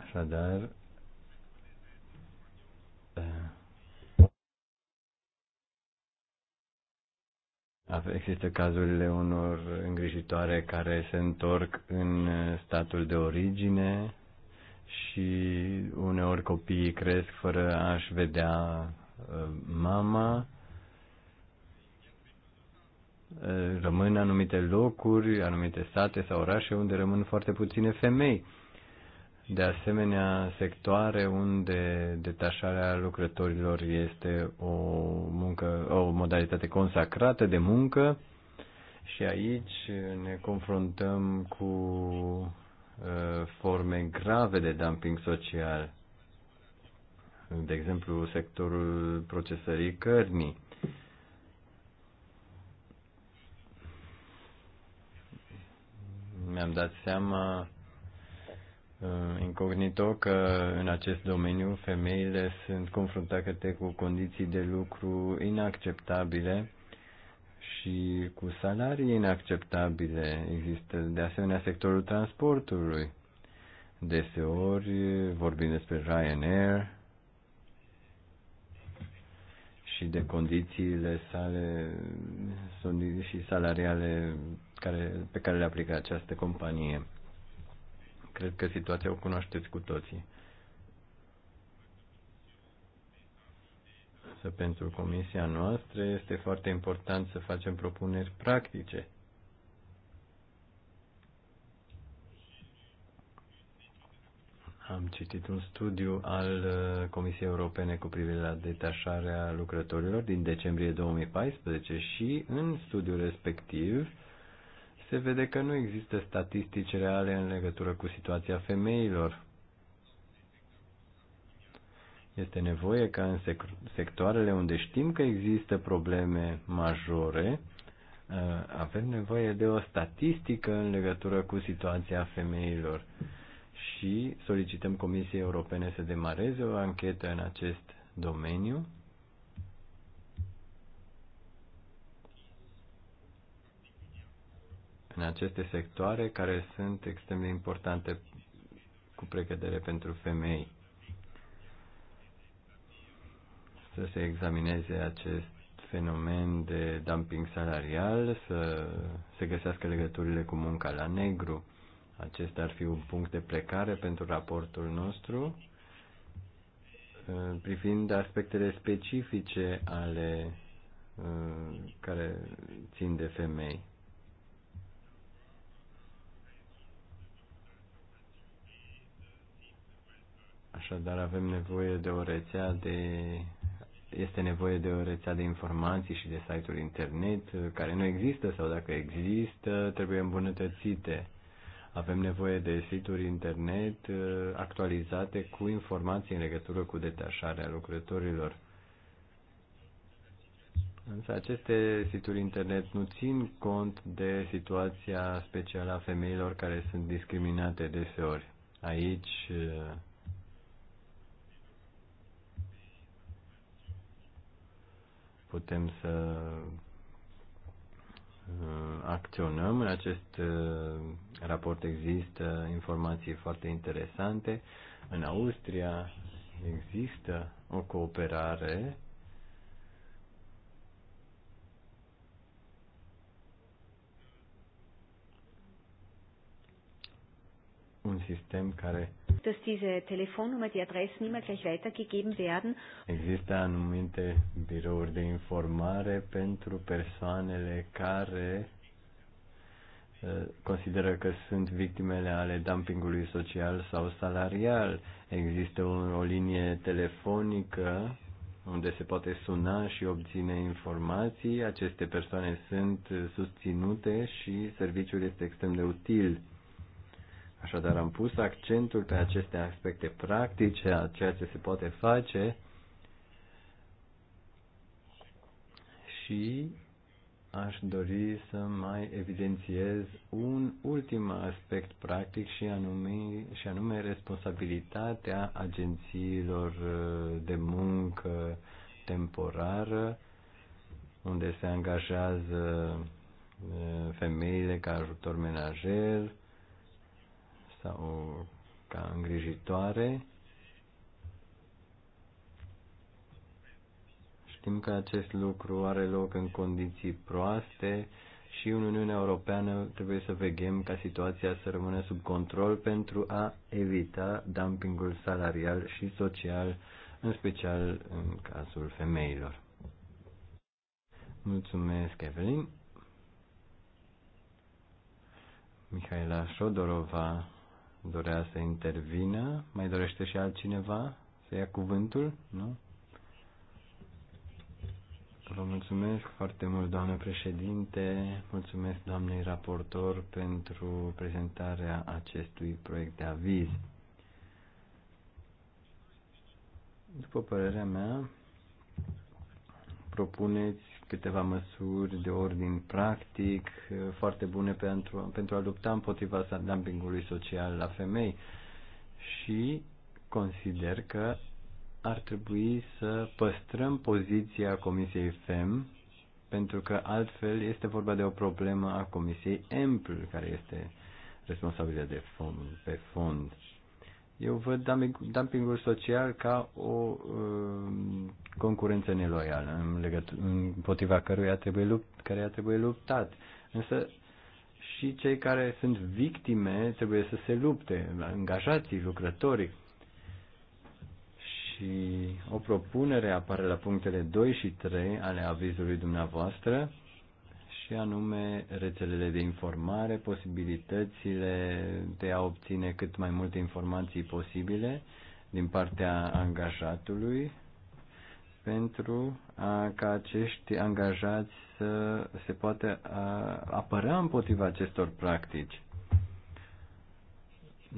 Așadar, Există cazurile unor îngrijitoare care se întorc în statul de origine și uneori copiii cresc fără a-și vedea ă, mama. Ă, rămân anumite locuri, anumite sate sau orașe unde rămân foarte puține femei de asemenea sectoare unde detașarea lucrătorilor este o, muncă, o modalitate consacrată de muncă și aici ne confruntăm cu uh, forme grave de dumping social. De exemplu, sectorul procesării cărnii. Mi-am dat seama Uh, incognito că în acest domeniu femeile sunt confruntate cu condiții de lucru inacceptabile și cu salarii inacceptabile. Există de asemenea sectorul transportului. Deseori vorbim despre Ryanair și de condițiile sale și salariale care, pe care le aplică această companie Cred că situația o cunoașteți cu toții. Să pentru comisia noastră este foarte important să facem propuneri practice. Am citit un studiu al uh, Comisiei Europene cu privire la detașarea lucrătorilor din decembrie 2014 și în studiul respectiv se vede că nu există statistici reale în legătură cu situația femeilor. Este nevoie ca în sectoarele unde știm că există probleme majore, uh, avem nevoie de o statistică în legătură cu situația femeilor și solicităm Comisiei Europene să demareze o anchetă în acest domeniu în aceste sectoare care sunt extrem de importante cu precădere pentru femei. Să se examineze acest fenomen de dumping salarial, să se găsească legăturile cu munca la negru. Acesta ar fi un punct de plecare pentru raportul nostru uh, privind aspectele specifice ale uh, care țin de femei. Așadar avem nevoie de o rețea de este nevoie de o rețea de informații și de site-uri internet uh, care nu există sau dacă există, trebuie îmbunătățite. Avem nevoie de situri internet uh, actualizate cu informații în legătură cu detașarea lucrătorilor. Însă aceste situri internet nu țin cont de situația specială a femeilor care sunt discriminate deseori. Aici uh, putem să uh, acționăm. În acest uh, raport există informații foarte interesante. În Austria există o cooperare un sistem care dass diese Telefonnummer, die Adressen immer gleich weitergegeben werden. Există anumite birouri de informare pentru persoanele care uh, consideră că sunt victimele ale dumpingului social sau salarial. Există o, o linie telefonică unde se poate suna și obține informații. Aceste persoane sunt susținute și serviciul este extrem de util Așadar, am pus accentul pe aceste aspecte practice, a ceea ce se poate face și aș dori să mai evidențiez un ultim aspect practic și anume, și anume responsabilitatea agențiilor uh, de muncă temporară unde se angajează uh, femeile ca ajutor menajer, sau ca îngrijitoare. Știm că acest lucru are loc în condiții proaste și în Uniunea Europeană trebuie să veghem ca situația să rămână sub control pentru a evita dumpingul salarial și social, în special în cazul femeilor. Mulțumesc, Evelyn. Mihaela Șodorova dorea să intervină. Mai dorește și altcineva să ia cuvântul? Nu? Vă mulțumesc foarte mult, doamnă președinte, mulțumesc doamnei raportor pentru prezentarea acestui proiect de aviz. După părerea mea, propuneți câteva măsuri de ordin practic foarte bune pentru, pentru a lupta împotriva dumpingului social la femei și consider că ar trebui să păstrăm poziția Comisiei FEM pentru că altfel este vorba de o problemă a Comisiei EMPL care este responsabilă de fond, pe fond. Eu văd dumpingul social ca o um, concurență neloială, în legăt- împotriva căruia trebuie, lupt, căruia trebuie luptat. Însă și cei care sunt victime trebuie să se lupte, angajații, lucrătorii. Și o propunere apare la punctele 2 și 3 ale avizului dumneavoastră și anume rețelele de informare, posibilitățile de a obține cât mai multe informații posibile din partea angajatului pentru a, ca acești angajați să se poată apăra împotriva acestor practici.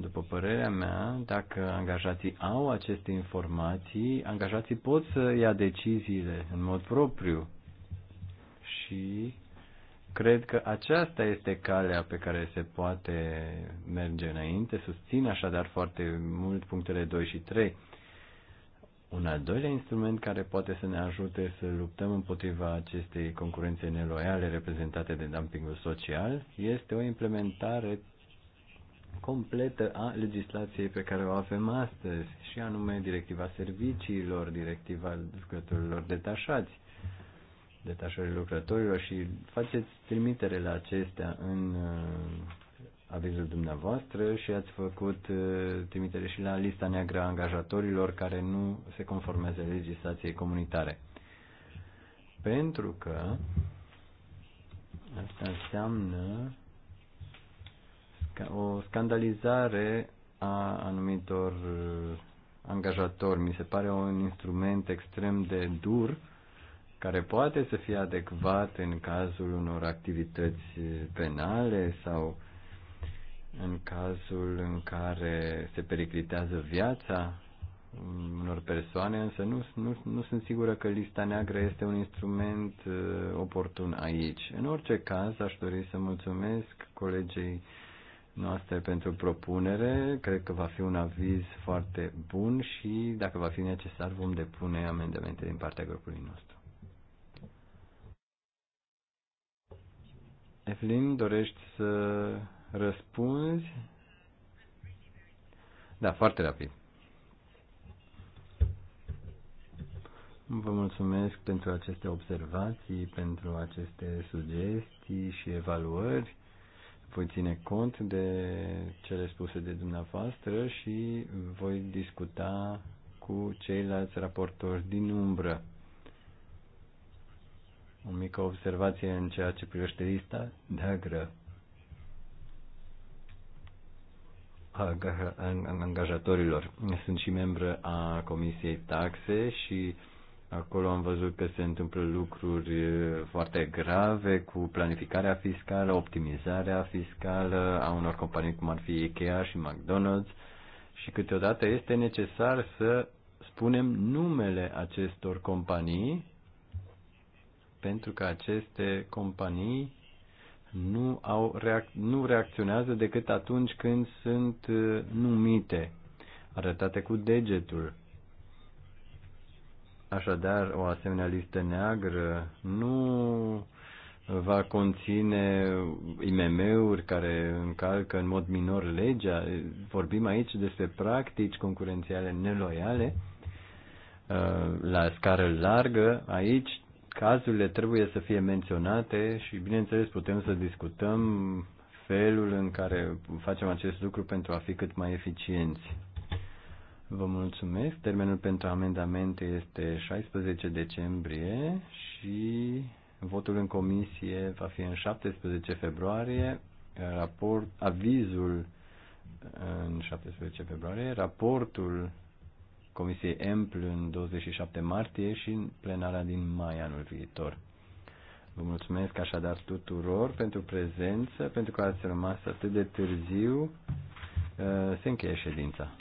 După părerea mea, dacă angajații au aceste informații, angajații pot să ia deciziile în mod propriu și cred că aceasta este calea pe care se poate merge înainte. Susțin așadar foarte mult punctele 2 și 3. Un al doilea instrument care poate să ne ajute să luptăm împotriva acestei concurențe neloiale reprezentate de dumpingul social este o implementare completă a legislației pe care o avem astăzi, și anume directiva serviciilor, directiva lucrătorilor detașați detașării lucrătorilor și faceți trimitere la acestea în uh, avizul dumneavoastră și ați făcut uh, trimitere și la lista neagră a angajatorilor care nu se conformează legislației comunitare. Pentru că asta înseamnă o scandalizare a anumitor uh, angajatori. Mi se pare un instrument extrem de dur care poate să fie adecvat în cazul unor activități penale sau în cazul în care se periclitează viața unor persoane, însă nu, nu, nu sunt sigură că lista neagră este un instrument uh, oportun aici. În orice caz, aș dori să mulțumesc colegii noastre pentru propunere. Cred că va fi un aviz foarte bun și, dacă va fi necesar, vom depune amendamente din partea grupului nostru. Evelyn, dorești să răspunzi? Da, foarte rapid. Vă mulțumesc pentru aceste observații, pentru aceste sugestii și evaluări. Voi ține cont de cele spuse de dumneavoastră și voi discuta cu ceilalți raportori din umbră o mică observație în ceea ce privește lista de agră. angajatorilor. Sunt și membră a Comisiei Taxe și acolo am văzut că se întâmplă lucruri foarte grave cu planificarea fiscală, optimizarea fiscală a unor companii cum ar fi Ikea și McDonald's și câteodată este necesar să spunem numele acestor companii pentru că aceste companii nu, au reac- nu reacționează decât atunci când sunt uh, numite, arătate cu degetul. Așadar, o asemenea listă neagră nu va conține IMM-uri care încalcă în mod minor legea. Vorbim aici despre practici concurențiale neloiale uh, la scară largă. Aici cazurile trebuie să fie menționate și, bineînțeles, putem să discutăm felul în care facem acest lucru pentru a fi cât mai eficienți. Vă mulțumesc. Termenul pentru amendamente este 16 decembrie și votul în comisie va fi în 17 februarie, raport, avizul în 17 februarie, raportul Comisiei EMPL în 27 martie și în plenarea din mai anul viitor. Vă mulțumesc așadar tuturor pentru prezență, pentru că ați rămas atât de târziu. Uh, se încheie ședința.